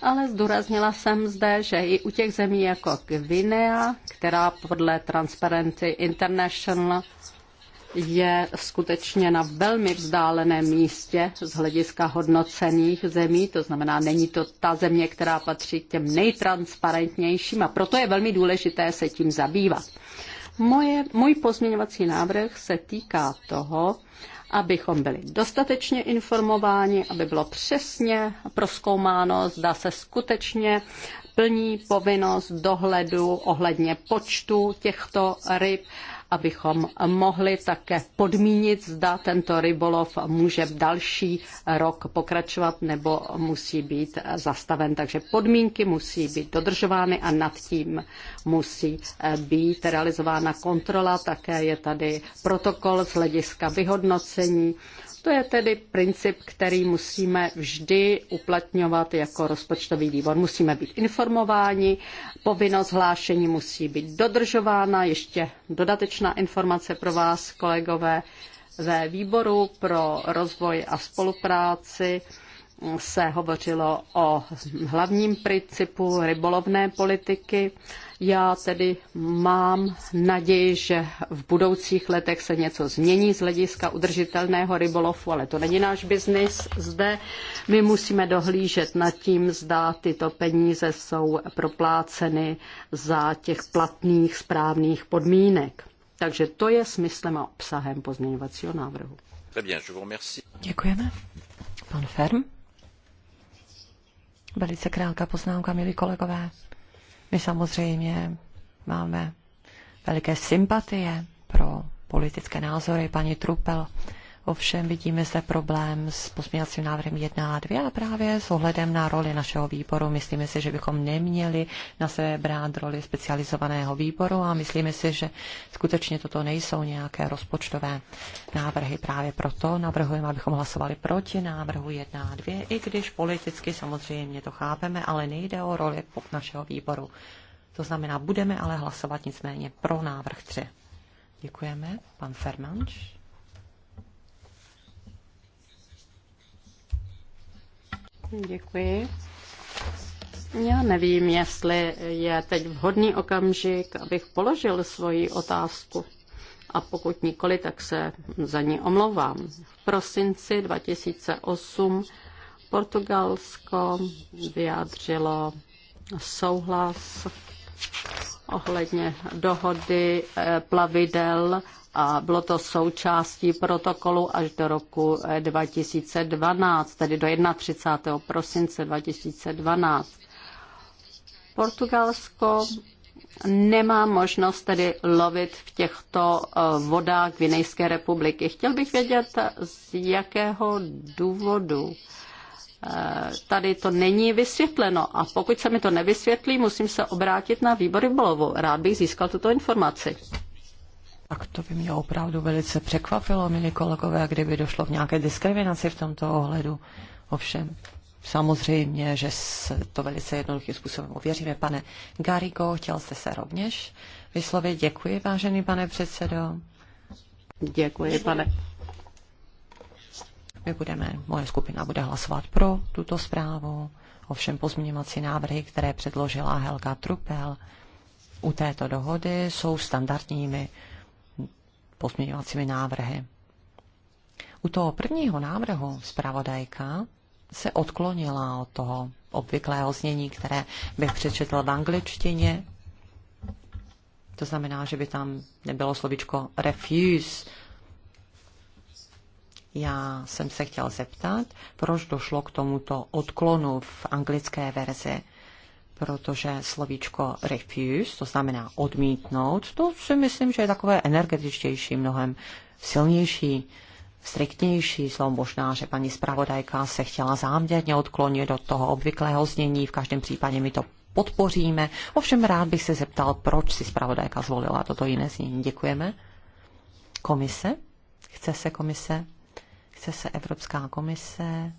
Ale zdůraznila jsem zde, že i u těch zemí jako Gvinea, která podle Transparency International je skutečně na velmi vzdáleném místě z hlediska hodnocených zemí, to znamená, není to ta země, která patří k těm nejtransparentnějším a proto je velmi důležité se tím zabývat. Moje, můj pozměňovací návrh se týká toho, abychom byli dostatečně informováni, aby bylo přesně proskoumáno, zda se skutečně plní povinnost dohledu ohledně počtu těchto ryb abychom mohli také podmínit, zda tento rybolov může další rok pokračovat nebo musí být zastaven. Takže podmínky musí být dodržovány a nad tím musí eh, být realizována kontrola. Také je tady protokol z hlediska vyhodnocení to je tedy princip, který musíme vždy uplatňovat jako rozpočtový výbor. Musíme být informováni, povinnost hlášení musí být dodržována. Ještě dodatečná informace pro vás, kolegové, ve výboru pro rozvoj a spolupráci se hovořilo o hlavním principu rybolovné politiky já tedy mám naději, že v budoucích letech se něco změní z hlediska udržitelného rybolovu, ale to není náš biznis zde. My musíme dohlížet nad tím, zda tyto peníze jsou propláceny za těch platných správných podmínek. Takže to je smyslem a obsahem pozměňovacího návrhu. Děkujeme. Pan Ferm. Velice krátká poznámka, milí kolegové. My samozřejmě máme veliké sympatie pro politické názory paní Trupel Ovšem vidíme zde problém s pozměňovacím návrhem 1 a 2 a právě s ohledem na roli našeho výboru myslíme si, že bychom neměli na sebe brát roli specializovaného výboru a myslíme si, že skutečně toto nejsou nějaké rozpočtové návrhy. Právě proto navrhujeme, abychom hlasovali proti návrhu 1 a 2, i když politicky samozřejmě to chápeme, ale nejde o roli našeho výboru. To znamená, budeme ale hlasovat nicméně pro návrh 3. Děkujeme. Pan Fermanč. Děkuji. Já nevím, jestli je teď vhodný okamžik, abych položil svoji otázku. A pokud nikoli, tak se za ní omlouvám. V prosinci 2008 Portugalsko vyjádřilo souhlas ohledně dohody eh, plavidel a bylo to součástí protokolu až do roku 2012, eh, tedy do 31. prosince 2012. Portugalsko nemá možnost tedy lovit v těchto eh, vodách Gvinejské republiky. Chtěl bych vědět, z jakého důvodu Eh, tady to není vysvětleno a pokud se mi to nevysvětlí, musím se obrátit na výbor Rybolovu. Rád bych získal tuto informaci. Tak to by mě opravdu velice překvapilo, milí kolegové, kdyby došlo v nějaké diskriminaci v tomto ohledu. Ovšem, samozřejmě, že se to velice jednoduchým způsobem uvěříme Pane Garigo, chtěl jste se rovněž vyslovit. Děkuji, vážený pane předsedo. Děkuji, pane my budeme, moje skupina bude hlasovat pro tuto zprávu, ovšem pozměňovací návrhy, které předložila Helga Trupel u této dohody, jsou standardními pozměňovacími návrhy. U toho prvního návrhu zpravodajka se odklonila od toho obvyklého znění, které bych přečetl v angličtině. To znamená, že by tam nebylo slovičko refuse, já jsem se chtěl zeptat, proč došlo k tomuto odklonu v anglické verzi, protože slovíčko refuse, to znamená odmítnout, to si myslím, že je takové energetičtější, mnohem silnější, striktnější slovo. Možná, že paní zpravodajka se chtěla záměrně odklonit do toho obvyklého znění, v každém případě mi to podpoříme. Ovšem rád bych se zeptal, proč si zpravodajka zvolila toto jiné znění. Děkujeme. Komise? Chce se komise Chce se Evropská komise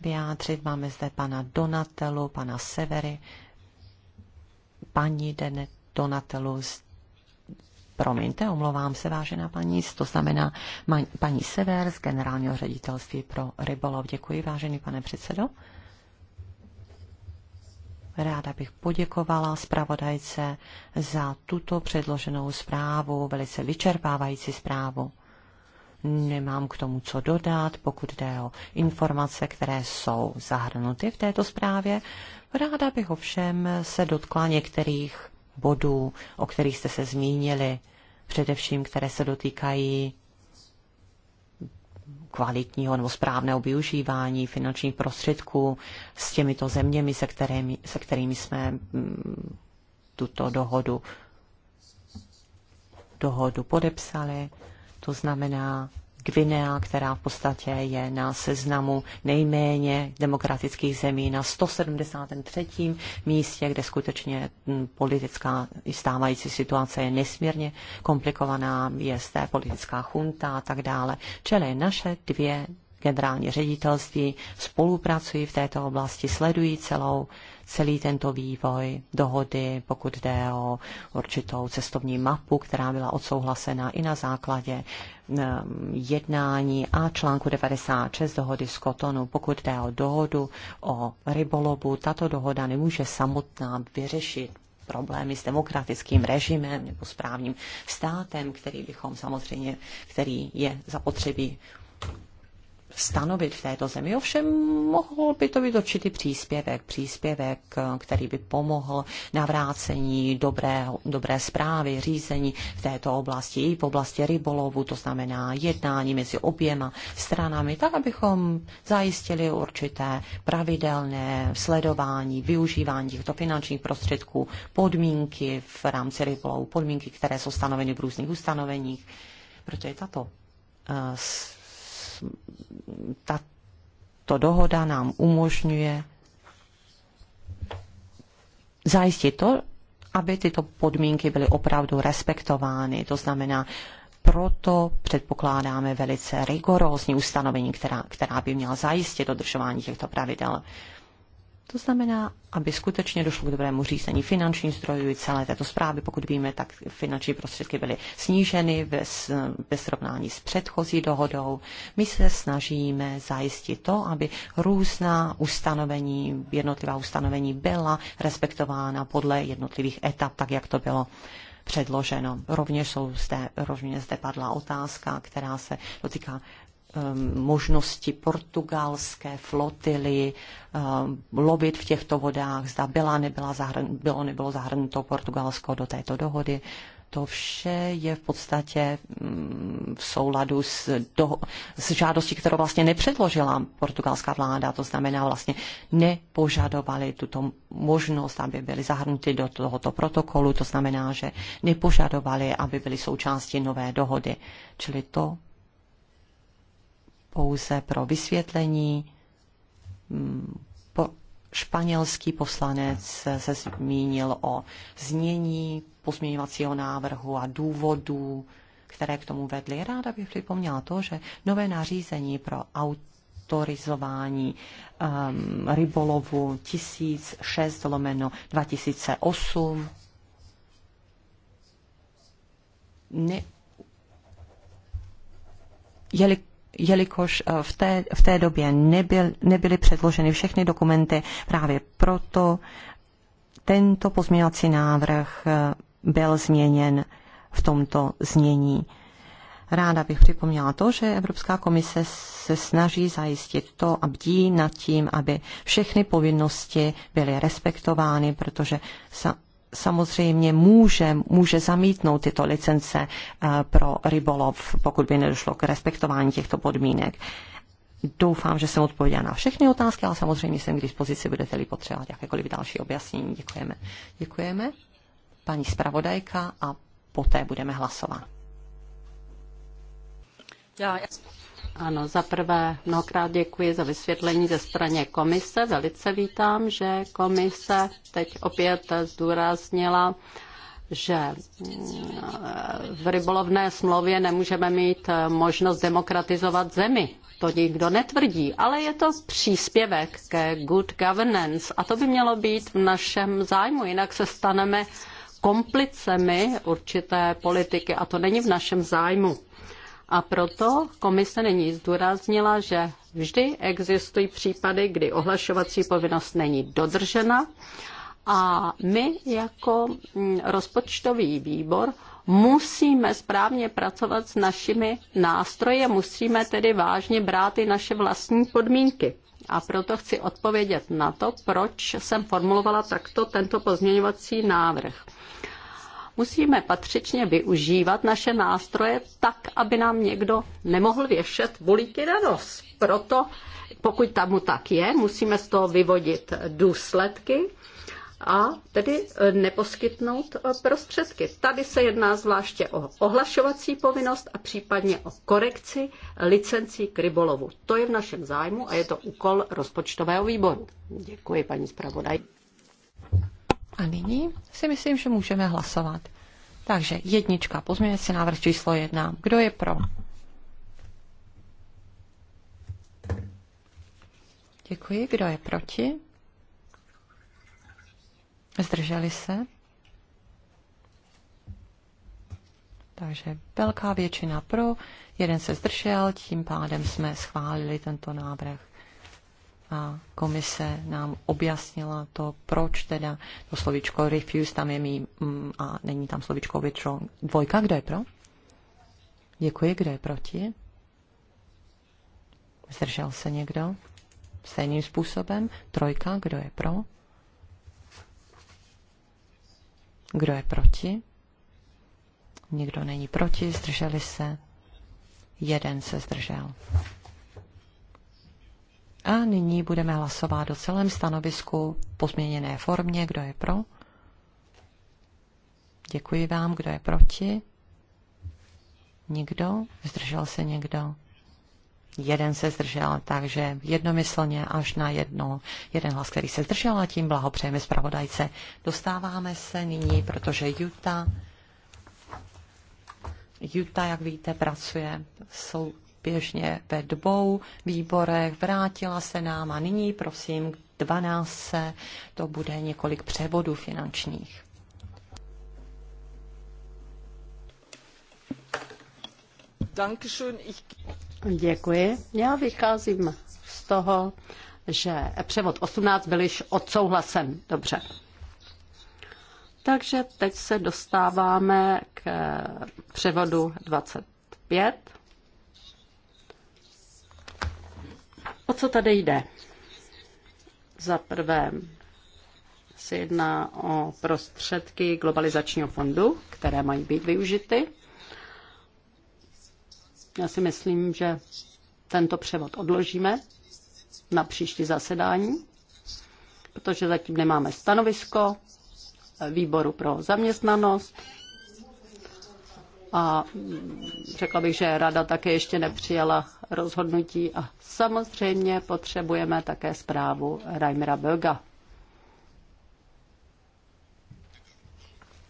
vyjádřit. Máme zde pana Donatelu, pana Severy, paní Dene Donatelu. Promiňte, omlouvám se, vážená paní, to znamená paní Sever z Generálního ředitelství pro rybolov. Děkuji, vážený pane předsedo. Ráda bych poděkovala zpravodajce za tuto předloženou zprávu, velice vyčerpávající zprávu nemám k tomu co dodat, pokud jde o informace, které jsou zahrnuty v této zprávě. Ráda bych ovšem se dotkla některých bodů, o kterých jste se zmínili, především které se dotýkají kvalitního nebo správného využívání finančních prostředků s těmito zeměmi, se kterými, se kterými jsme mm, tuto dohodu, dohodu podepsali to znamená Gvinea, která v podstatě je na seznamu nejméně demokratických zemí na 173. místě, kde skutečně hm, politická i stávající situace je nesmírně komplikovaná, je zde politická chunta a tak dále. Čili naše dvě generální ředitelství spolupracují v této oblasti, sledují celou, celý tento vývoj dohody, pokud jde o určitou cestovní mapu, která byla odsouhlasena i na základě ehm, jednání a článku 96 dohody z Kotonu. Pokud jde o dohodu o rybolobu, tato dohoda nemůže samotná vyřešit problémy s demokratickým režimem nebo správním státem, který bychom samozřejmě, který je zapotřebí stanovit v této zemi. Ovšem mohl by to být určitý příspěvek, příspěvek, který by pomohl navrácení dobré, dobré zprávy, řízení v této oblasti, i v oblasti rybolovu, to znamená jednání mezi oběma stranami, tak abychom zajistili určité pravidelné sledování, využívání těchto finančních prostředků, podmínky v rámci rybolovu, podmínky, které jsou stanoveny v různých ustanoveních, protože tato uh, tato dohoda nám umožňuje zajistit to, aby tyto podmínky byly opravdu respektovány. To znamená, proto předpokládáme velice rigorózní ustanovení, která, která by měla zajistit dodržování těchto pravidel. To znamená, aby skutečně došlo k dobrému řízení finanční zdrojů i celé této zprávy. Pokud víme, tak finanční prostředky byly sníženy ve, ve srovnání s předchozí dohodou. My se snažíme zajistit to, aby různá ustanovení, jednotlivá ustanovení byla respektována podle jednotlivých etap, tak jak to bylo předloženo. Rovněž, jsou zde, rovněž zde padla otázka, která se dotýká Um, možnosti portugalské flotily um, lovit v těchto vodách, zda byla, nebyla zahrn, bylo, nebylo zahrnuto Portugalsko do této dohody. To vše je v podstatě mm, v souladu s, do, s žádostí, kterou vlastně nepředložila portugalská vláda, to znamená vlastně nepožadovali tuto možnost, aby byly zahrnuty do tohoto protokolu, to znamená, že nepožadovali, aby byly součástí nové dohody. Čili to pouze pro vysvětlení. Hmm, po, španělský poslanec se zmínil o znění pozměňovacího návrhu a důvodů, které k tomu vedly. Ráda bych připomněla to, že nové nařízení pro autorizování um, rybolovu 1006 lomeno 2008 ne, jeli, jelikož eh, v té, v té době nebyl, nebyly předloženy všechny dokumenty, právě proto tento pozměňovací návrh eh, byl změněn v tomto znění. Ráda bych připomněla to, že Evropská komise se snaží zajistit to a bdí nad tím, aby všechny povinnosti byly respektovány, protože samozřejmě může, může zamítnout tyto licence eh, pro rybolov, pokud by nedošlo k respektování těchto podmínek. Doufám, že jsem odpověděla na všechny otázky, ale samozřejmě jsem k dispozici, budete-li potřebovat jakékoliv další objasnění. Děkujeme. Děkujeme. Paní zpravodajka a poté budeme hlasovat. Já, já... Ano, za prvé mnohokrát děkuji za vysvětlení ze straně komise. Velice vítám, že komise teď opět zdůraznila, že eh, v rybolovné smlouvě nemůžeme mít eh, možnost demokratizovat zemi. To nikdo netvrdí, ale je to příspěvek ke good governance a to by mělo být v našem zájmu, jinak se staneme komplicemi určité politiky a to není v našem zájmu. A proto komise nyní zdůraznila, že vždy existují případy, kdy ohlašovací povinnost není dodržena a my jako mm, rozpočtový výbor musíme správně pracovat s našimi nástroji musíme tedy vážně brát i naše vlastní podmínky. A proto chci odpovědět na to, proč jsem formulovala takto tento pozměňovací návrh musíme patřičně využívat naše nástroje tak, aby nám někdo nemohl věšet bulíky na nos. Proto, pokud tamu tak je, musíme z toho vyvodit důsledky a tedy e, neposkytnout e, prostředky. Tady se jedná zvláště o ohlašovací povinnost a případně o korekci licencí k rybolovu. To je v našem zájmu a je to úkol rozpočtového výboru. Děkuji, paní zpravodaj. A nyní si myslím, že můžeme hlasovat. Takže jednička, pozměňovací návrh číslo jedna. Kdo je pro? Děkuji. Kdo je proti? Zdrželi se? Takže velká většina pro, jeden se zdržel, tím pádem jsme schválili tento návrh a komise nám objasnila to, proč teda to slovičko refuse tam je mý, mm, a není tam slovičko withdraw. Dvojka, kdo je pro? Děkuji, kdo je proti? Zdržel se někdo? Stejným způsobem. Trojka, kdo je pro? Kdo je proti? Nikdo není proti, zdrželi se. Jeden se zdržel. A nyní budeme hlasovat o celém stanovisku v pozměněné formě. Kdo je pro? Děkuji vám. Kdo je proti? Nikdo? Zdržel se někdo? Jeden se zdržel, takže jednomyslně až na jedno, jeden hlas, který se zdržel a tím blahopřejeme zpravodajce. Dostáváme se nyní, protože Juta, Juta, jak víte, pracuje, jsou úspěšně ve dvou výborech, vrátila se nám a nyní, prosím, 12 to bude několik převodů finančních. Děkuji. Já vycházím z toho, že převod 18 byl již odsouhlasen. Dobře. Takže teď se dostáváme k převodu 25. O co tady jde? Za prvé se jedná o prostředky globalizačního fondu, které mají být využity. Já si myslím, že tento převod odložíme na příští zasedání, protože zatím nemáme stanovisko výboru pro zaměstnanost a řekla bych, že rada také ještě nepřijala rozhodnutí a samozřejmě potřebujeme také zprávu Reimera Belga.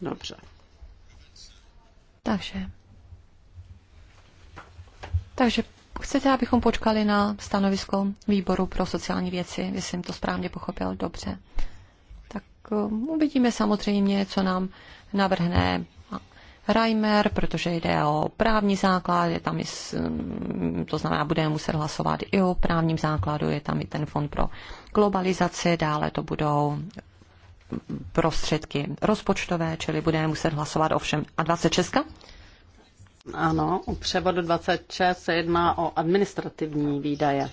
Dobře. Takže. Takže chcete, abychom počkali na stanovisko výboru pro sociální věci, jestli jsem to správně pochopil, dobře. Tak um, uvidíme samozřejmě, co nám navrhne Reimer, protože jde o právní základ, je tam i, mm, to znamená, budeme muset hlasovat i o právním základu, je tam i ten fond pro globalizaci, dále to budou prostředky rozpočtové, čili budeme muset hlasovat o všem. A 26? Ano, u převodu 26 se jedná o administrativní výdaje.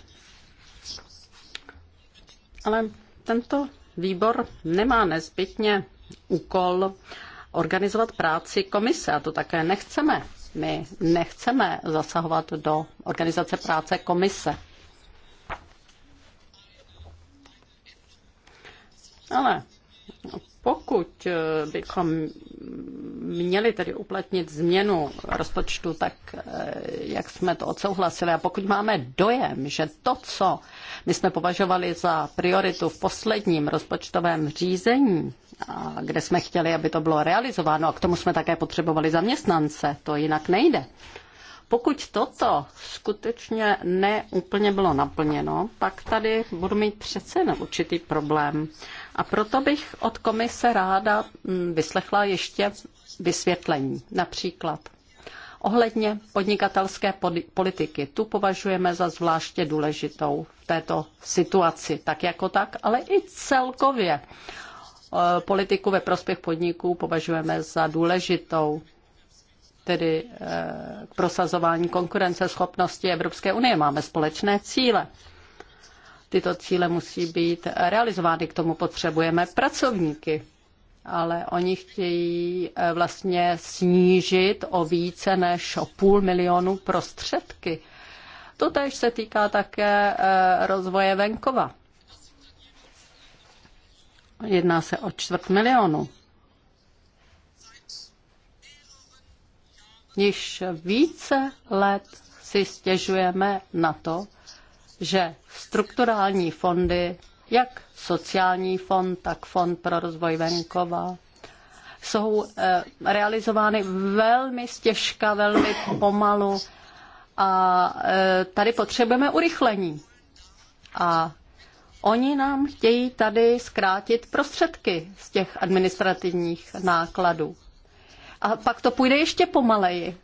Ale tento výbor nemá nezbytně úkol organizovat práci komise a to také nechceme. My nechceme zasahovat do organizace práce komise. Ale pokud eh, bychom měli tedy uplatnit změnu rozpočtu, tak eh, jak jsme to odsouhlasili, a pokud máme dojem, že to, co my jsme považovali za prioritu v posledním rozpočtovém řízení, kde jsme chtěli, aby to bylo realizováno a k tomu jsme také potřebovali zaměstnance, to jinak nejde. Pokud toto skutečně neúplně bylo naplněno, pak tady budu mít přece jen určitý problém. A proto bych od komise ráda mm, vyslechla ještě vysvětlení. Například ohledně podnikatelské politiky. Tu považujeme za zvláště důležitou v této situaci, tak jako tak, ale i celkově. Eh, politiku ve prospěch podniků považujeme za důležitou tedy eh, k prosazování konkurenceschopnosti Evropské unie. Máme společné cíle. Tyto cíle musí být realizovány, k tomu potřebujeme pracovníky, ale oni chtějí eh, vlastně snížit o více než o půl milionu prostředky. Totež se týká také rozvoje venkova. Jedná se o čtvrt milionu. Již více let si stěžujeme na to, že strukturální fondy, jak sociální fond, tak fond pro rozvoj venkova, jsou eh, realizovány velmi stěžka, velmi pomalu a eh, tady potřebujeme urychlení. A Oni nám chtějí tady zkrátit prostředky z těch administrativních nákladů. A pak to půjde ještě pomaleji.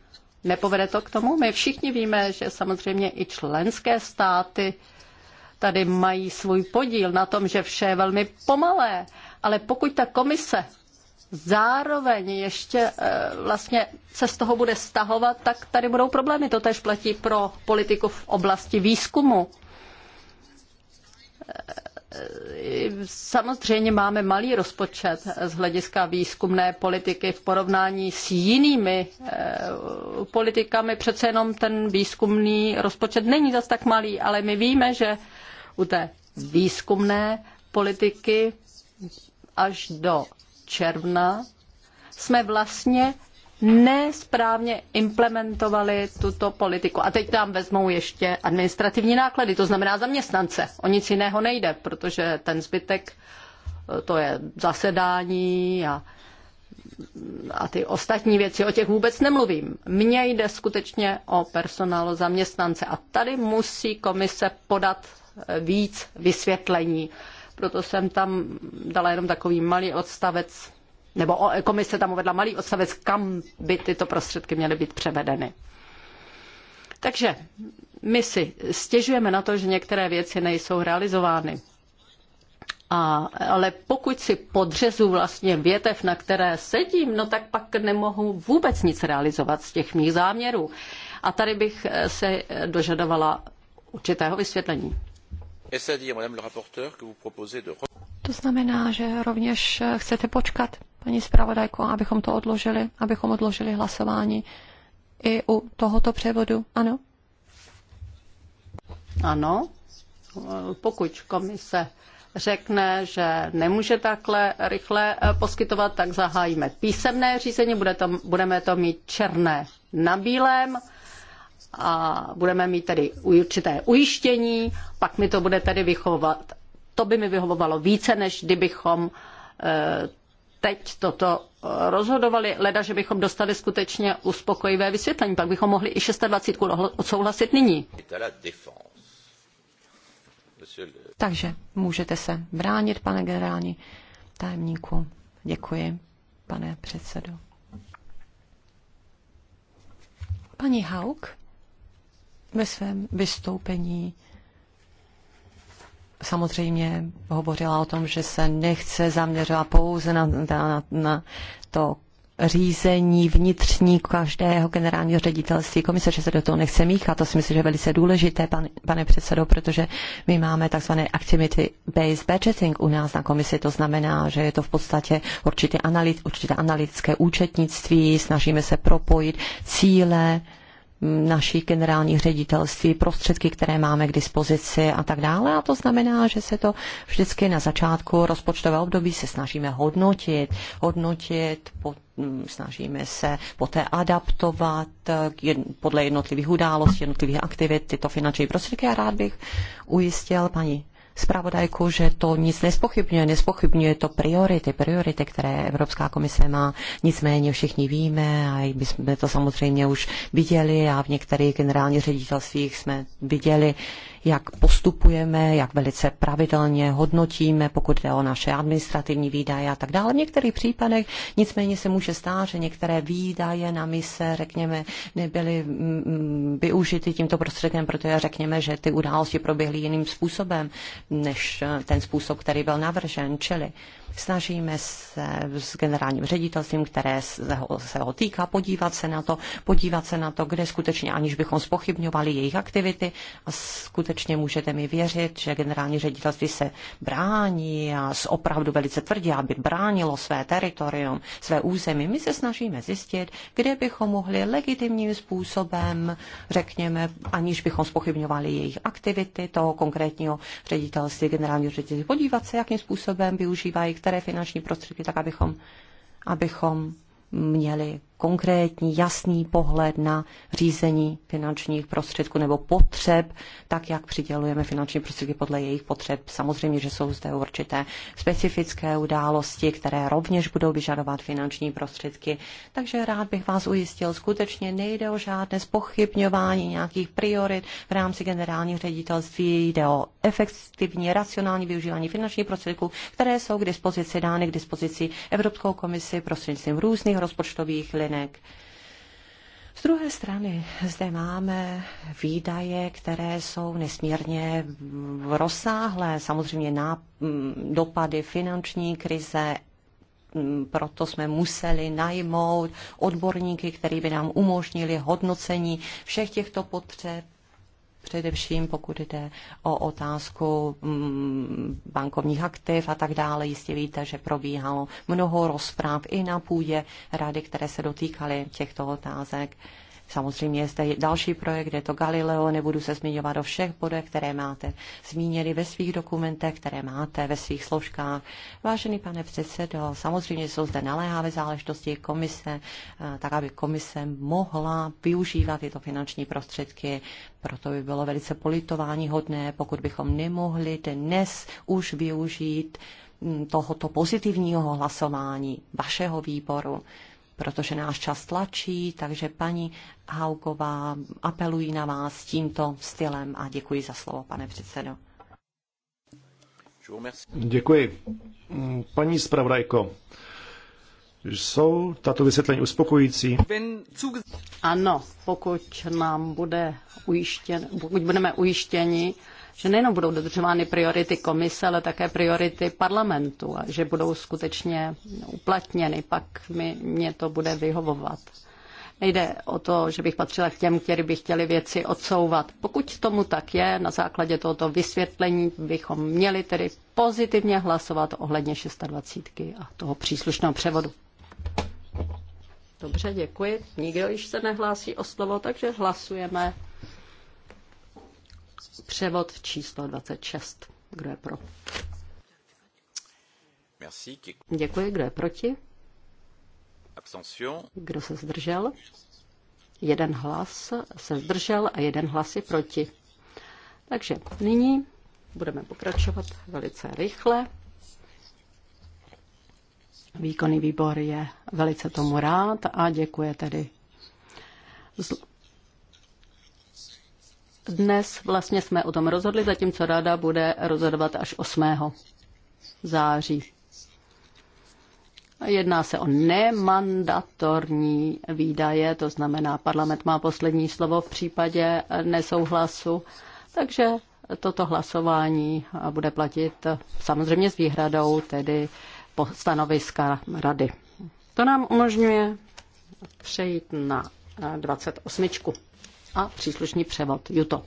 Nepovede to k tomu? My všichni víme, že samozřejmě i členské státy tady mají svůj podíl na tom, že vše je velmi pomalé. Ale pokud ta komise zároveň ještě eh, vlastně se z toho bude stahovat, tak tady budou problémy. To tež platí pro politiku v oblasti výzkumu. Samozřejmě máme malý rozpočet z hlediska výzkumné politiky v porovnání s jinými eh, politikami. Přece jenom ten výzkumný rozpočet není zas tak malý, ale my víme, že u té výzkumné politiky až do června jsme vlastně nesprávně implementovali tuto politiku. A teď tam vezmou ještě administrativní náklady, to znamená zaměstnance. O nic jiného nejde, protože ten zbytek eh, to je zasedání a, a ty ostatní věci, o těch vůbec nemluvím. Mně jde skutečně o personál zaměstnance a tady musí komise podat eh, víc vysvětlení. Proto jsem tam dala jenom takový malý odstavec nebo komise tam uvedla malý odstavec, kam by tyto prostředky měly být převedeny. Takže my si stěžujeme na to, že některé věci nejsou realizovány. A, ale pokud si podřezu vlastně větev, na které sedím, no tak pak nemohu vůbec nic realizovat z těch mých záměrů. A tady bych eh, se dožadovala určitého vysvětlení. To znamená, že rovněž eh, chcete počkat paní zpravodajko, abychom to odložili, abychom odložili hlasování i u tohoto převodu. Ano? Ano. Pokud komise řekne, že nemůže takhle rychle eh, poskytovat, tak zahájíme písemné řízení, bude to, budeme to mít černé na bílém a budeme mít tedy určité ujištění, pak mi to bude tedy vychovat. To by mi vyhovovalo více, než kdybychom eh, teď toto eh, rozhodovali, leda, že bychom dostali skutečně uspokojivé vysvětlení, pak bychom mohli i 26 odsouhlasit nyní. Takže můžete se bránit, pane generální tajemníku. Děkuji, pane předsedo. Paní Hauk ve svém vystoupení samozřejmě hovořila o tom, že se nechce zaměřovat pouze na, na, na to řízení vnitřní každého generálního ředitelství komise, že se do toho nechce míchat. To si myslím, že je velice důležité, pan, pane předsedo, protože my máme tzv. activity-based budgeting u nás na komisi. To znamená, že je to v podstatě určité, analit, určité analytické účetnictví, snažíme se propojit cíle naší generálních ředitelství, prostředky, které máme k dispozici a tak dále. A to znamená, že se to vždycky na začátku rozpočtového období se snažíme hodnotit, hodnotit, po, mm, snažíme se poté adaptovat eh, jed, podle jednotlivých událostí, jednotlivých aktivit tyto finanční prostředky. A rád bych ujistil paní zpravodajku, že to nic nespochybňuje, nespochybňuje to priority, priority, které Evropská komise má. Nicméně všichni víme a my jsme to samozřejmě už viděli a v některých generálních ředitelstvích jsme viděli, jak postupujeme, jak velice pravidelně hodnotíme, pokud jde o naše administrativní výdaje a tak dále. V některých případech nicméně se může stát, že některé výdaje na mise, řekněme, nebyly mm, mm, využity tímto prostředkem, protože řekněme, že ty události proběhly jiným způsobem, než eh, ten způsob, který byl navržen. Čili Snažíme se s generálním ředitelstvím, které se ho, se ho týká, podívat se na to, podívat se na to, kde skutečně, aniž bychom spochybňovali jejich aktivity a skutečně můžete mi věřit, že generální ředitelství se brání a opravdu velice tvrdě, aby bránilo své teritorium, své území. My se snažíme zjistit, kde bychom mohli legitimním způsobem, řekněme, aniž bychom spochybňovali jejich aktivity toho konkrétního ředitelství, generálního ředitelství, podívat se, jakým způsobem využívají některé finanční prostředky, tak abychom, abychom měli konkrétní, jasný pohled na řízení finančních prostředků nebo potřeb, tak jak přidělujeme finanční prostředky podle jejich potřeb. Samozřejmě, že jsou zde určité specifické události, které rovněž budou vyžadovat finanční prostředky. Takže rád bych vás ujistil, skutečně nejde o žádné spochybňování nějakých priorit v rámci generálního ředitelství, jde o efektivní, racionální využívání finančních prostředků, které jsou k dispozici dány k dispozici Evropskou komisi prostřednictvím různých rozpočtových linií účinek. Z druhé strany zde máme výdaje, které jsou nesmírně rozsáhlé, samozřejmě na mm, dopady finanční krize, mm, proto jsme museli najmout odborníky, kteří by nám umožnili hodnocení všech těchto potřeb především pokud jde o otázku mm, bankovních aktiv a tak dále. Jistě víte, že probíhalo mnoho rozpráv i na půdě rady, které se dotýkaly těchto otázek. Samozřejmě je zde další projekt, je to Galileo, nebudu se zmiňovat o všech bodech, které máte zmíněny ve svých dokumentech, které máte ve svých složkách. Vážený pane předsedo, samozřejmě jsou zde naléhavé záležitosti komise, eh, tak aby komise mohla využívat tyto finanční prostředky. Proto by bylo velice politování hodné, pokud bychom nemohli dnes už využít mm, tohoto pozitivního hlasování vašeho výboru protože náš čas tlačí, takže paní Hauková apelují na vás tímto stylem a děkuji za slovo, pane předsedo. Děkuji. Paní zpravodajko, jsou tato vysvětlení uspokojící? Ano, pokud nám bude ujištěn, pokud budeme ujištěni, že nejenom budou dodržovány priority komise, ale také priority parlamentu a že budou skutečně uplatněny, pak mi, mě to bude vyhovovat. Nejde o to, že bych patřila k těm, kteří by chtěli věci odsouvat. Pokud tomu tak je, na základě tohoto vysvětlení bychom měli tedy pozitivně hlasovat ohledně 26 a toho příslušného převodu. Dobře, děkuji. Nikdo již se nehlásí o slovo, takže hlasujeme převod číslo 26. Kdo je pro? Děkuji. Kdo je proti? Abstention. Kdo se zdržel? Jeden hlas se zdržel a jeden hlas je proti. Takže nyní budeme pokračovat velice rychle. Výkonný výbor je velice tomu rád a děkuje tedy dnes vlastně jsme o tom rozhodli, zatímco rada bude rozhodovat až 8. září. Jedná se o nemandatorní výdaje, to znamená, parlament má poslední slovo v případě nesouhlasu, takže toto hlasování bude platit samozřejmě s výhradou, tedy po stanoviska rady. To nám umožňuje přejít na 28 a příslušný převod Juto.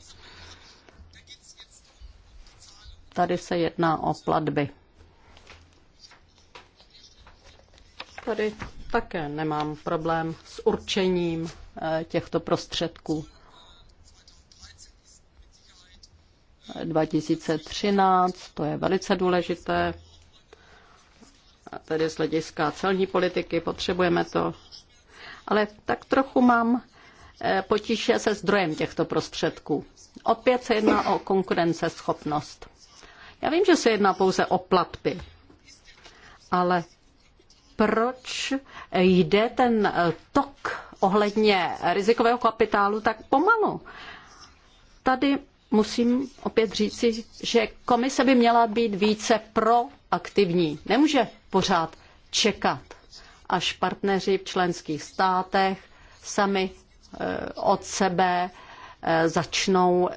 Tady se jedná o platby. Tady také nemám problém s určením eh, těchto prostředků. 2013, to je velice důležité. A tedy z hlediska celní politiky potřebujeme to. Ale tak trochu mám E, potíže se zdrojem těchto prostředků. Opět se jedná o konkurenceschopnost. Já vím, že se jedná pouze o platby, ale proč jde ten tok ohledně rizikového kapitálu tak pomalu? Tady musím opět říci, že komise by měla být více proaktivní. Nemůže pořád čekat, až partneři v členských státech sami Eh, od sebe eh, začnou eh,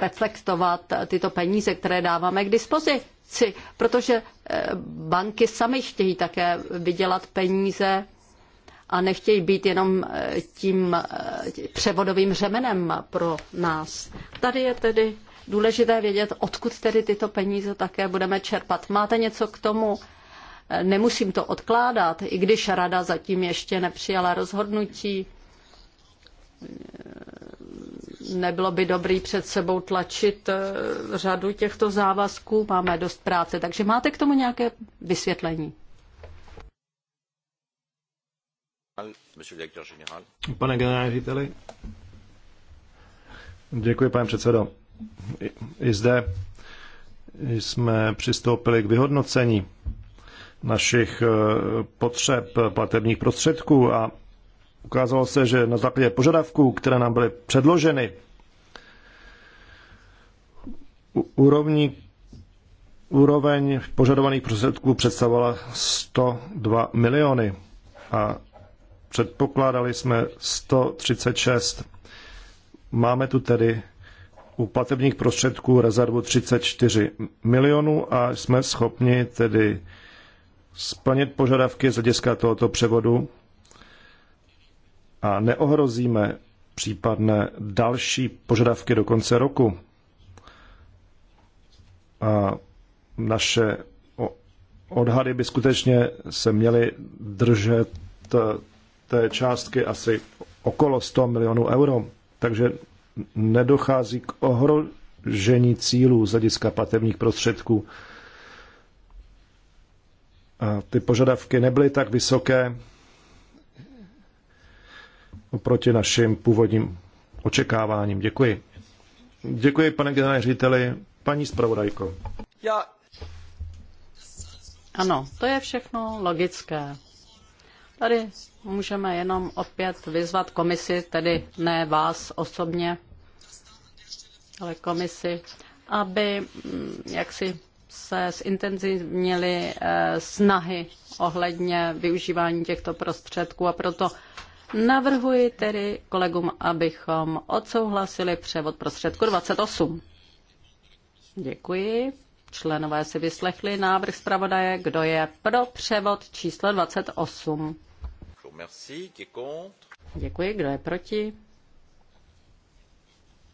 reflektovat tyto peníze, které dáváme k dispozici, protože banky sami chtějí také vydělat peníze a nechtějí být jenom tím převodovým řemenem pro nás. Tady je tedy důležité vědět, odkud tedy tyto peníze také budeme čerpat. Máte něco k tomu? Nemusím to odkládat, i když rada zatím ještě nepřijala rozhodnutí nebylo by dobrý před sebou tlačit eh, řadu těchto závazků. Máme dost práce, takže máte k tomu nějaké vysvětlení? Pane generáliteli, řediteli. Děkuji, pane předsedo. I zde jsme přistoupili k vyhodnocení našich eh, potřeb platebních prostředků a Ukázalo se, že na základě požadavků, které nám byly předloženy, úrovní, úroveň požadovaných prostředků představovala 102 miliony a předpokládali jsme 136. Máme tu tedy u platebních prostředků rezervu 34 milionů a jsme schopni tedy splnit požadavky z hlediska tohoto převodu a neohrozíme případné další požadavky do konce roku. A naše odhady by skutečně se měly držet té částky asi okolo 100 milionů euro. Takže nedochází k ohrožení cílů z hlediska platebních prostředků. A ty požadavky nebyly tak vysoké, oproti našim původním očekáváním. Děkuji. Děkuji, pane generální řediteli. Paní zpravodajko. Já... Ano, to je všechno logické. Tady můžeme jenom opět vyzvat komisi, tedy ne vás osobně, ale komisi, aby mm, jaksi se zintenzivnili eh, snahy ohledně využívání těchto prostředků a proto Navrhuji tedy kolegům, abychom odsouhlasili převod prostředku 28. Děkuji. Členové si vyslechli návrh zpravodaje, kdo je pro převod číslo 28. Děkuji, kdo je proti?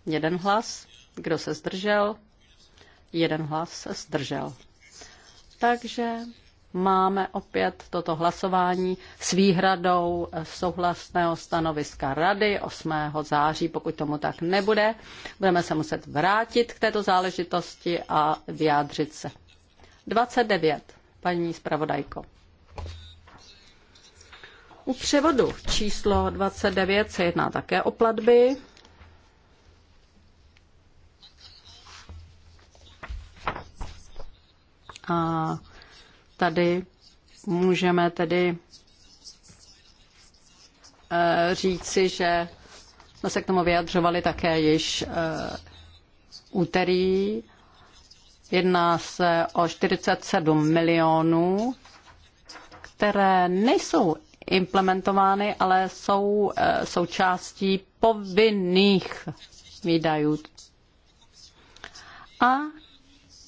Jeden hlas. Kdo se zdržel? Jeden hlas se zdržel. Takže máme opět toto hlasování s výhradou souhlasného stanoviska Rady 8. září. Pokud tomu tak nebude, budeme se muset vrátit k této záležitosti a vyjádřit se. 29. Paní zpravodajko. U převodu číslo 29 se jedná také o platby. A Tady můžeme tedy eh, říci, že jsme se k tomu vyjadřovali také již eh, úterý. Jedná se o 47 milionů, které nejsou implementovány, ale jsou eh, součástí povinných výdajů. A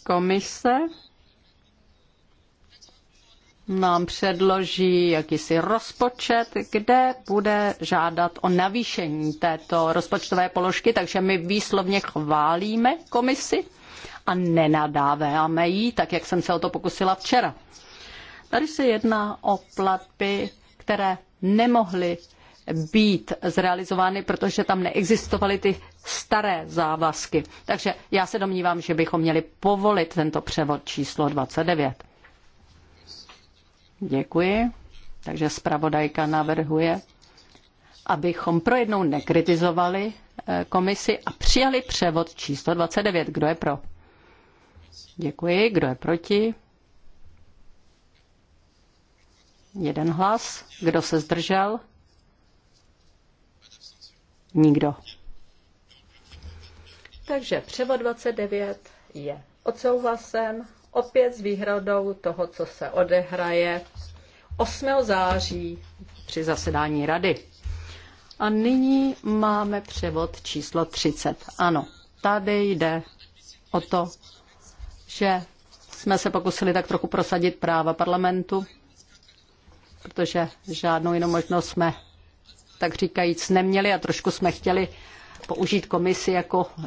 komise nám předloží jakýsi rozpočet, kde bude žádat o navýšení této rozpočtové položky, takže my výslovně chválíme komisi a nenadáváme jí, tak jak jsem se o to pokusila včera. Tady se jedná o platby, které nemohly být zrealizovány, protože tam neexistovaly ty staré závazky. Takže já se domnívám, že bychom měli povolit tento převod číslo 29. Děkuji. Takže zpravodajka navrhuje, abychom jednou nekritizovali eh, komisi a přijali převod číslo 29. Kdo je pro? Děkuji. Kdo je proti? Jeden hlas. Kdo se zdržel? Nikdo. Takže převod 29 je odsouhlasen opět s výhradou toho, co se odehraje 8. září při zasedání rady. A nyní máme převod číslo 30. Ano, tady jde o to, že jsme se pokusili tak trochu prosadit práva parlamentu, protože žádnou jinou možnost jsme tak říkajíc neměli a trošku jsme chtěli použít komisi jako e,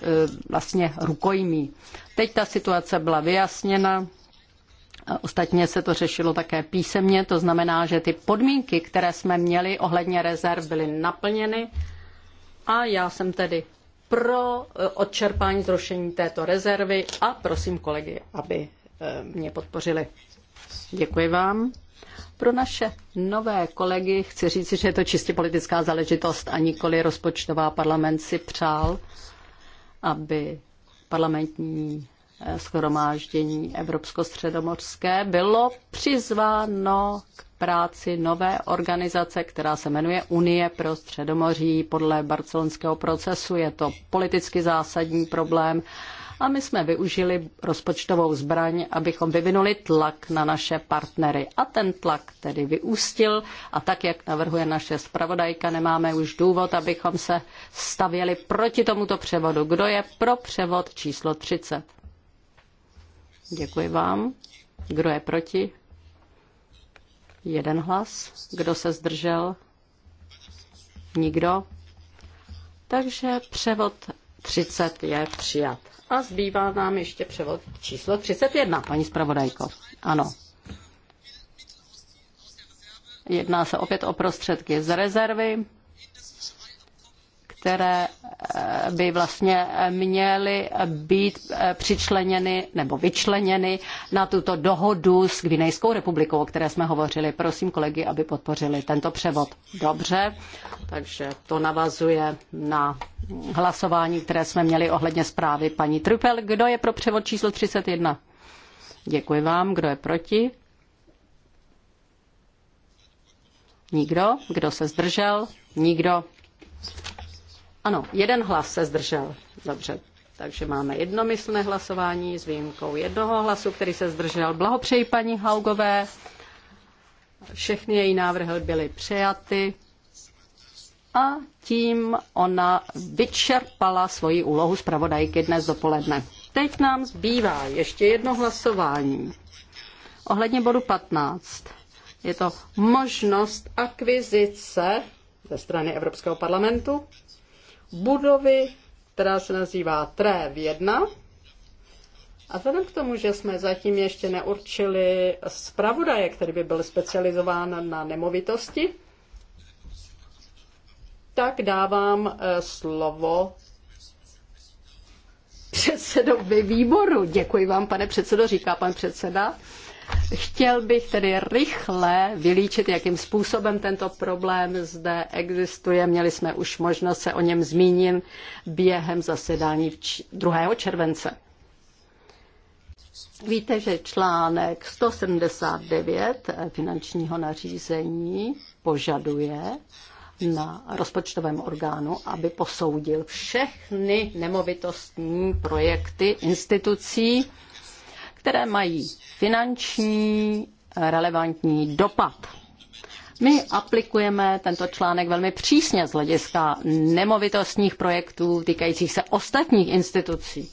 vlastně rukojmí. Teď ta situace byla vyjasněna, Ostatně se to řešilo také písemně, to znamená, že ty podmínky, které jsme měli ohledně rezerv, byly naplněny a já jsem tedy pro e, odčerpání zrušení této rezervy a prosím kolegy, aby e, mě podpořili. Děkuji vám. Pro naše nové kolegy chci říct, že je to čistě politická záležitost a nikoli rozpočtová. Parlament si přál, aby parlamentní eh, schromáždění Evropsko-středomorské bylo přizváno k práci nové organizace, která se jmenuje Unie pro středomoří. Podle barcelonského procesu je to politicky zásadní problém a my jsme využili rozpočtovou zbraň, abychom vyvinuli tlak na naše partnery. A ten tlak tedy vyústil a tak, jak navrhuje naše zpravodajka, nemáme už důvod, abychom se stavěli proti tomuto převodu. Kdo je pro převod číslo 30? Děkuji vám. Kdo je proti? Jeden hlas. Kdo se zdržel? Nikdo. Takže převod 30 je přijat. A zbývá nám ještě převod číslo 31, paní zpravodajko. Ano. Jedná se opět o prostředky z rezervy které eh, by vlastně měly být eh, přičleněny nebo vyčleněny na tuto dohodu s Gvinejskou republikou, o které jsme hovořili. Prosím kolegy, aby podpořili tento převod. Dobře, takže to navazuje na hlasování, které jsme měli ohledně zprávy paní Trupel. Kdo je pro převod číslo 31? Děkuji vám. Kdo je proti? Nikdo. Kdo se zdržel? Nikdo. Ano, jeden hlas se zdržel. Dobře. Takže máme jednomyslné hlasování s výjimkou jednoho hlasu, který se zdržel. Blahopřeji paní Haugové. Všechny její návrhy byly přijaty a tím ona vyčerpala svoji úlohu zpravodajky dnes dopoledne. Teď nám zbývá ještě jedno hlasování ohledně bodu 15. Je to možnost akvizice ze strany Evropského parlamentu budovy, která se nazývá V 1. A vzhledem k tomu, že jsme zatím ještě neurčili zpravodaje, který by byl specializován na nemovitosti, tak dávám eh, slovo předsedovi výboru. Děkuji vám, pane předsedo, říká pan předseda. Chtěl bych tedy rychle vylíčit, jakým způsobem tento problém zde existuje. Měli jsme už možnost se o něm zmínit během zasedání 2. července. Víte, že článek 179 finančního nařízení požaduje na rozpočtovém orgánu, aby posoudil všechny nemovitostní projekty institucí, které mají finanční relevantní dopad. My aplikujeme tento článek velmi přísně z hlediska nemovitostních projektů týkajících se ostatních institucí.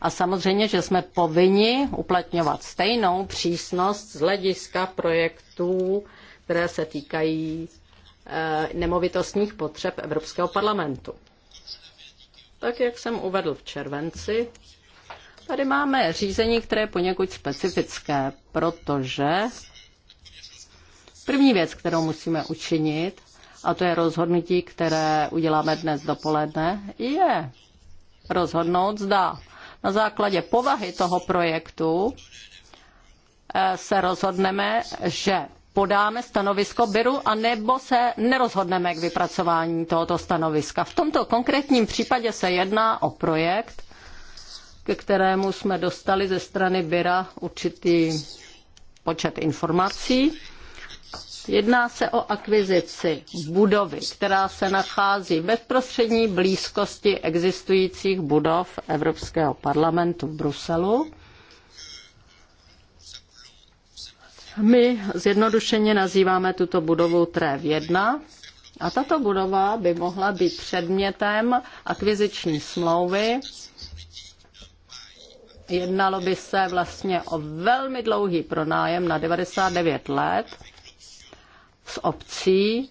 A samozřejmě, že jsme povinni uplatňovat stejnou přísnost z hlediska projektů, které se týkají eh, nemovitostních potřeb Evropského parlamentu. Tak, jak jsem uvedl v červenci, Tady máme řízení, které je poněkud specifické, protože první věc, kterou musíme učinit, a to je rozhodnutí, které uděláme dnes dopoledne, je rozhodnout, zda na základě povahy toho projektu eh, se rozhodneme, že podáme stanovisko Byru a nebo se nerozhodneme k vypracování tohoto stanoviska. V tomto konkrétním případě se jedná o projekt, ke kterému jsme dostali ze strany Byra určitý počet informací. Jedná se o akvizici budovy, která se nachází v bezprostřední blízkosti existujících budov Evropského parlamentu v Bruselu. My zjednodušeně nazýváme tuto budovu TREV 1 a tato budova by mohla být předmětem akviziční smlouvy Jednalo by se vlastně o velmi dlouhý pronájem na 99 let s obcí,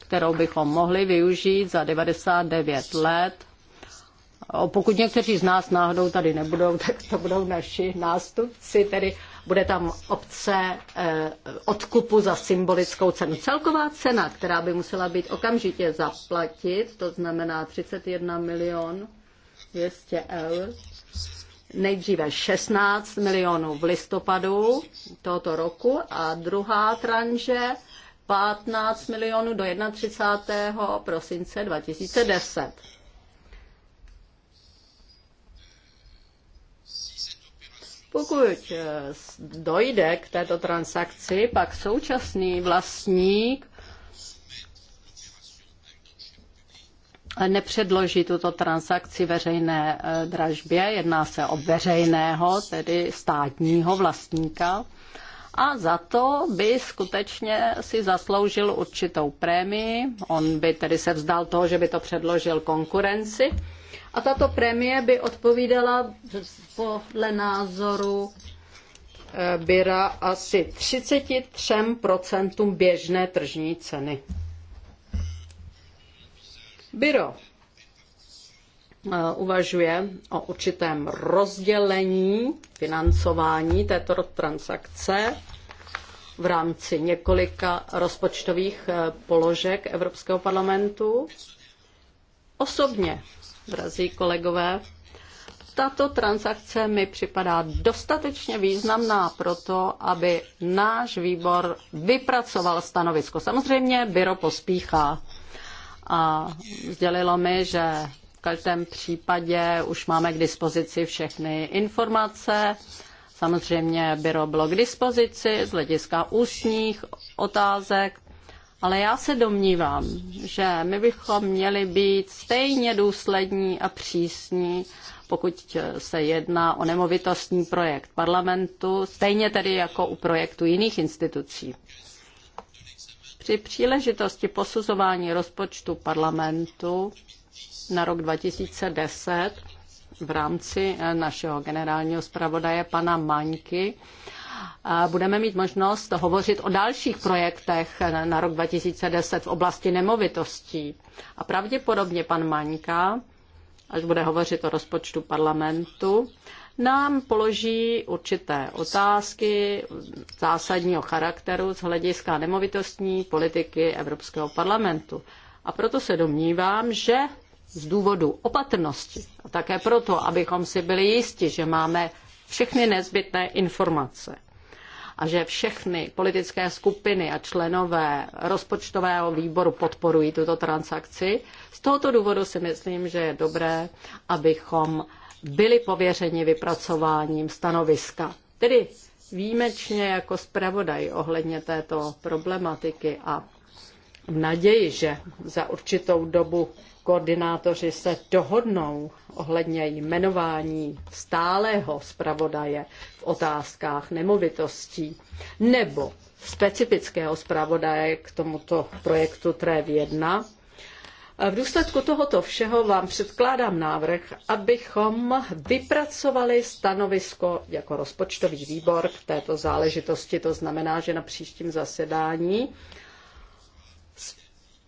kterou bychom mohli využít za 99 let. O Pokud někteří z nás náhodou tady nebudou, tak to budou naši nástupci, tedy bude tam obce eh, odkupu za symbolickou cenu. Celková cena, která by musela být okamžitě zaplatit, to znamená 31 milion 200 eur, nejdříve 16 milionů v listopadu tohoto roku a druhá tranže 15 milionů do 31. prosince 2010. Pokud eh, dojde k této transakci, pak současný vlastník nepředloží tuto transakci veřejné eh, dražbě. Jedná se o veřejného, tedy státního vlastníka. A za to by skutečně si zasloužil určitou prémii. On by tedy se vzdal toho, že by to předložil konkurenci. A tato prémie by odpovídala podle názoru eh, Byra asi 33% běžné tržní ceny. Byro eh, uvažuje o určitém rozdělení financování této transakce v rámci několika rozpočtových eh, položek Evropského parlamentu. Osobně, drazí kolegové, tato transakce mi připadá dostatečně významná pro to, aby náš výbor vypracoval stanovisko. Samozřejmě byro pospíchá a sdělilo mi, že v každém případě už máme k dispozici všechny informace. Samozřejmě byro bylo k dispozici z hlediska ústních otázek, ale já se domnívám, že my bychom měli být stejně důslední a přísní, pokud se jedná o nemovitostní projekt parlamentu, stejně tedy jako u projektu jiných institucí. Při příležitosti posuzování rozpočtu parlamentu na rok 2010 v rámci eh, našeho generálního zpravodaje pana Maňky budeme mít možnost hovořit o dalších projektech eh, na rok 2010 v oblasti nemovitostí. A pravděpodobně pan Maňka, až bude hovořit o rozpočtu parlamentu, nám položí určité otázky zásadního charakteru z hlediska nemovitostní politiky Evropského parlamentu. A proto se domnívám, že z důvodu opatrnosti a také proto, abychom si byli jisti, že máme všechny nezbytné informace a že všechny politické skupiny a členové rozpočtového výboru podporují tuto transakci. Z tohoto důvodu si myslím, že je dobré, abychom byli pověřeni vypracováním stanoviska. Tedy výjimečně jako zpravodaj ohledně této problematiky a v naději, že za určitou dobu koordinátoři se dohodnou ohledně jmenování stálého zpravodaje v otázkách nemovitostí nebo specifického zpravodaje k tomuto projektu TREV 1, v důsledku tohoto všeho vám předkládám návrh, abychom vypracovali stanovisko jako rozpočtový výbor k této záležitosti. To znamená, že na příštím zasedání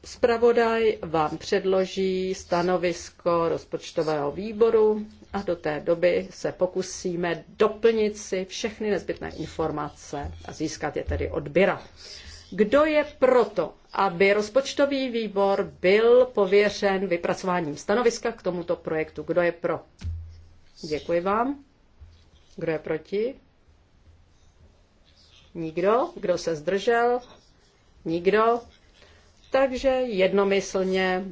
Spravodaj vám předloží stanovisko rozpočtového výboru a do té doby se pokusíme doplnit si všechny nezbytné informace a získat je tedy odběra. Kdo je proto, aby rozpočtový výbor byl pověřen vypracováním stanoviska k tomuto projektu? Kdo je pro? Děkuji vám. Kdo je proti? Nikdo. Kdo se zdržel? Nikdo. Takže jednomyslně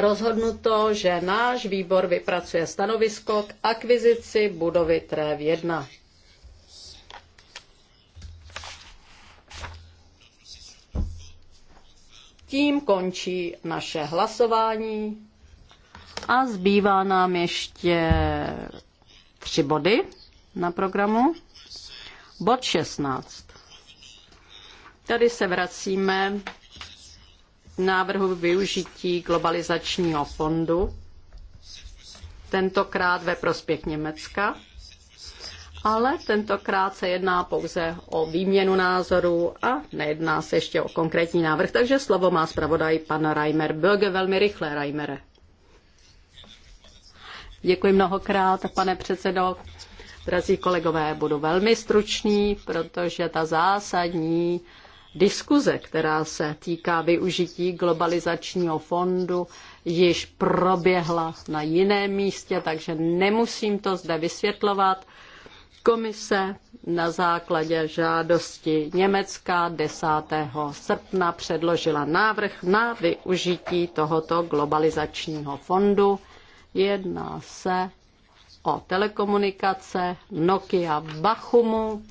rozhodnuto, že náš výbor vypracuje stanovisko k akvizici budovy TREV 1. Tím končí naše hlasování a zbývá nám ještě tři body na programu. Bod 16. Tady se vracíme k návrhu využití globalizačního fondu, tentokrát ve prospěch Německa ale tentokrát se jedná pouze o výměnu názorů a nejedná se ještě o konkrétní návrh, takže slovo má zpravodaj pan Reimer Böge velmi rychle, Reimere. Děkuji mnohokrát, pane předsedo. Drazí kolegové, budu velmi stručný, protože ta zásadní diskuze, která se týká využití globalizačního fondu, již proběhla na jiném místě, takže nemusím to zde vysvětlovat. Komise na základě žádosti Německa 10. srpna předložila návrh na využití tohoto globalizačního fondu. Jedná se o telekomunikace Nokia Bachumu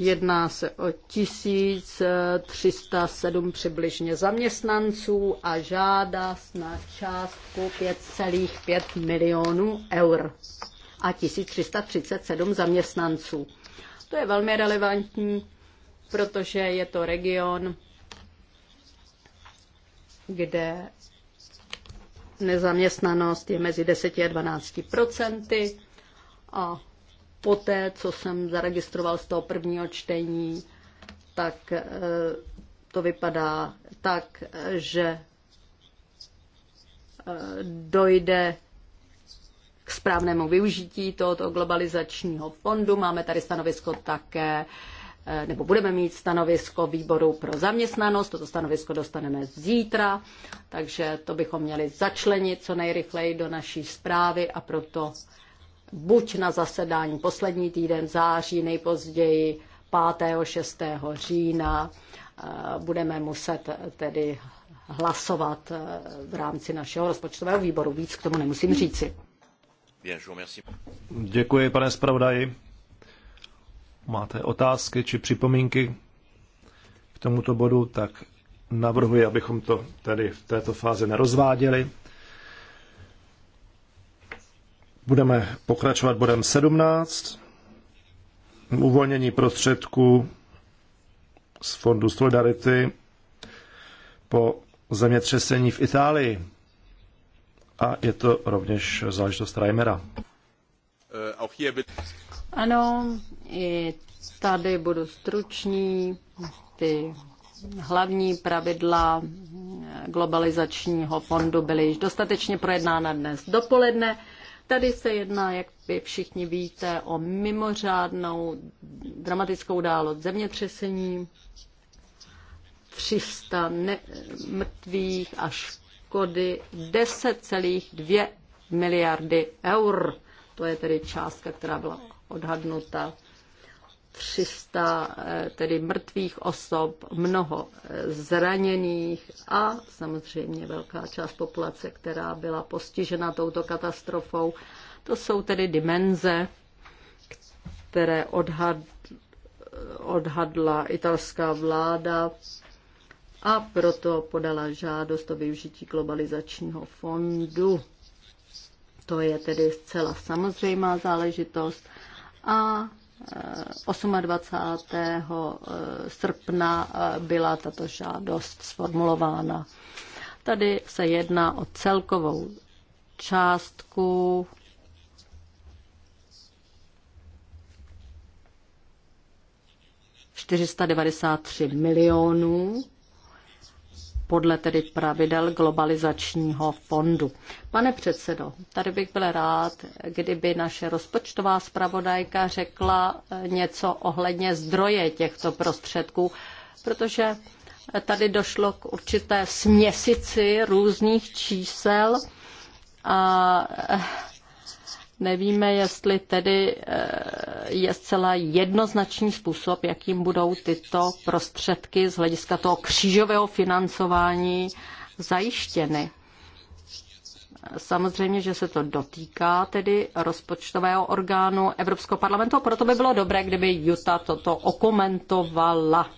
Jedná se o 1307 přibližně zaměstnanců a žádá na částku 5,5 milionů eur a 1337 zaměstnanců. To je velmi relevantní, protože je to region, kde nezaměstnanost je mezi 10 a 12 procenty a poté, co jsem zaregistroval z toho prvního čtení, tak eh, to vypadá tak, že eh, dojde k správnému využití tohoto globalizačního fondu. Máme tady stanovisko také eh, nebo budeme mít stanovisko výboru pro zaměstnanost. Toto stanovisko dostaneme zítra, takže to bychom měli začlenit co nejrychleji do naší zprávy a proto buď na zasedání poslední týden září, nejpozději 5. 6. října. Eh, budeme muset eh, tedy hlasovat eh, v rámci našeho rozpočtového výboru. Víc k tomu nemusím říci. Děkuji, pane zpravodaji. Máte otázky či připomínky k tomuto bodu, tak navrhuji, abychom to tady v této fázi nerozváděli. Budeme pokračovat bodem 17. Uvolnění prostředků z Fondu Solidarity po zemětřesení v Itálii. A je to rovněž záležitost Reimera. Ano, i tady budu stručný. Ty hlavní pravidla globalizačního fondu byly již dostatečně projednána dnes dopoledne. Tady se jedná, jak vy všichni víte, o mimořádnou dramatickou událost zemětřesení, 300 ne- mrtvých a škody 10,2 miliardy eur. To je tedy částka, která byla odhadnuta 300 eh, tedy mrtvých osob, mnoho eh, zraněných a samozřejmě velká část populace, která byla postižena touto katastrofou. To jsou tedy dimenze, které odhad, odhadla italská vláda a proto podala žádost o využití globalizačního fondu. To je tedy zcela samozřejmá záležitost a 28. srpna eh, byla tato žádost sformulována. Tady se jedná o celkovou částku ...493 milionů podle tedy pravidel globalizačního fondu. Pane předsedo, tady bych byl rád, kdyby naše rozpočtová zpravodajka řekla eh, něco ohledně zdroje těchto prostředků, protože eh, tady došlo k určité směsici různých čísel a eh, Nevíme, jestli tedy eh, je zcela jednoznačný způsob, jakým budou tyto prostředky z hlediska toho křížového financování zajištěny. Samozřejmě, že se to dotýká tedy rozpočtového orgánu Evropského parlamentu, proto by bylo dobré, kdyby Juta toto okomentovala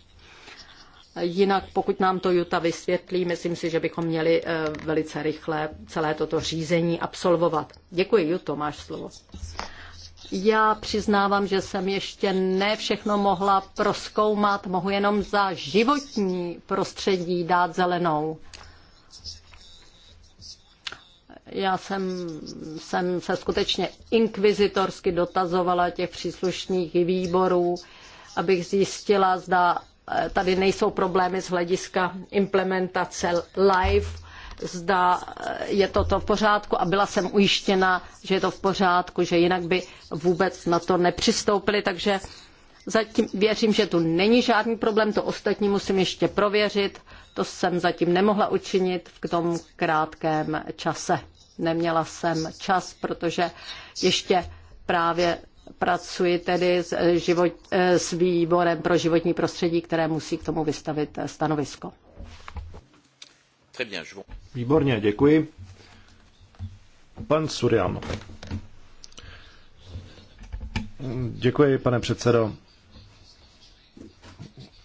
Jinak, pokud nám to Juta vysvětlí, myslím si, že bychom měli eh, velice rychle celé toto řízení absolvovat. Děkuji, Juto, máš slovo. Já přiznávám, že jsem ještě ne všechno mohla proskoumat, mohu jenom za životní prostředí dát zelenou. Já jsem, jsem se skutečně inkvizitorsky dotazovala těch příslušných výborů, abych zjistila, zda tady nejsou problémy z hlediska implementace live, zda eh, je toto v pořádku a byla jsem ujištěna, že je to v pořádku, že jinak by vůbec na to nepřistoupili, takže zatím věřím, že tu není žádný problém, to ostatní musím ještě prověřit, to jsem zatím nemohla učinit v tom krátkém čase. Neměla jsem čas, protože ještě právě Pracuji tedy s, eh, život, eh, s výborem pro životní prostředí, které musí k tomu vystavit eh, stanovisko. Výborně, děkuji. Pan Surian. Děkuji, pane předsedo.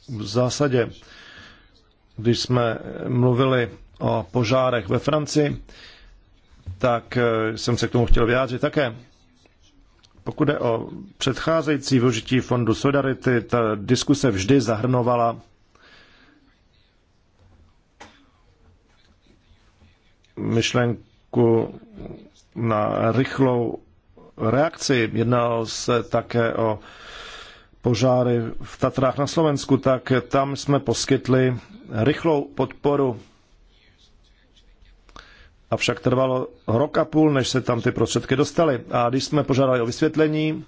V zásadě, když jsme mluvili o požárech ve Francii, tak jsem se k tomu chtěl vyjádřit také. Pokud je o předcházející využití fondu Solidarity, ta diskuse vždy zahrnovala myšlenku na rychlou reakci. Jednalo se také o požáry v Tatrách na Slovensku, tak tam jsme poskytli rychlou podporu Avšak trvalo rok a půl, než se tam ty prostředky dostaly. A když jsme požádali o vysvětlení,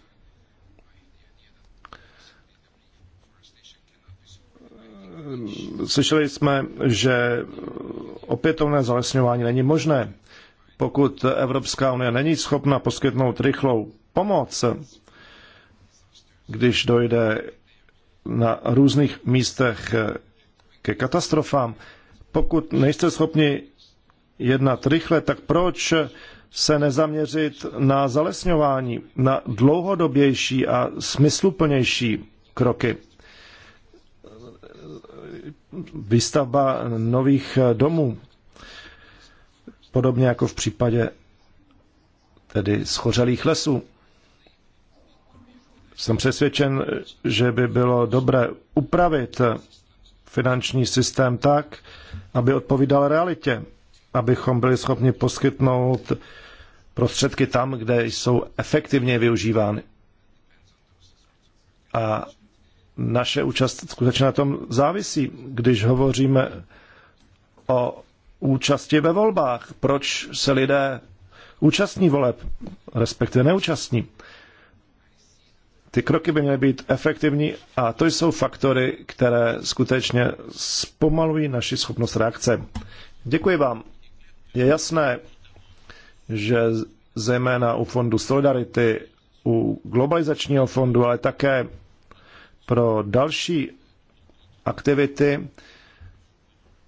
slyšeli jsme, že opětovné zalesňování není možné. Pokud Evropská unie není schopna poskytnout rychlou pomoc, když dojde na různých místech ke katastrofám, pokud nejste schopni jednat rychle, tak proč se nezaměřit na zalesňování, na dlouhodobější a smysluplnější kroky? Výstavba nových domů, podobně jako v případě tedy schořelých lesů. Jsem přesvědčen, že by bylo dobré upravit finanční systém tak, aby odpovídal realitě abychom byli schopni poskytnout prostředky tam, kde jsou efektivně využívány. A naše účast skutečně na tom závisí. Když hovoříme o účasti ve volbách, proč se lidé účastní voleb, respektive neúčastní. Ty kroky by měly být efektivní a to jsou faktory, které skutečně zpomalují naši schopnost reakce. Děkuji vám. Je jasné, že zejména u Fondu Solidarity, u Globalizačního fondu, ale také pro další aktivity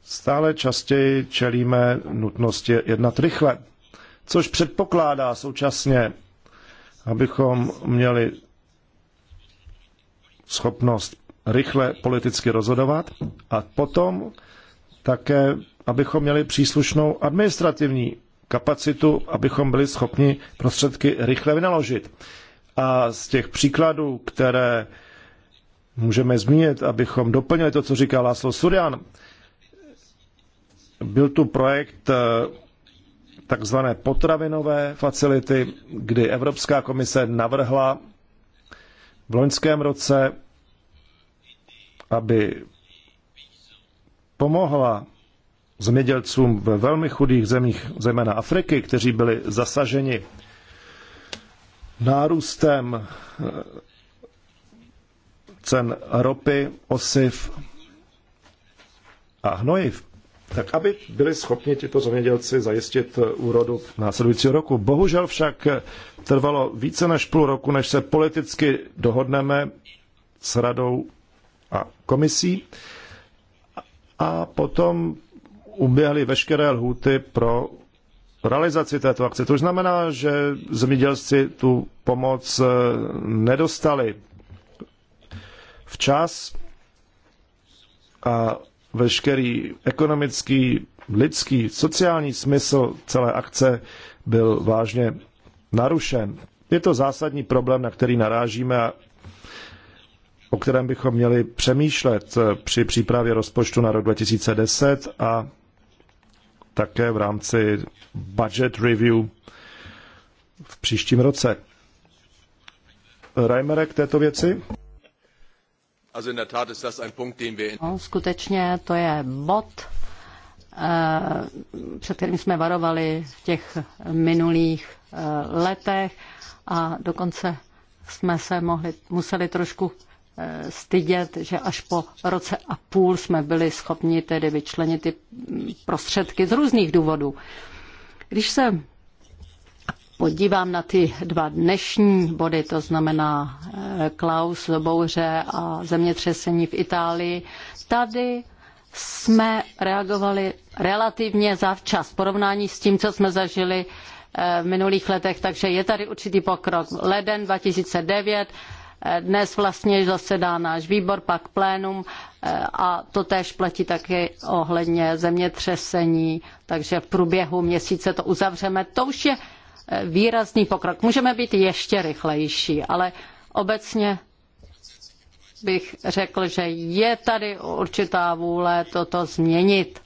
stále častěji čelíme nutnosti jednat rychle, což předpokládá současně, abychom měli schopnost rychle politicky rozhodovat a potom také abychom měli příslušnou administrativní kapacitu, abychom byli schopni prostředky rychle vynaložit. A z těch příkladů, které můžeme zmínit, abychom doplnili to, co říká Láslo Surian, byl tu projekt eh, takzvané potravinové facility, kdy Evropská komise navrhla v loňském roce, aby pomohla zemědělcům ve velmi chudých zemích, zejména Afriky, kteří byli zasaženi nárůstem eh, cen ropy, osiv a hnojiv, tak aby byli schopni tyto zemědělci zajistit eh, úrodu následujícího roku. Bohužel však eh, trvalo více než půl roku, než se politicky dohodneme s radou a komisí a potom uběhly veškeré lhůty pro realizaci této akce. To znamená, že zemědělci tu pomoc eh, nedostali včas a veškerý ekonomický, lidský, sociální smysl celé akce byl vážně narušen. Je to zásadní problém, na který narážíme a o kterém bychom měli přemýšlet eh, při přípravě rozpočtu na rok 2010 a také v rámci budget review v příštím roce. Reimere k této věci? No, skutečně to je bod, eh, před kterým jsme varovali v těch minulých eh, letech a dokonce jsme se mohli, museli trošku Eh, stydět, že až po roce a půl jsme byli schopni tedy vyčlenit ty prostředky z různých důvodů. Když se podívám na ty dva dnešní body, to znamená eh, Klaus, bouře a zemětřesení v Itálii, tady jsme reagovali relativně zavčas v porovnání s tím, co jsme zažili eh, v minulých letech, takže je tady určitý pokrok. Leden 2009 dnes vlastně zasedá náš výbor, pak plénum a to též platí taky ohledně zemětřesení, takže v průběhu měsíce to uzavřeme. To už je eh, výrazný pokrok. Můžeme být ještě rychlejší, ale obecně bych řekl, že je tady určitá vůle toto změnit.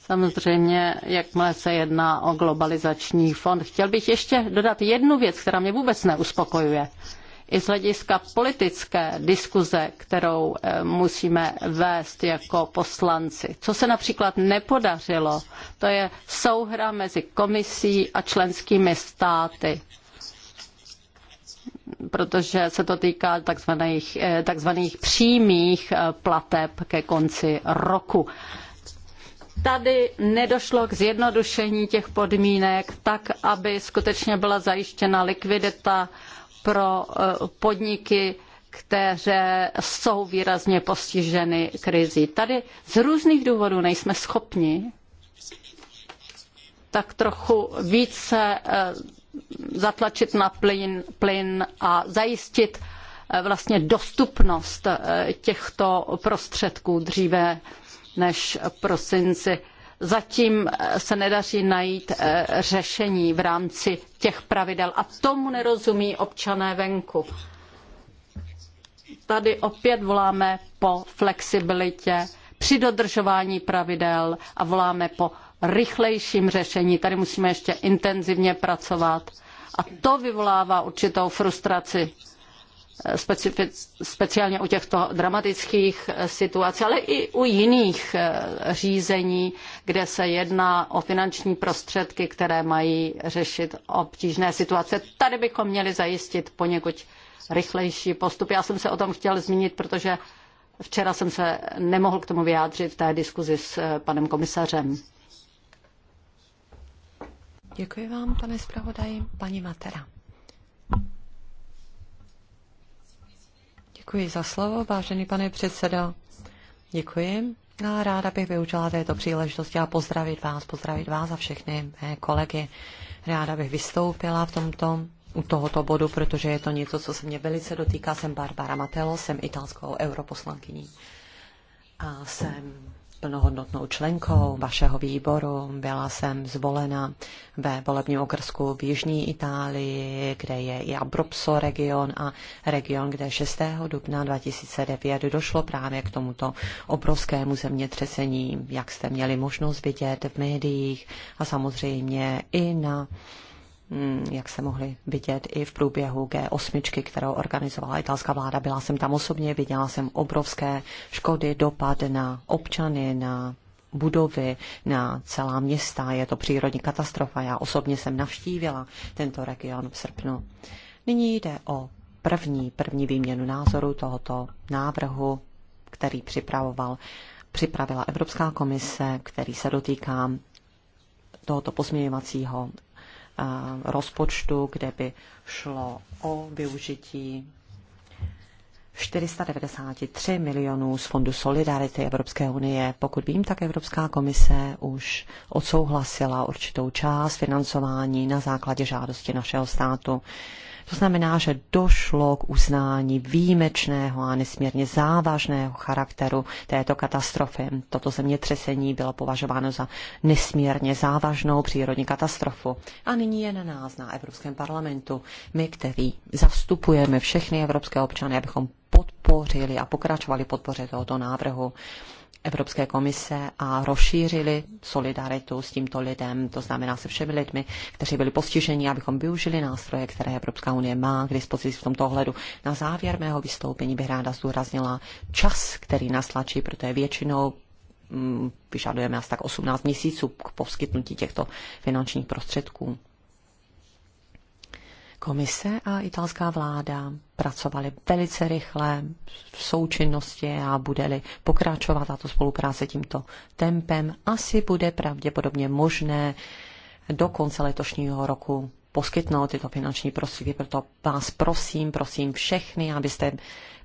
Samozřejmě, jakmile se jedná o globalizační fond. Chtěl bych ještě dodat jednu věc, která mě vůbec neuspokojuje i z hlediska politické diskuze, kterou eh, musíme vést jako poslanci. Co se například nepodařilo, to je souhra mezi komisí a členskými státy protože se to týká takzvaných, eh, takzvaných přímých eh, plateb ke konci roku. Tady nedošlo k zjednodušení těch podmínek tak, aby skutečně byla zajištěna likvidita pro eh, podniky, které jsou výrazně postiženy krizí. Tady z různých důvodů nejsme schopni tak trochu více eh, zatlačit na plyn, plyn a zajistit eh, vlastně dostupnost těchto prostředků dříve než prosinci zatím eh, se nedaří najít eh, řešení v rámci těch pravidel a tomu nerozumí občané venku. Tady opět voláme po flexibilitě, při dodržování pravidel a voláme po rychlejším řešení. Tady musíme ještě intenzivně pracovat. A to vyvolává určitou frustraci speciálně u těchto dramatických eh, situací, ale i u jiných eh, řízení, kde se jedná o finanční prostředky, které mají řešit obtížné situace. Tady bychom měli zajistit poněkud rychlejší postup. Já jsem se o tom chtěl zmínit, protože včera jsem se nemohl k tomu vyjádřit v té diskuzi s eh, panem komisařem. Děkuji vám, pane zpravodaji. Paní Matera. Děkuji za slovo, vážený pane předsedo. Děkuji. A ráda bych využila této příležitosti a pozdravit vás, pozdravit vás a všechny mé kolegy. Ráda bych vystoupila v tomto u tohoto bodu, protože je to něco, co se mě velice dotýká. Jsem Barbara Matelo, jsem italskou europoslankyní a jsem plnohodnotnou členkou vašeho výboru. Byla jsem zvolena ve volebním okrsku v Jižní Itálii, kde je i Abrupso region a region, kde 6. dubna 2009 došlo právě k tomuto obrovskému zemětřesení, jak jste měli možnost vidět v médiích a samozřejmě i na Hmm, jak se mohli vidět i v průběhu G8, kterou organizovala italská vláda. Byla jsem tam osobně, viděla jsem obrovské škody, dopad na občany, na budovy, na celá města. Je to přírodní katastrofa. Já osobně jsem navštívila tento region v srpnu. Nyní jde o první, první výměnu názoru tohoto návrhu, který připravoval, připravila Evropská komise, který se dotýká tohoto pozměňovacího rozpočtu, kde by šlo o využití 493 milionů z Fondu Solidarity Evropské unie. Pokud vím, tak Evropská komise už odsouhlasila určitou část financování na základě žádosti našeho státu. To znamená, že došlo k uznání výjimečného a nesmírně závažného charakteru této katastrofy. Toto zemětřesení bylo považováno za nesmírně závažnou přírodní katastrofu. A nyní je na nás, na Evropském parlamentu, my, který zastupujeme všechny evropské občany, abychom podpořili a pokračovali podpoře tohoto návrhu. Evropské komise a rozšířili solidaritu s tímto lidem, to znamená se všemi lidmi, kteří byli postiženi, abychom využili nástroje, které Evropská unie má k dispozici v tomto ohledu. Na závěr mého vystoupení bych ráda zdůraznila čas, který nás tlačí, protože většinou mm, vyžadujeme asi tak 18 měsíců k poskytnutí těchto finančních prostředků. Komise a italská vláda pracovali velice rychle v součinnosti a bude-li pokračovat tato spolupráce tímto tempem, asi bude pravděpodobně možné do konce letošního roku poskytnout tyto finanční prostředky. Proto vás prosím, prosím všechny, abyste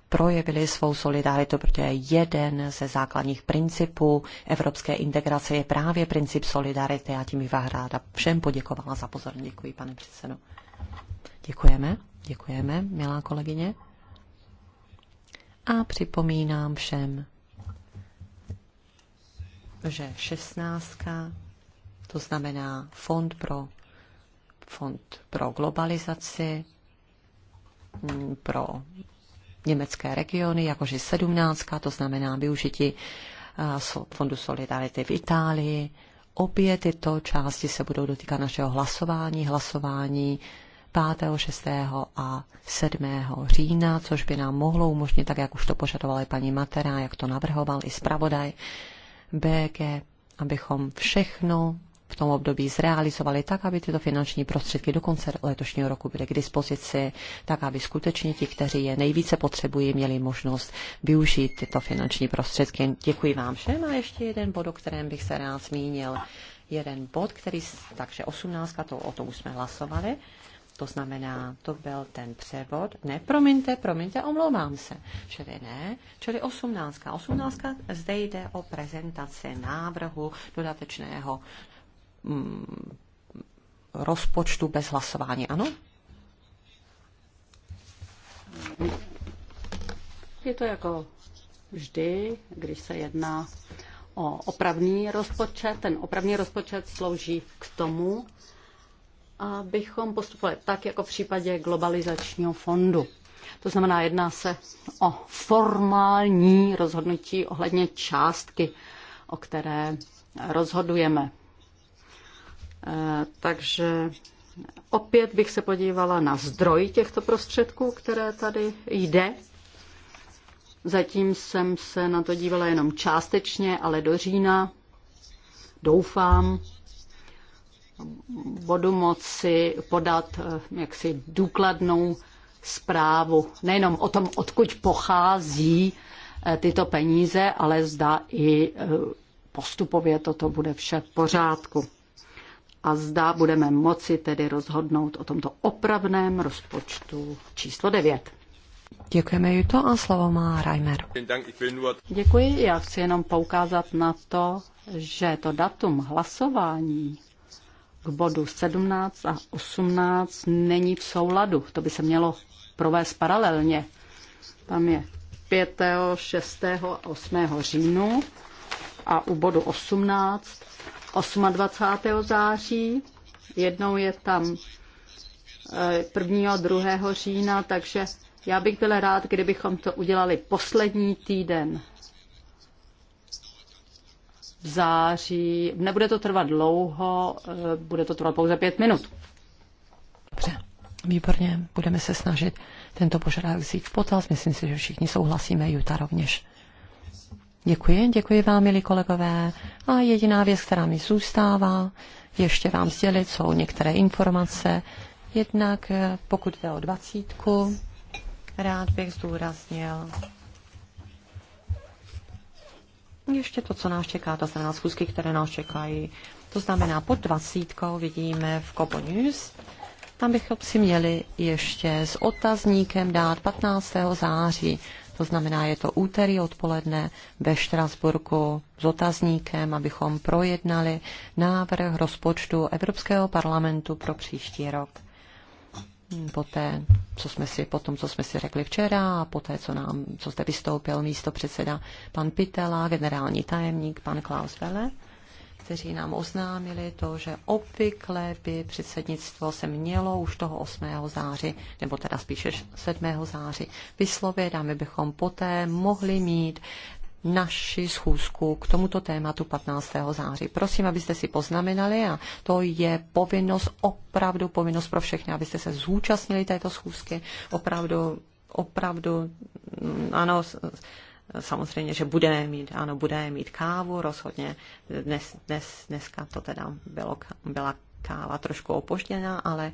projevili svou solidaritu, protože jeden ze základních principů evropské integrace je právě princip solidarity a tím bych vám ráda všem poděkovala za pozornost. Děkuji, pane předsedo. Děkujeme, děkujeme, milá kolegyně. A připomínám všem, že šestnáctka, to znamená fond pro, fond pro globalizaci, mm, pro německé regiony, jakože sedmnáctka, to znamená využití Fondu Solidarity v Itálii. Obě tyto části se budou dotýkat našeho hlasování, hlasování 5., 6. a 7. října, což by nám mohlo umožnit, tak jak už to požadovala i paní Matera, jak to navrhoval i zpravodaj BG, abychom všechno v tom období zrealizovali tak, aby tyto finanční prostředky do konce letošního roku byly k dispozici, tak aby skutečně ti, kteří je nejvíce potřebují, měli možnost využít tyto finanční prostředky. Děkuji vám všem a ještě jeden bod, o kterém bych se rád zmínil. Jeden bod, který, takže 18, to, o tom už jsme hlasovali. To znamená, to byl ten převod. Ne, promiňte, promiňte, omlouvám se. Čili ne, čili osmnáctka. Osmnáctka zde jde o prezentaci návrhu dodatečného mm, rozpočtu bez hlasování. Ano? Je to jako vždy, když se jedná o opravný rozpočet. Ten opravný rozpočet slouží k tomu, abychom postupovali tak, jako v případě globalizačního fondu. To znamená, jedná se o formální rozhodnutí ohledně částky, o které rozhodujeme. Eh, takže opět bych se podívala na zdroj těchto prostředků, které tady jde. Zatím jsem se na to dívala jenom částečně, ale do října doufám, budu moci podat eh, jaksi důkladnou zprávu nejenom o tom, odkud pochází eh, tyto peníze, ale zda i eh, postupově toto bude vše v pořádku. A zda budeme moci tedy rozhodnout o tomto opravném rozpočtu číslo 9. Děkujeme Juto a slovo má Reimer. Děkuji, já chci jenom poukázat na to, že to datum hlasování k bodu 17 a 18 není v souladu. To by se mělo provést paralelně. Tam je 5., 6. a 8. říjnu a u bodu 18 28. září, jednou je tam 1. Eh, a 2. října, takže já bych byla rád, kdybychom to udělali poslední týden v září. Nebude to trvat dlouho, eh, bude to trvat pouze pět minut. Dobře, výborně, budeme se snažit tento požadavek vzít v potaz. Myslím si, že všichni souhlasíme, Juta rovněž. Děkuji, děkuji vám, milí kolegové. A jediná věc, která mi zůstává, ještě vám sdělit, jsou některé informace. Jednak eh, pokud jde o dvacítku, rád bych zdůraznil ještě to, co nás čeká, to znamená schůzky, které nás čekají. To znamená, pod dvacítkou vidíme v Kobo News. Tam bychom si měli ještě s otazníkem dát 15. září. To znamená, je to úterý odpoledne ve Štrasburku s otazníkem, abychom projednali návrh rozpočtu Evropského parlamentu pro příští rok. Hmm, po té, co jsme si, po tom, co jsme si řekli včera a po té, co, nám, co zde vystoupil místo předseda pan Pitela, generální tajemník pan Klaus Vele, kteří nám oznámili to, že obvykle by předsednictvo se mělo už toho 8. září, nebo teda spíše 7. září vyslovit a my bychom poté mohli mít naši schůzku k tomuto tématu 15. září. Prosím, abyste si poznamenali a to je povinnost, opravdu povinnost pro všechny, abyste se zúčastnili této schůzky. Opravdu, opravdu, mm, ano, samozřejmě, že budeme mít, ano, budeme mít kávu, rozhodně dnes, dnes, dneska to teda bylo, byla káva trošku opožděná, ale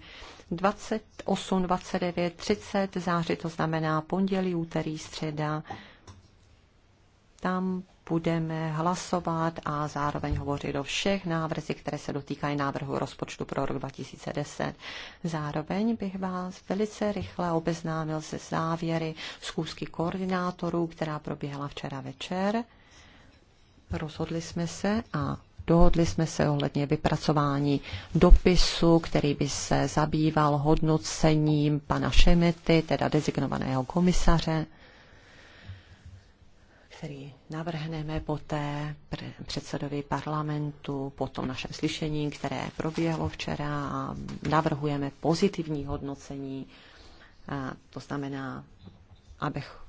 28, 29, 30 září, to znamená pondělí, úterý, středa, tam budeme hlasovat a zároveň hovořit o všech návrzích, které se dotýkají návrhu rozpočtu pro rok 2010. Zároveň bych vás velice rychle obeznámil se závěry zkoušky koordinátorů, která proběhla včera večer. Rozhodli jsme se a dohodli jsme se ohledně vypracování dopisu, který by se zabýval hodnocením pana Šemety, teda designovaného komisaře který navrhneme poté předsedovi parlamentu po tom našem slyšení, které proběhlo včera a navrhujeme pozitivní hodnocení. A to znamená, abych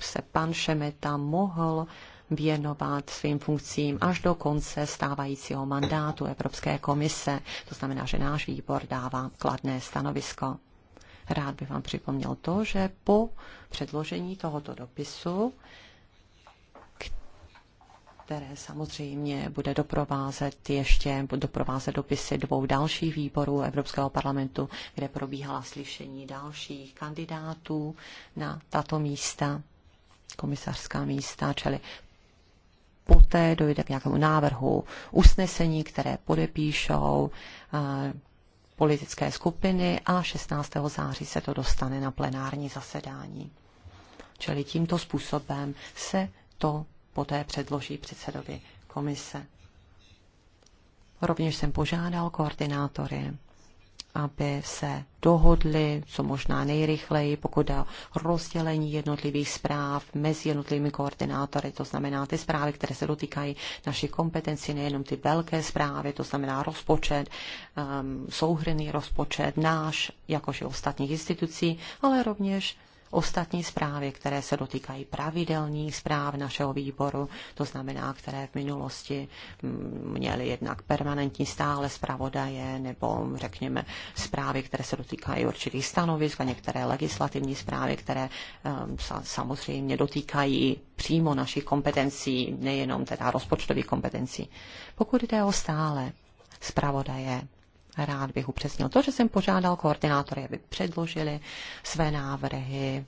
se pan Šemeta mohl věnovat svým funkcím až do konce stávajícího mandátu Evropské komise. To znamená, že náš výbor dává kladné stanovisko. Rád bych vám připomněl to, že po předložení tohoto dopisu které samozřejmě bude doprovázet ještě doprovázet dopisy dvou dalších výborů Evropského parlamentu, kde probíhala slyšení dalších kandidátů na tato místa, komisařská místa, čili poté dojde k nějakému návrhu usnesení, které podepíšou eh, politické skupiny a 16. září se to dostane na plenární zasedání. Čili tímto způsobem se to poté předloží předsedovi komise. Rovněž jsem požádal koordinátory, aby se dohodli, co možná nejrychleji, pokud jde o rozdělení jednotlivých zpráv mezi jednotlivými koordinátory, to znamená ty zprávy, které se dotýkají našich kompetencí, nejenom ty velké zprávy, to znamená rozpočet, um, souhrný rozpočet náš, jakož i ostatních institucí, ale rovněž ostatní zprávy, které se dotýkají pravidelných zpráv našeho výboru, to znamená, které v minulosti mm, měly jednak permanentní stále zpravodaje nebo řekněme zprávy, které se dotýkají určitých stanovisk a některé legislativní zprávy, které ehm, samozřejmě dotýkají přímo našich kompetencí, nejenom teda rozpočtových kompetencí. Pokud jde o stále zpravodaje, rád bych upřesnil to, že jsem požádal koordinátory, aby předložili své návrhy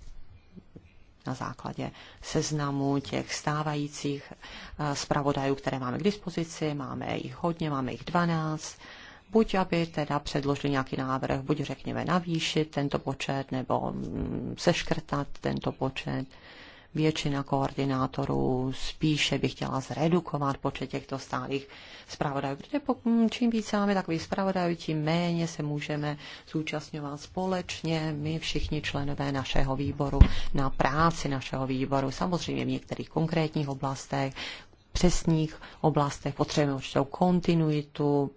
na základě seznamu těch stávajících eh, zpravodajů, které máme k dispozici. Máme jich hodně, máme jich 12. Buď aby teda předložili nějaký návrh, buď řekněme navýšit tento počet, nebo mm, seškrtat tento počet. Většina koordinátorů spíše by chtěla zredukovat počet těchto stálých zpravodajů, protože čím více máme takových zpravodajů, tím méně se můžeme zúčastňovat společně my všichni členové našeho výboru na práci našeho výboru, samozřejmě v některých konkrétních oblastech, přesných oblastech potřebujeme určitou kontinuitu,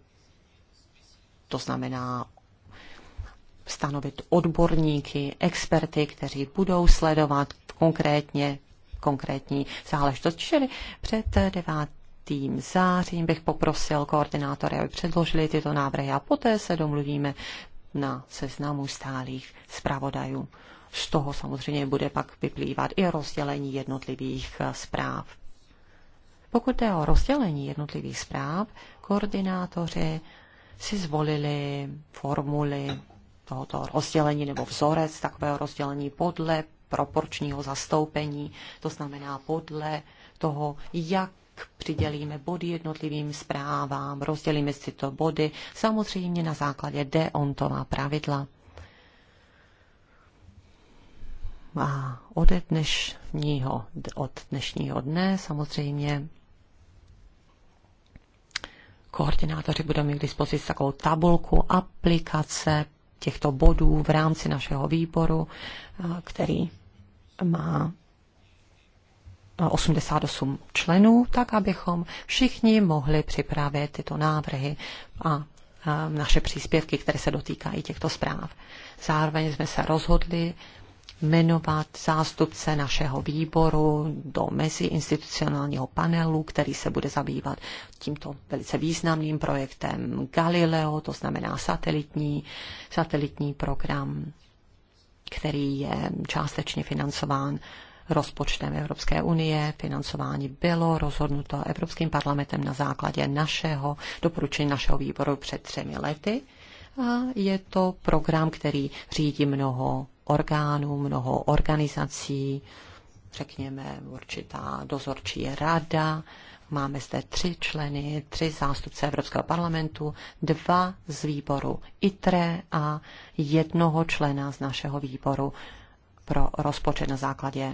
to znamená stanovit odborníky, experty, kteří budou sledovat konkrétně konkrétní záležitost. Čili před 9. Eh, zářím bych poprosil koordinátory, aby předložili tyto návrhy a poté se domluvíme na seznamu stálých zpravodajů. Z toho samozřejmě bude pak vyplývat i rozdělení jednotlivých eh, zpráv. Pokud jde o rozdělení jednotlivých zpráv, koordinátoři si zvolili formuly tohoto rozdělení nebo vzorec takového rozdělení podle proporčního zastoupení, to znamená podle toho, jak přidělíme body jednotlivým zprávám, rozdělíme si to body, samozřejmě na základě deontová pravidla. A ode dnešního, od dnešního dne samozřejmě koordinátoři budou mít k dispozici takovou tabulku aplikace těchto bodů v rámci našeho výboru, eh, který má 88 členů, tak abychom všichni mohli připravit tyto návrhy a eh, naše příspěvky, které se dotýkají těchto zpráv. Zároveň jsme se rozhodli jmenovat zástupce našeho výboru do meziinstitucionálního panelu, který se bude zabývat tímto velice významným projektem Galileo, to znamená satelitní, satelitní program, který je částečně financován rozpočtem Evropské unie. Financování bylo rozhodnuto Evropským parlamentem na základě našeho doporučení našeho výboru před třemi lety. A je to program, který řídí mnoho orgánů, mnoho organizací, řekněme určitá dozorčí rada. Máme zde tři členy, tři zástupce Evropského parlamentu, dva z výboru ITRE a jednoho člena z našeho výboru pro rozpočet na základě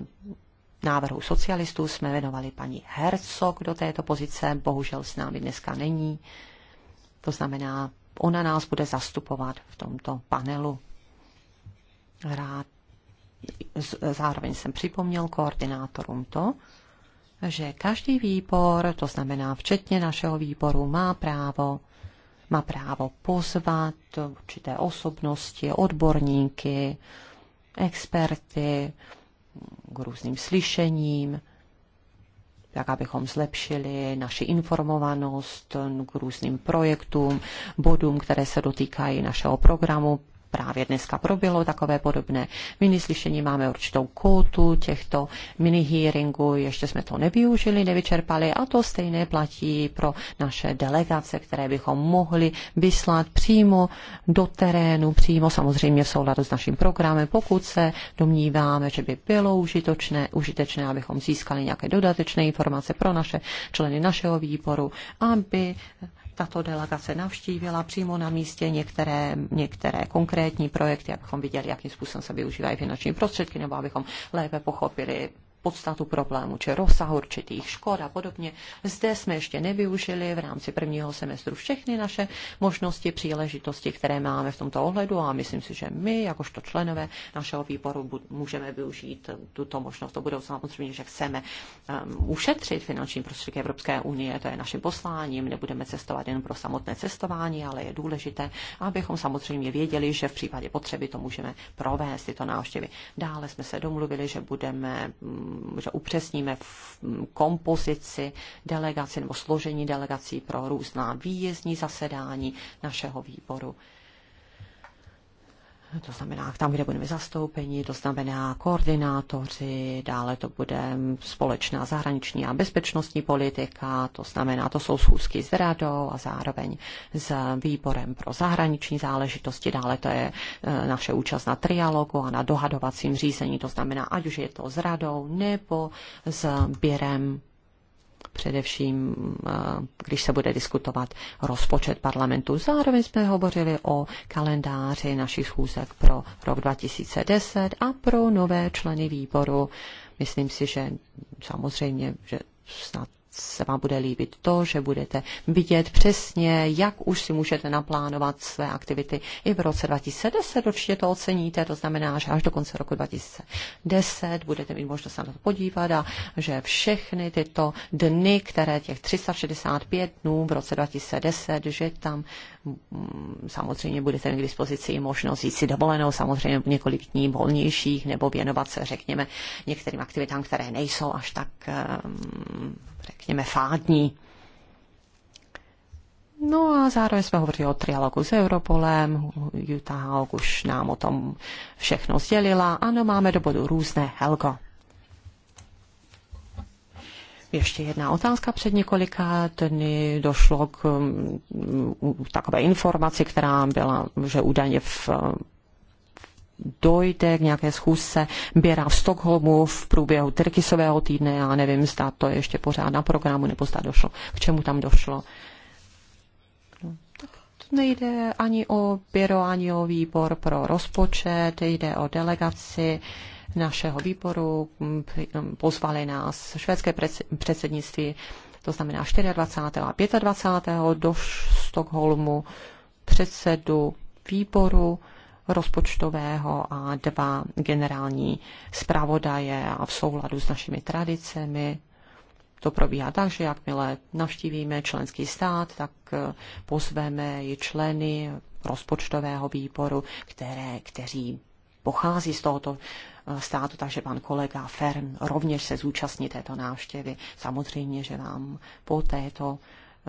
návrhu socialistů jsme věnovali paní Herzog do této pozice, bohužel s námi dneska není. To znamená, ona nás bude zastupovat v tomto panelu rád, zároveň jsem připomněl koordinátorům to, že každý výbor, to znamená včetně našeho výboru, má právo má právo pozvat určité osobnosti, odborníky, experty k různým slyšením, tak abychom zlepšili naši informovanost k různým projektům, bodům, které se dotýkají našeho programu Právě dneska proběhlo takové podobné minislyšení, máme určitou kótu těchto mini-hearingů, ještě jsme to nevyužili, nevyčerpali a to stejné platí pro naše delegace, které bychom mohli vyslat přímo do terénu, přímo samozřejmě v souladu s naším programem, pokud se domníváme, že by bylo užitočné, užitečné, abychom získali nějaké dodatečné informace pro naše členy našeho výboru, aby tato delegace navštívila přímo na místě některé, některé konkrétní projekty, abychom viděli, jakým způsobem se využívají finanční prostředky, nebo abychom lépe pochopili podstatu problému, či rozsah určitých škod a podobně. Zde jsme ještě nevyužili v rámci prvního semestru všechny naše možnosti, příležitosti, které máme v tomto ohledu a myslím si, že my, jakožto členové našeho výboru, můžeme využít eh, tuto možnost To budou Samozřejmě, že chceme um, ušetřit finanční prostředky Evropské unie, to je naším posláním, nebudeme cestovat jen pro samotné cestování, ale je důležité, abychom samozřejmě věděli, že v případě potřeby to můžeme provést tyto návštěvy. Dále jsme se domluvili, že budeme mm, že upřesníme kompozici delegací nebo složení delegací pro různá výjezdní zasedání našeho výboru to znamená tam, kde budeme zastoupeni, to znamená koordinátoři, dále to bude společná zahraniční a bezpečnostní politika, to znamená, to jsou schůzky s radou a zároveň s výborem pro zahraniční záležitosti, dále to je e, naše účast na trialogu a na dohadovacím řízení, to znamená, ať už je to s radou nebo s běrem především eh, když se bude diskutovat rozpočet parlamentu. Zároveň jsme hovořili o kalendáři našich schůzek pro rok 2010 a pro nové členy výboru. Myslím si, že samozřejmě, že snad se vám bude líbit to, že budete vidět přesně, jak už si můžete naplánovat své aktivity i v roce 2010. Určitě to oceníte, to znamená, že až do konce roku 2010 budete mít možnost se na to podívat a že všechny tyto dny, které těch 365 dnů v roce 2010, že tam mm, samozřejmě budete mít k dispozici i možnost jít si dovolenou, samozřejmě několik dní volnějších nebo věnovat se, řekněme, některým aktivitám, které nejsou až tak um, řekněme, fádní. No a zároveň jsme hovořili o trialogu s Europolem, Jutta Haug už nám o tom všechno sdělila. Ano, máme do bodu různé, Helgo. Ještě jedna otázka. Před několika dny došlo k mm, takové informaci, která byla, že údajně v dojde k nějaké schůzce Běra v Stockholmu v průběhu Tyrkisového týdne. Já nevím, zda to je ještě pořád na programu, nebo zda došlo, k čemu tam došlo. No, to nejde ani o Běro, ani o výbor pro rozpočet, jde o delegaci našeho výboru. Pozvali nás švédské předsednictví, to znamená 24. a 25. do Stockholmu předsedu výboru rozpočtového a dva generální zpravodaje a v souladu s našimi tradicemi. To probíhá tak, že jakmile navštívíme členský stát, tak eh, pozveme i členy rozpočtového výboru, které, kteří pochází z tohoto eh, státu, takže pan kolega Fern rovněž se zúčastní této návštěvy. Samozřejmě, že vám po této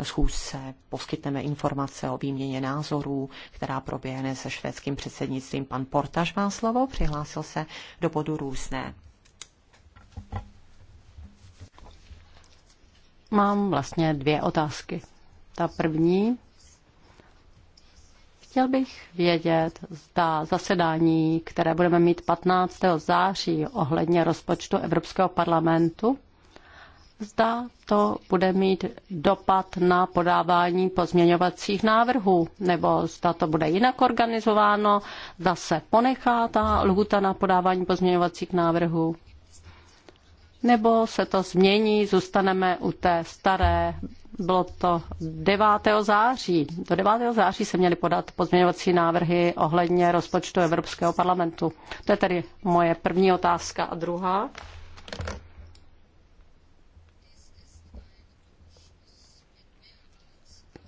schůzce poskytneme informace o výměně názorů, která proběhne se švédským předsednictvím. Pan Portaž má slovo, přihlásil se do bodu různé. Mám vlastně dvě otázky. Ta první. Chtěl bych vědět, zda zasedání, které budeme mít 15. září ohledně rozpočtu Evropského parlamentu, zda to bude mít dopad na podávání pozměňovacích návrhů, nebo zda to bude jinak organizováno, zda se ponechá ta lhuta na podávání pozměňovacích návrhů, nebo se to změní, zůstaneme u té staré, bylo to 9. září. Do 9. září se měly podat pozměňovací návrhy ohledně rozpočtu Evropského parlamentu. To je tedy moje první otázka. A druhá?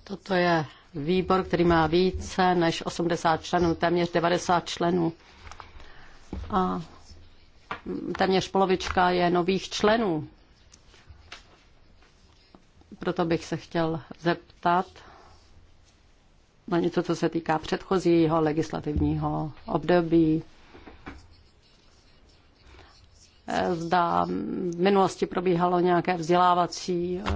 Toto je výbor, který má více než 80 členů, téměř 90 členů. A téměř polovička je nových členů. Proto bych se chtěl zeptat na něco, co se týká předchozího legislativního období. Eh, zda v minulosti probíhalo nějaké vzdělávací, eh,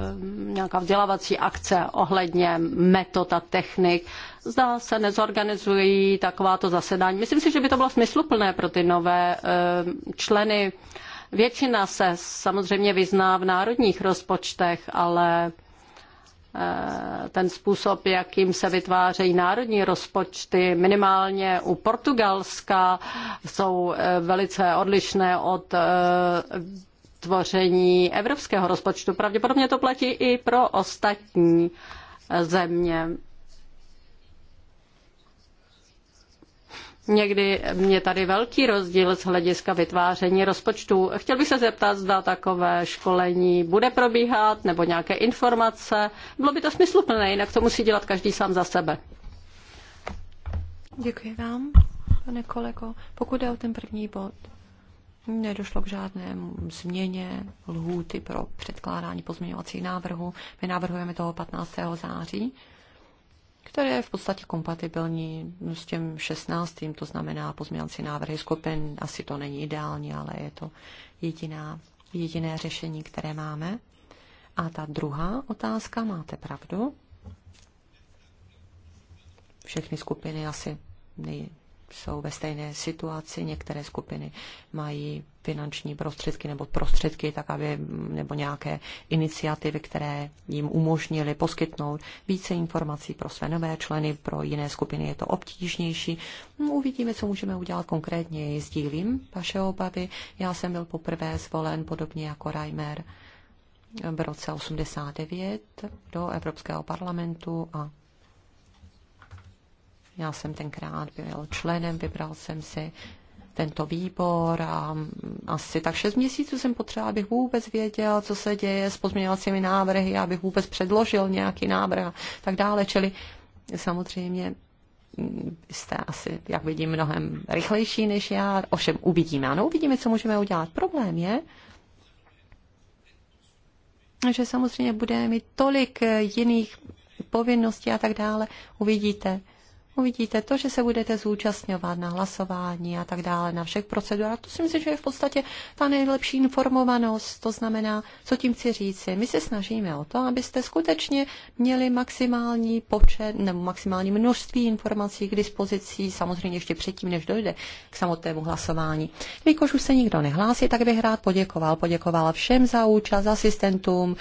nějaká vzdělávací akce ohledně metod a technik, zda se nezorganizují takováto zasedání. Myslím si, že by to bylo smysluplné pro ty nové eh, členy. Většina se samozřejmě vyzná v národních rozpočtech, ale Eh, ten způsob, jakým se vytvářejí národní rozpočty, minimálně u Portugalska, jsou eh, velice odlišné od eh, tvoření evropského rozpočtu. Pravděpodobně to platí i pro ostatní země. Někdy mě tady velký rozdíl z hlediska vytváření rozpočtu. Chtěl bych se zeptat, zda takové školení bude probíhat nebo nějaké informace. Bylo by to smysluplné, jinak to musí dělat každý sám za sebe. Děkuji vám, pane kolego. Pokud je o ten první bod, Nedošlo k žádnému změně lhůty pro předkládání pozměňovacích návrhů. My navrhujeme toho 15. září které je v podstatě kompatibilní no, s tím 16. to znamená pozměňovací návrhy skupin. Asi to není ideální, ale je to jediná, jediné řešení, které máme. A ta druhá otázka, máte pravdu, všechny skupiny asi jsou ve stejné situaci. Některé skupiny mají finanční prostředky nebo prostředky, tak aby, nebo nějaké iniciativy, které jim umožnily poskytnout více informací pro své nové členy, pro jiné skupiny je to obtížnější. No, uvidíme, co můžeme udělat konkrétně. Sdílím vaše obavy. Já jsem byl poprvé zvolen podobně jako Reimer v roce 89 do Evropského parlamentu a já jsem tenkrát byl členem, vybral jsem si tento výbor a asi tak 6 měsíců jsem potřeboval, abych vůbec věděl, co se děje s pozměňovacími návrhy, abych vůbec předložil nějaký návrh a tak dále. Čili samozřejmě jste asi, jak vidím, mnohem rychlejší než já. Ovšem uvidíme, ano, uvidíme, co můžeme udělat. Problém je, že samozřejmě budeme mít tolik jiných povinností a tak dále. Uvidíte, uvidíte to, že se budete zúčastňovat na hlasování a tak dále, na všech procedurách. To si myslím, že je v podstatě ta nejlepší informovanost. To znamená, co tím chci říci. My se snažíme o to, abyste skutečně měli maximální počet nebo maximální množství informací k dispozici, samozřejmě ještě předtím, než dojde k samotnému hlasování. Jelikož už se nikdo nehlásí, tak bych rád poděkoval. Poděkoval všem za účast, asistentům,